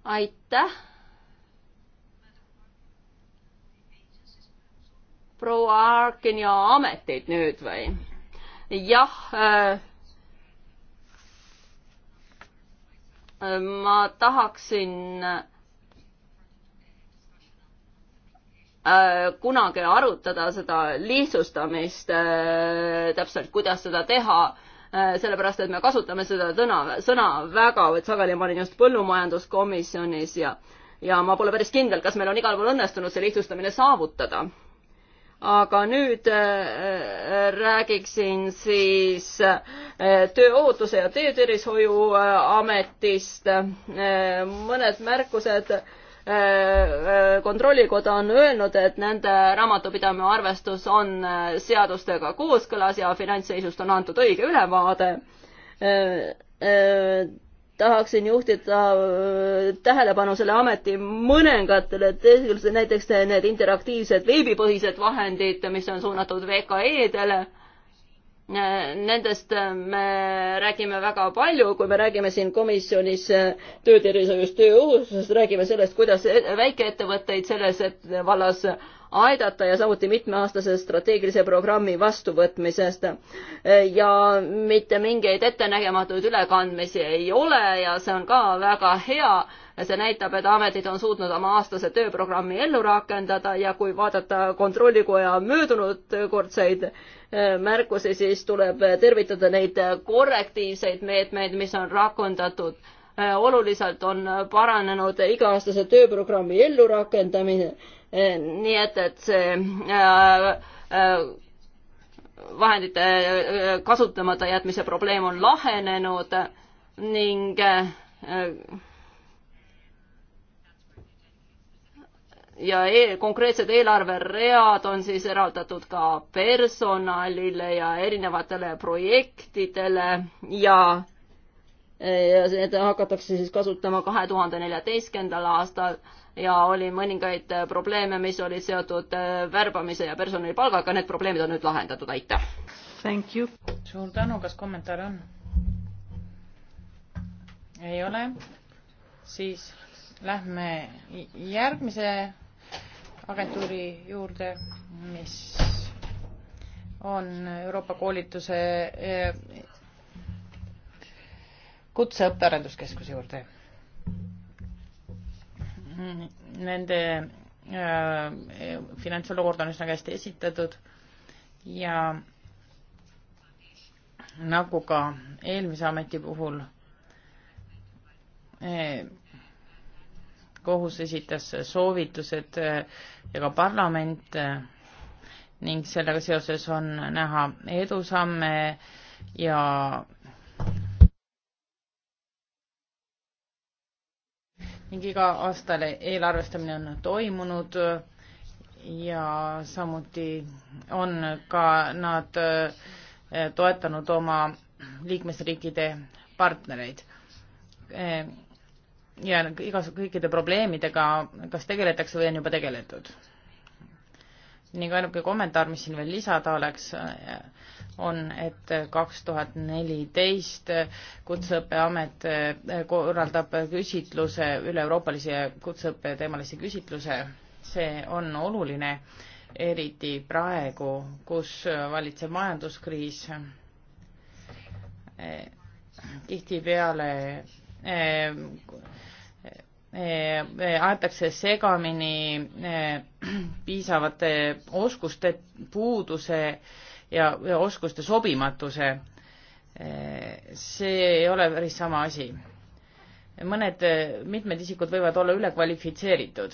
aitäh. proua Arkin ja ametid nüüd või? jah äh,. ma tahaksin äh, kunagi arutada seda lihtsustamist äh, täpselt, kuidas seda teha, äh, sellepärast et me kasutame seda tõna, sõna väga, et sageli ma olin just põllumajanduskomisjonis ja ja ma pole päris kindel, kas meil on igal pool õnnestunud see lihtsustamine saavutada aga nüüd äh, äh, räägiksin siis äh, Tööohutuse ja Töötervishoiu Ametist. mõned märkused. kontrollikoda on öelnud, et nende raamatupidamise arvestus on seadustega kooskõlas ja finantsseisust on antud õige ülevaade tahaksin juhtida äh, tähelepanu selle ameti mõningatele, näiteks need interaktiivsed veebipõhised vahendid, mis on suunatud VKE-dele. Nendest äh, me räägime väga palju, kui me räägime siin komisjonis äh, töötervishoiust, tööohutusest, räägime sellest, kuidas e-, väikeettevõtteid selles vallas aidata ja samuti mitmeaastase strateegilise programmi vastuvõtmisest. ja mitte mingeid ettenägematuid ülekandmisi ei ole ja see on ka väga hea see näitab, et ametid on suutnud oma aastase tööprogrammi ellu rakendada ja kui vaadata Kontrollikoja möödunud kordseid eh, märkusi, siis tuleb tervitada neid korrektiivseid meetmeid, mis on rakendatud. Eh, oluliselt on paranenud iga-aastase tööprogrammi ellurakendamine nii et, et see äh, äh, vahendite äh, kasutamata jätmise probleem on lahenenud ning ja e konkreetsed eelarveread on siis eraldatud ka personalile ja erinevatele projektidele ja ja seda hakatakse siis kasutama kahe tuhande neljateistkümnendal aastal ja oli mõningaid äh, probleeme, mis olid seotud äh, värbamise ja personalipalgaga, need probleemid on nüüd lahendatud, aitäh! suur tänu, kas kommentaare on? ei ole, siis lähme järgmise agentuuri juurde, mis on Euroopa koolituse äh, kutseõppearenduskeskuse juurde nende äh, finantsolukord on üsna hästi esitatud ja nagu ka eelmise ameti puhul eh, kohus esitas soovitused eh, ja ka parlament eh, ning sellega seoses on näha edusamme ja ning iga aastane eelarvestamine on toimunud ja samuti on ka nad eh, toetanud oma liikmesriikide partnereid. Eh, ja igas-, kõikide probleemidega kas tegeletakse või on juba tegeletud. ning ainuke kommentaar, mis siin veel lisada oleks, eh, on, et kaks tuhat neliteist Kutseõppeamet eh, korraldab küsitluse, üle-euroopalise kutseõppe teemalise küsitluse. see on oluline, eriti praegu, kus valitseb majanduskriis. Eh, tihtipeale eh, aetakse segamini piisavate oskuste puuduse ja, ja oskuste sobimatuse. see ei ole päris sama asi. mõned, mitmed isikud võivad olla ülekvalifitseeritud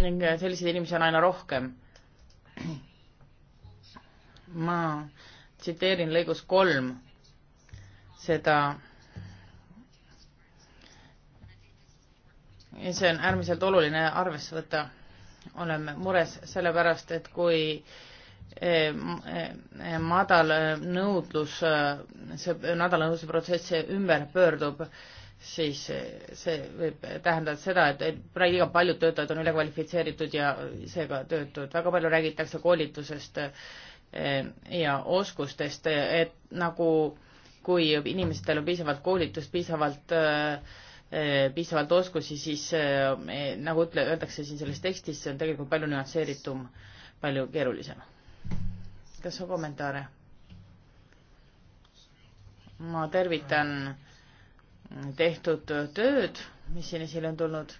ning selliseid inimesi on aina rohkem. ma tsiteerin lõigus kolm seda ja see on äärmiselt oluline arvesse võtta. oleme mures sellepärast, et kui äh, Eh, eh, madal eh, nõudlus, see madala nõudluse protsess ümber pöördub, siis see võib tähendada seda, et liiga paljud töötajad on ülekvalifitseeritud ja seega töötud. väga palju räägitakse koolitusest ja oskustest, et nagu kui inimestel on piisavalt koolitust, piisavalt äh, piisavalt oskusi, siis nagu ütle, öeldakse siin selles tekstis, see on tegelikult palju nüansseeritum, palju keerulisem kas on kommentaare? ma tervitan tehtud tööd, mis siin esile on tulnud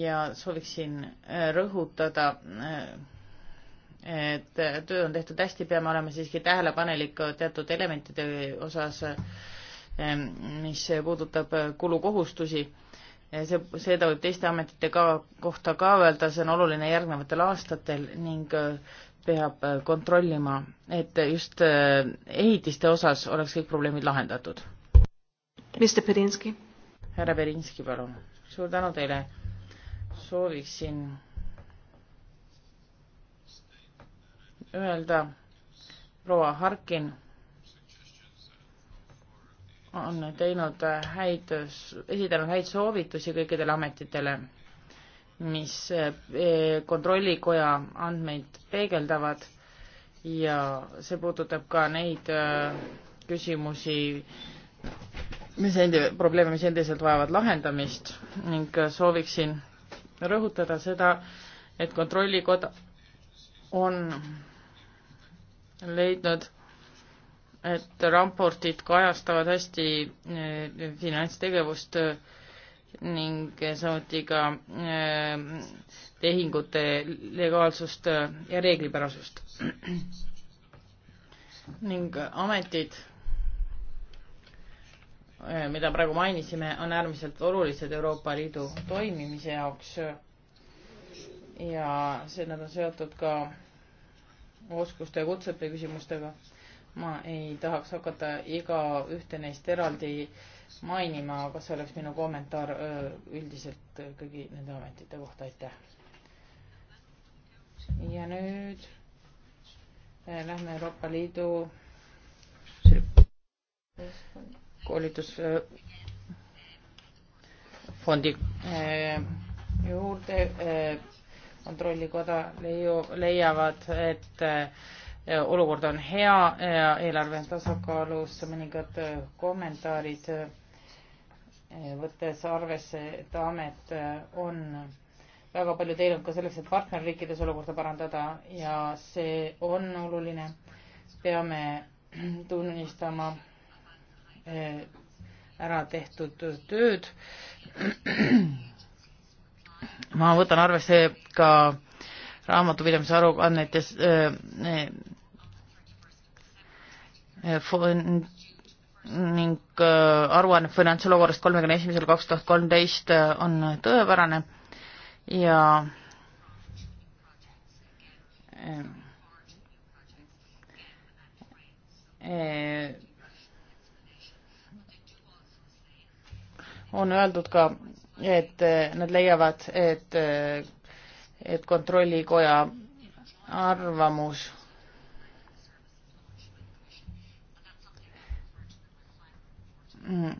ja sooviksin äh, rõhutada, äh, et töö on tehtud hästi, peame olema siiski tähelepanelik teatud elementide osas, äh, mis puudutab kulukohustusi. see, seda võib teiste ametite ka, kohta ka öelda, see on oluline järgnevatel aastatel ning peab äh, kontrollima, et äh, just äh, ehitiste osas oleks kõik probleemid lahendatud. Mr Berinski. härra Berinski, palun. suur tänu teile. sooviksin öelda, proua Harkin on teinud häid, esitanud häid soovitusi kõikidele ametitele mis eh, kontrollikoja andmeid peegeldavad ja see puudutab ka neid eh, küsimusi, mis endi-, probleeme, mis endiselt vajavad lahendamist ning eh, sooviksin rõhutada seda, et kontrollikoda on leidnud, et raportid kajastavad hästi finantstegevust äh, ning samuti ka äh, tehingute legaalsust ja reeglipärasust. *clears throat* ning ametid, äh, mida praegu mainisime, on äärmiselt olulised Euroopa Liidu toimimise jaoks ja see, nad on seotud ka oskuste ja kutsete küsimustega. ma ei tahaks hakata igaühte neist eraldi äh, mainima, aga see oleks minu kommentaar üldiselt kõigi nende ametite kohta, aitäh. ja nüüd lähme Euroopa Liidu koolitusfondi juurde kontrollikoda leiu, leiavad, et olukord on hea, eelarve on tasakaalus, mõningad kommentaarid võttes arvesse, et amet äh, on väga palju teinud ka selleks, et partnerriikides olukorda parandada ja see on oluline. peame *clears throat* tunnistama äh, ära tehtud tööd. *clears throat* ma võtan arvesse ka raamatupidamise aruannetes äh, fond ning äh, aruanne finantsolukorrast kolmekümne esimesel kaks tuhat kolmteist äh, on tõepärane ja äh, on öeldud ka, et nad leiavad, et, et kontrollikoja arvamus Mm.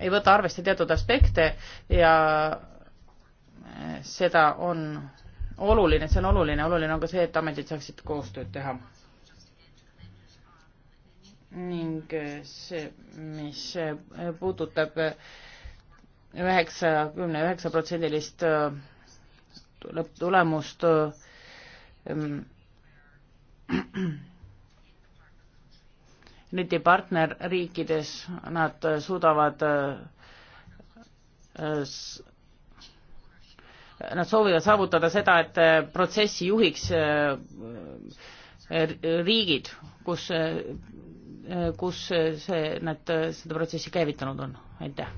ei võta arvesse teatud aspekte ja eh, seda on oluline, see on oluline, oluline on ka see, et ametid saaksid koostööd teha. ning eh, see, mis eh, puudutab üheksakümne üheksa protsendilist lõpptulemust, mm, *clears throat* nende partnerriikides nad äh, suudavad, äh, äh, nad soovivad saavutada seda, et protsessi juhiks riigid, kus, kus see, nad seda protsessi käivitanud on, aitäh.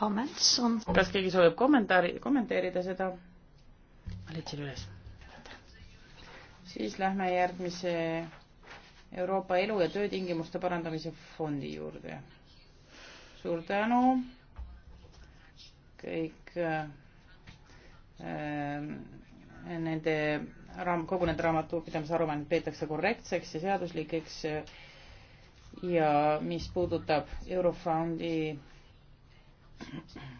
kas keegi soovib kommentaari, kommenteerida seda? ma leidsin üles siis lähme järgmise Euroopa elu- ja töötingimuste parandamise fondi juurde. suur tänu kõik äh, äh nende raam-, kogu nende raamatupidamise aruanded peetakse korrektseks ja seaduslikeks ja mis puudutab Eurofondi,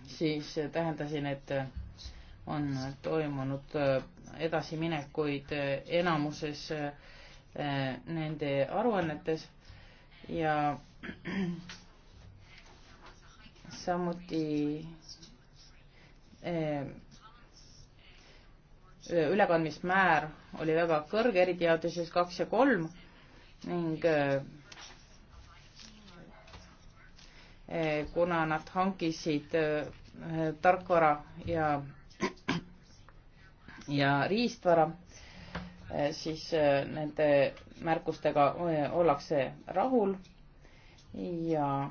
siis tähendasin, et on toimunud äh, edasiminekuid eh, enamuses eh, nende aruannetes ja *clears throat* samuti eh, ülekandmismäär oli väga kõrge, eriti jaotuses kaks ja kolm ning kuna nad hankisid tarkvara ja ja riistvara, eh, siis eh, nende märkustega eh, ollakse rahul ja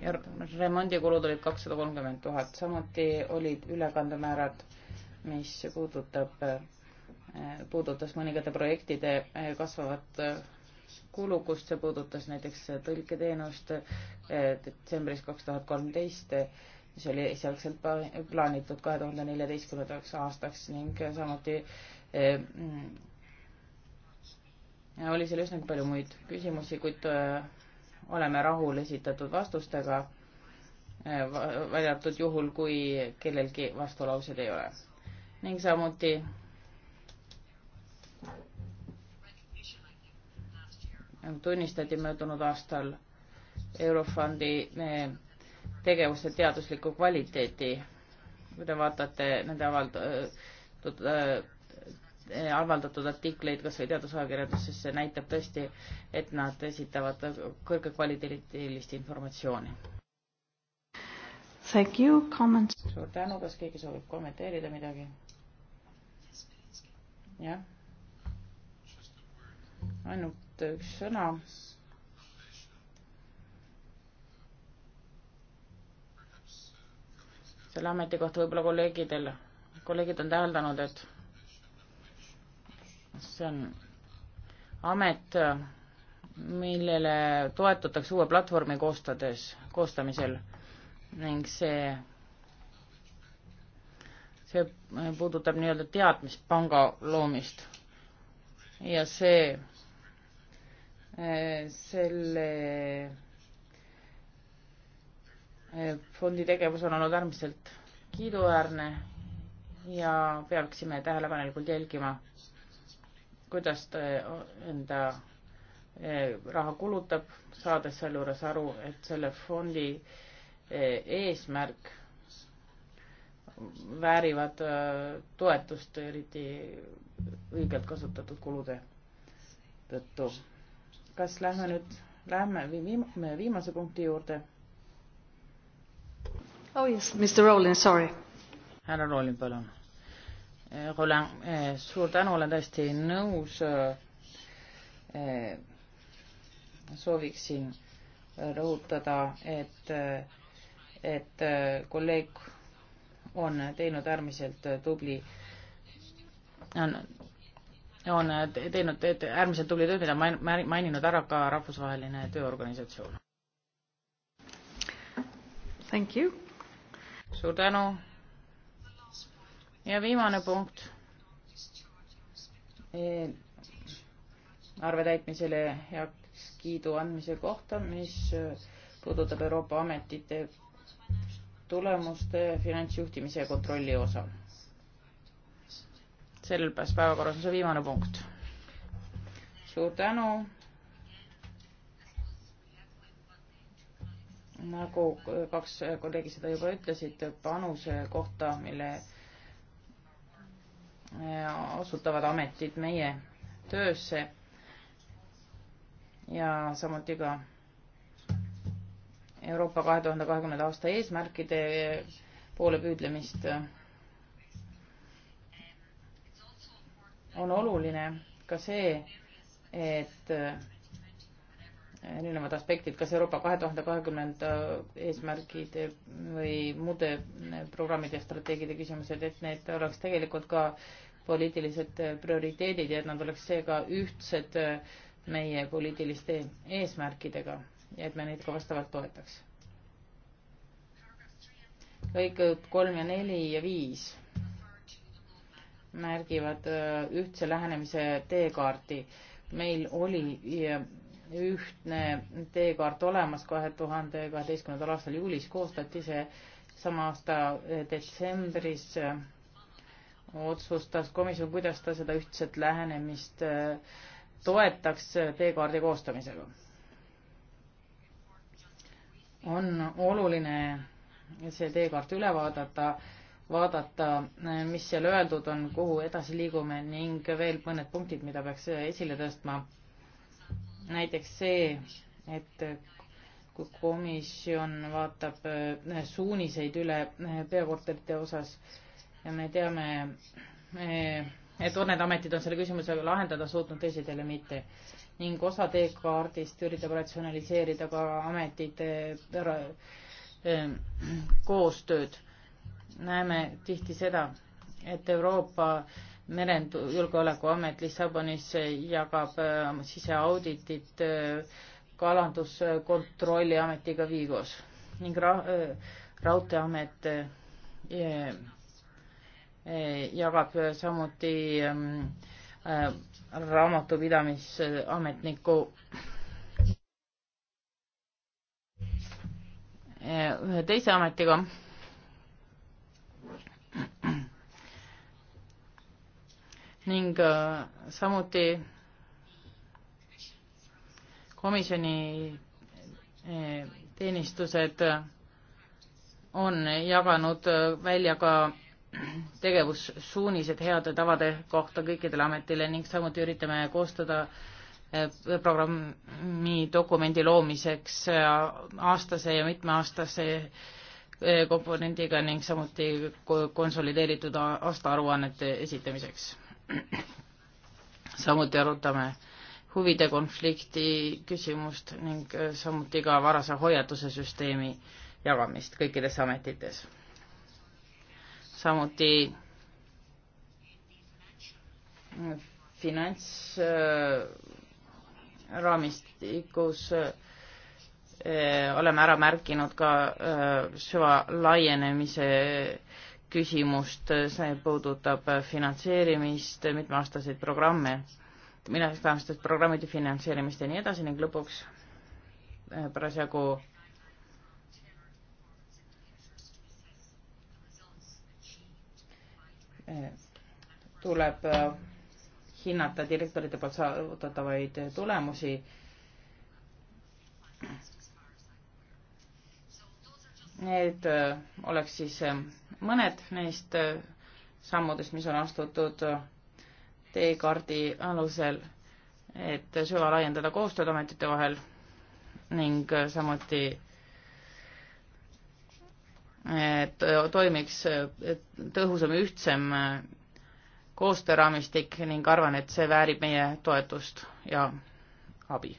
ja remondikulud olid kakssada kolmkümmend tuhat, samuti olid ülekandemäärad, mis puudutab, puudutas mõningate projektide kasvavat kulukust, see puudutas näiteks tõlketeenust eh, detsembris kaks tuhat kolmteist, mis oli esialgselt plaanitud kahe tuhande neljateistkümnendaks aastaks ning samuti eh, mm, oli seal üsnagi palju muid küsimusi, kuid eh, oleme rahul esitatud vastustega, eh, välja arvatud juhul, kui kellelgi vastulauseid ei ole. ning samuti nagu tunnistati möödunud aastal Eurofondi eh, tegevuste teadusliku kvaliteedi. kui te vaatate nende avaldatud, eh, eh, avaldatud artikleid kas või teadusajakirjanduses, see näitab tõesti, et nad esitavad kõrgekvaliteedilist informatsiooni. Thank you, comments. suur tänu, kas keegi soovib kommenteerida midagi? jah. ainult kohta üks sõna. selle ametikohta võib-olla kolleegidel, kolleegid on täheldanud, et see on amet, millele toetutakse uue platvormi koostades, koostamisel ning see, see puudutab nii-öelda teadmispanga loomist ja see selle eh, fondi tegevus on olnud äärmiselt kiiduväärne ja peaksime tähelepanelikult jälgima, kuidas ta enda eh, raha kulutab, saades sealjuures aru, et selle fondi eh, eesmärk väärivad toetust, eriti õigelt kasutatud kulude tõttu kas lähme nüüd, lähme viim, viimase punkti juurde? oh yes, Mr Rowling, sorry. härra Rowling, palun. Eh, Roland, eh, suur tänu, olen täiesti nõus. Eh, sooviksin rõhutada, et, et kolleeg on teinud äärmiselt tubli, on on äh, teinud äärmiselt tubli töö, mida on maininud ära ka Rahvusvaheline Tööorganisatsioon. Thank you. suur tänu. ja viimane punkt e. arve täitmisele heakskiidu andmise kohta, mis äh, puudutab Euroopa ametite tulemuste finantsjuhtimise ja kontrolli osa selles päevakorras on see viimane punkt. suur tänu. nagu kaks kolleegi seda juba ütlesid, panuse kohta, mille osutavad eh, ametid meie töösse ja samuti ka Euroopa kahe tuhande kahekümnenda aasta eesmärkide poole püüdlemist on oluline ka see, et äh, erinevad aspektid, kas Euroopa kahe tuhande kahekümnenda eesmärgid äh, või muude äh, programmide ja strateegide küsimused, et need oleks tegelikult ka poliitilised prioriteedid ja et nad oleks seega ühtsed meie poliitiliste eesmärkidega ja et me neid ka vastavalt toetaks. lõikud kolm ja neli ja viis märgivad äh, ühtse lähenemise teekaarti. meil oli äh, ühtne teekaart olemas kahe tuhande kaheteistkümnendal aastal juulis koostati see sama aasta äh, detsembris otsustas komisjon, kuidas ta seda ühtset lähenemist toetaks teekaardi koostamisega. on oluline see teekaart üle vaadata vaadata, äh, mis seal öeldud on, kuhu edasi liigume ning veel mõned punktid, mida peaks äh, esile tõstma. näiteks see, et kui komisjon vaatab äh, suuniseid üle peakorterite osas ja me teame, et mõned ametid on selle küsimusega lahendada suutnud, teised jälle mitte. ning osa teekaardist üritab ratsionaliseerida ka ametite koostööd näeme tihti seda, et Euroopa merendusjulgeolekuamet Lissabonis jagab äh, siseauditit äh, kalanduskontrolliametiga Vigos ning ra-, äh, raudteeamet jagab samuti ähm, raamatupidamisametniku ühe teise ametiga ning äh, samuti komisjoni äh, teenistused on jaganud äh, välja ka tegevussuunised heade tavade kohta kõikidele ametile ning samuti üritame koostada programmi dokumendi loomiseks aastase ja mitmeaastase komponendiga ning samuti konsolideeritud aastaaruannete esitamiseks samuti arutame huvide konflikti küsimust ning äh, samuti ka varase hoiatuse süsteemi jagamist kõikides ametites. samuti äh, finantsraamistikus äh, oleme ära märkinud ka süvalaienemises küsimust, see puudutab finantseerimist, mitmeaastaseid programme, mitmeaastaste programmide finantseerimist ja nii edasi ning lõpuks eh, parasjagu eh, tuleb eh, hinnata direktorite poolt saavutatavaid tulemusi Need äh, oleks siis äh, mõned neist äh, sammudest, mis on astutud teekaardi alusel, et süva laiendada koostööd ametite vahel ning samuti et toimiks tõhusam ja ühtsem koostööraamistik ning arvan, et see väärib meie toetust ja abi.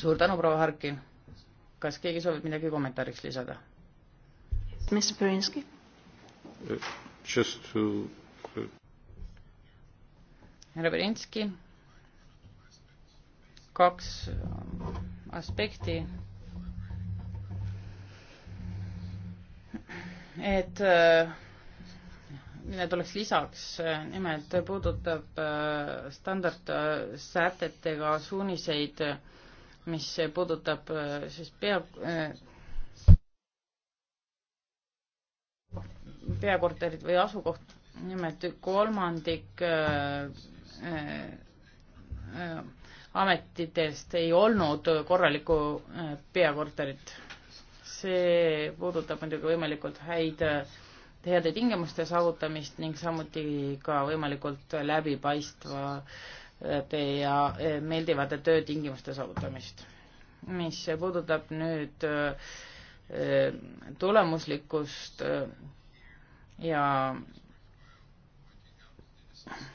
suur tänu, proua Harkin kas keegi soovib midagi kommentaariks lisada? Mr Berinski. Uh, just to. Uh, härra Berinski. kaks aspekti. et need uh, oleks lisaks, nimelt puudutab standardsätetega suuniseid äh, mis puudutab äh, siis pea, äh, peakorterid või asukoht, nimelt kolmandik äh, ametitest ei olnud korralikku peakorterit. see puudutab muidugi võimalikult häid, heade tingimuste saavutamist ning samuti ka võimalikult läbipaistva äh, ja eh, meeldivate töötingimuste saavutamist. mis puudutab nüüd eh, tulemuslikkust eh, ja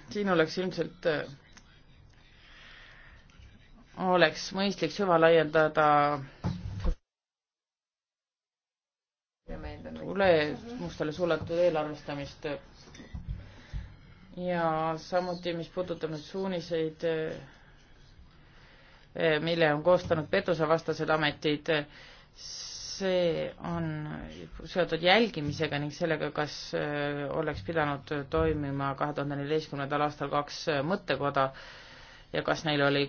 siin oleks ilmselt, oleks mõistlik süva laiendada tulemustele suletud eelarvestamist ja samuti, mis puudutab nüüd suuniseid, eh, eh, mille on koostanud pettusevastased ametid, see on seotud jälgimisega ning sellega, kas eh, oleks pidanud toimima kahe tuhande neljateistkümnendal aastal kaks mõttekoda ja kas neil oli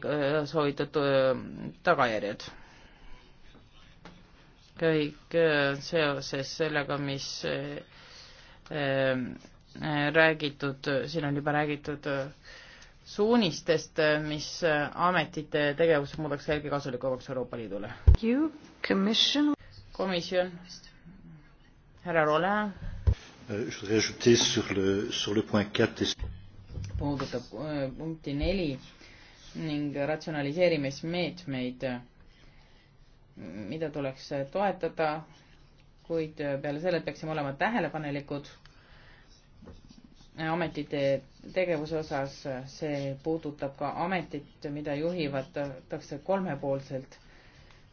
soovitud tagajärjed. kõik seoses sellega, mis räägitud, siin on juba räägitud äh, suunistest, äh, mis äh, ametite tegevus muudaks veelgi kasulikumaks Euroopa Liidule. komisjon, härra Role. Euh, puudutab punkti neli ning ratsionaliseerimismeetmeid, mida tuleks toetada, kuid peale selle peaksime olema tähelepanelikud ametite tegevuse osas, see puudutab ka ametit, mida juhivatakse kolmepoolselt.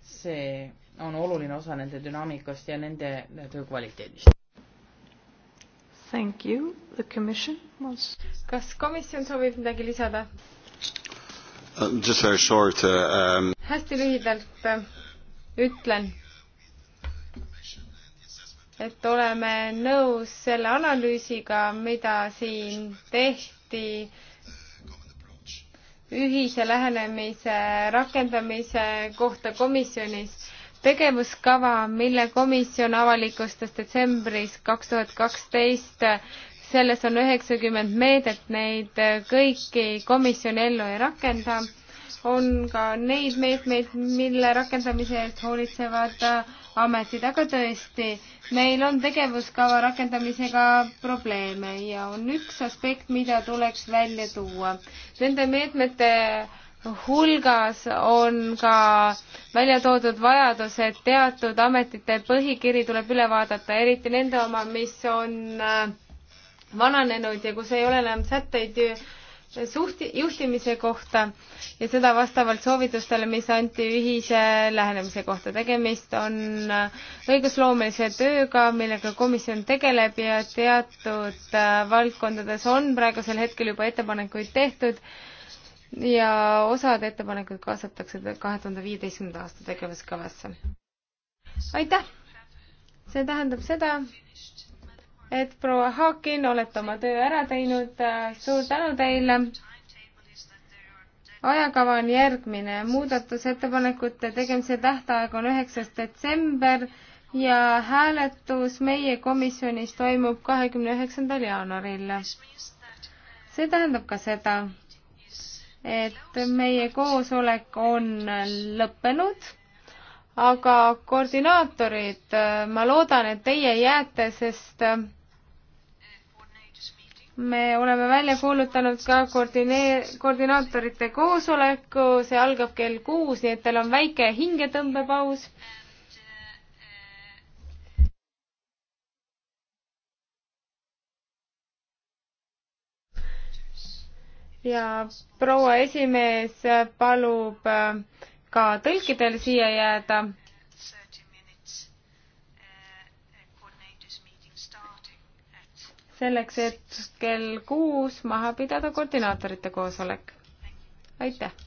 see on oluline osa nende dünaamikast ja nende töö kvaliteedist. Thank you, the commission was. kas komisjon soovib midagi lisada uh,? Just very short uh,. Um... hästi lühidalt uh, ütlen et oleme nõus selle analüüsiga, mida siin tehti ühise lähenemise rakendamise kohta komisjonis. tegevuskava, mille komisjon avalikustas detsembris kaks tuhat kaksteist, selles on üheksakümmend meedet, neid kõiki komisjon ellu ei rakenda on ka neid meetmeid, mille rakendamise eest hoolitsevad äh, ametid, aga tõesti, meil on tegevuskava rakendamisega probleeme ja on üks aspekt, mida tuleks välja tuua. Nende meetmete hulgas on ka välja toodud vajadus, et teatud ametite põhikiri tuleb üle vaadata, eriti nende oma, mis on äh, vananenud ja kus ei ole enam sätteid suhti-, juhtimise kohta ja seda vastavalt soovitustele, mis anti ühise lähenemise kohta. tegemist on õigusloomelise tööga, millega komisjon tegeleb ja teatud äh, valdkondades on praegusel hetkel juba ettepanekuid tehtud ja osad ettepanekud kaasatakse kahe tuhande viieteistkümnenda aasta tegevuskavasse. aitäh! see tähendab seda, et proua Haakin, olete oma töö ära teinud. suur tänu teile. ajakava on järgmine. muudatusettepanekute tegemise tähtaeg on üheksas detsember ja hääletus meie komisjonis toimub kahekümne üheksandal jaanuaril. see tähendab ka seda, et meie koosolek on lõppenud aga koordinaatorid, ma loodan, et teie jääte, sest me oleme välja kuulutanud ka koordineer-, koordinaatorite koosoleku, see algab kell kuus, nii et teil on väike hingetõmbepaus. ja proua esimees palub äh, ka tõlkidel siia jääda selleks, et kell kuus maha pidada koordinaatorite koosolek. aitäh!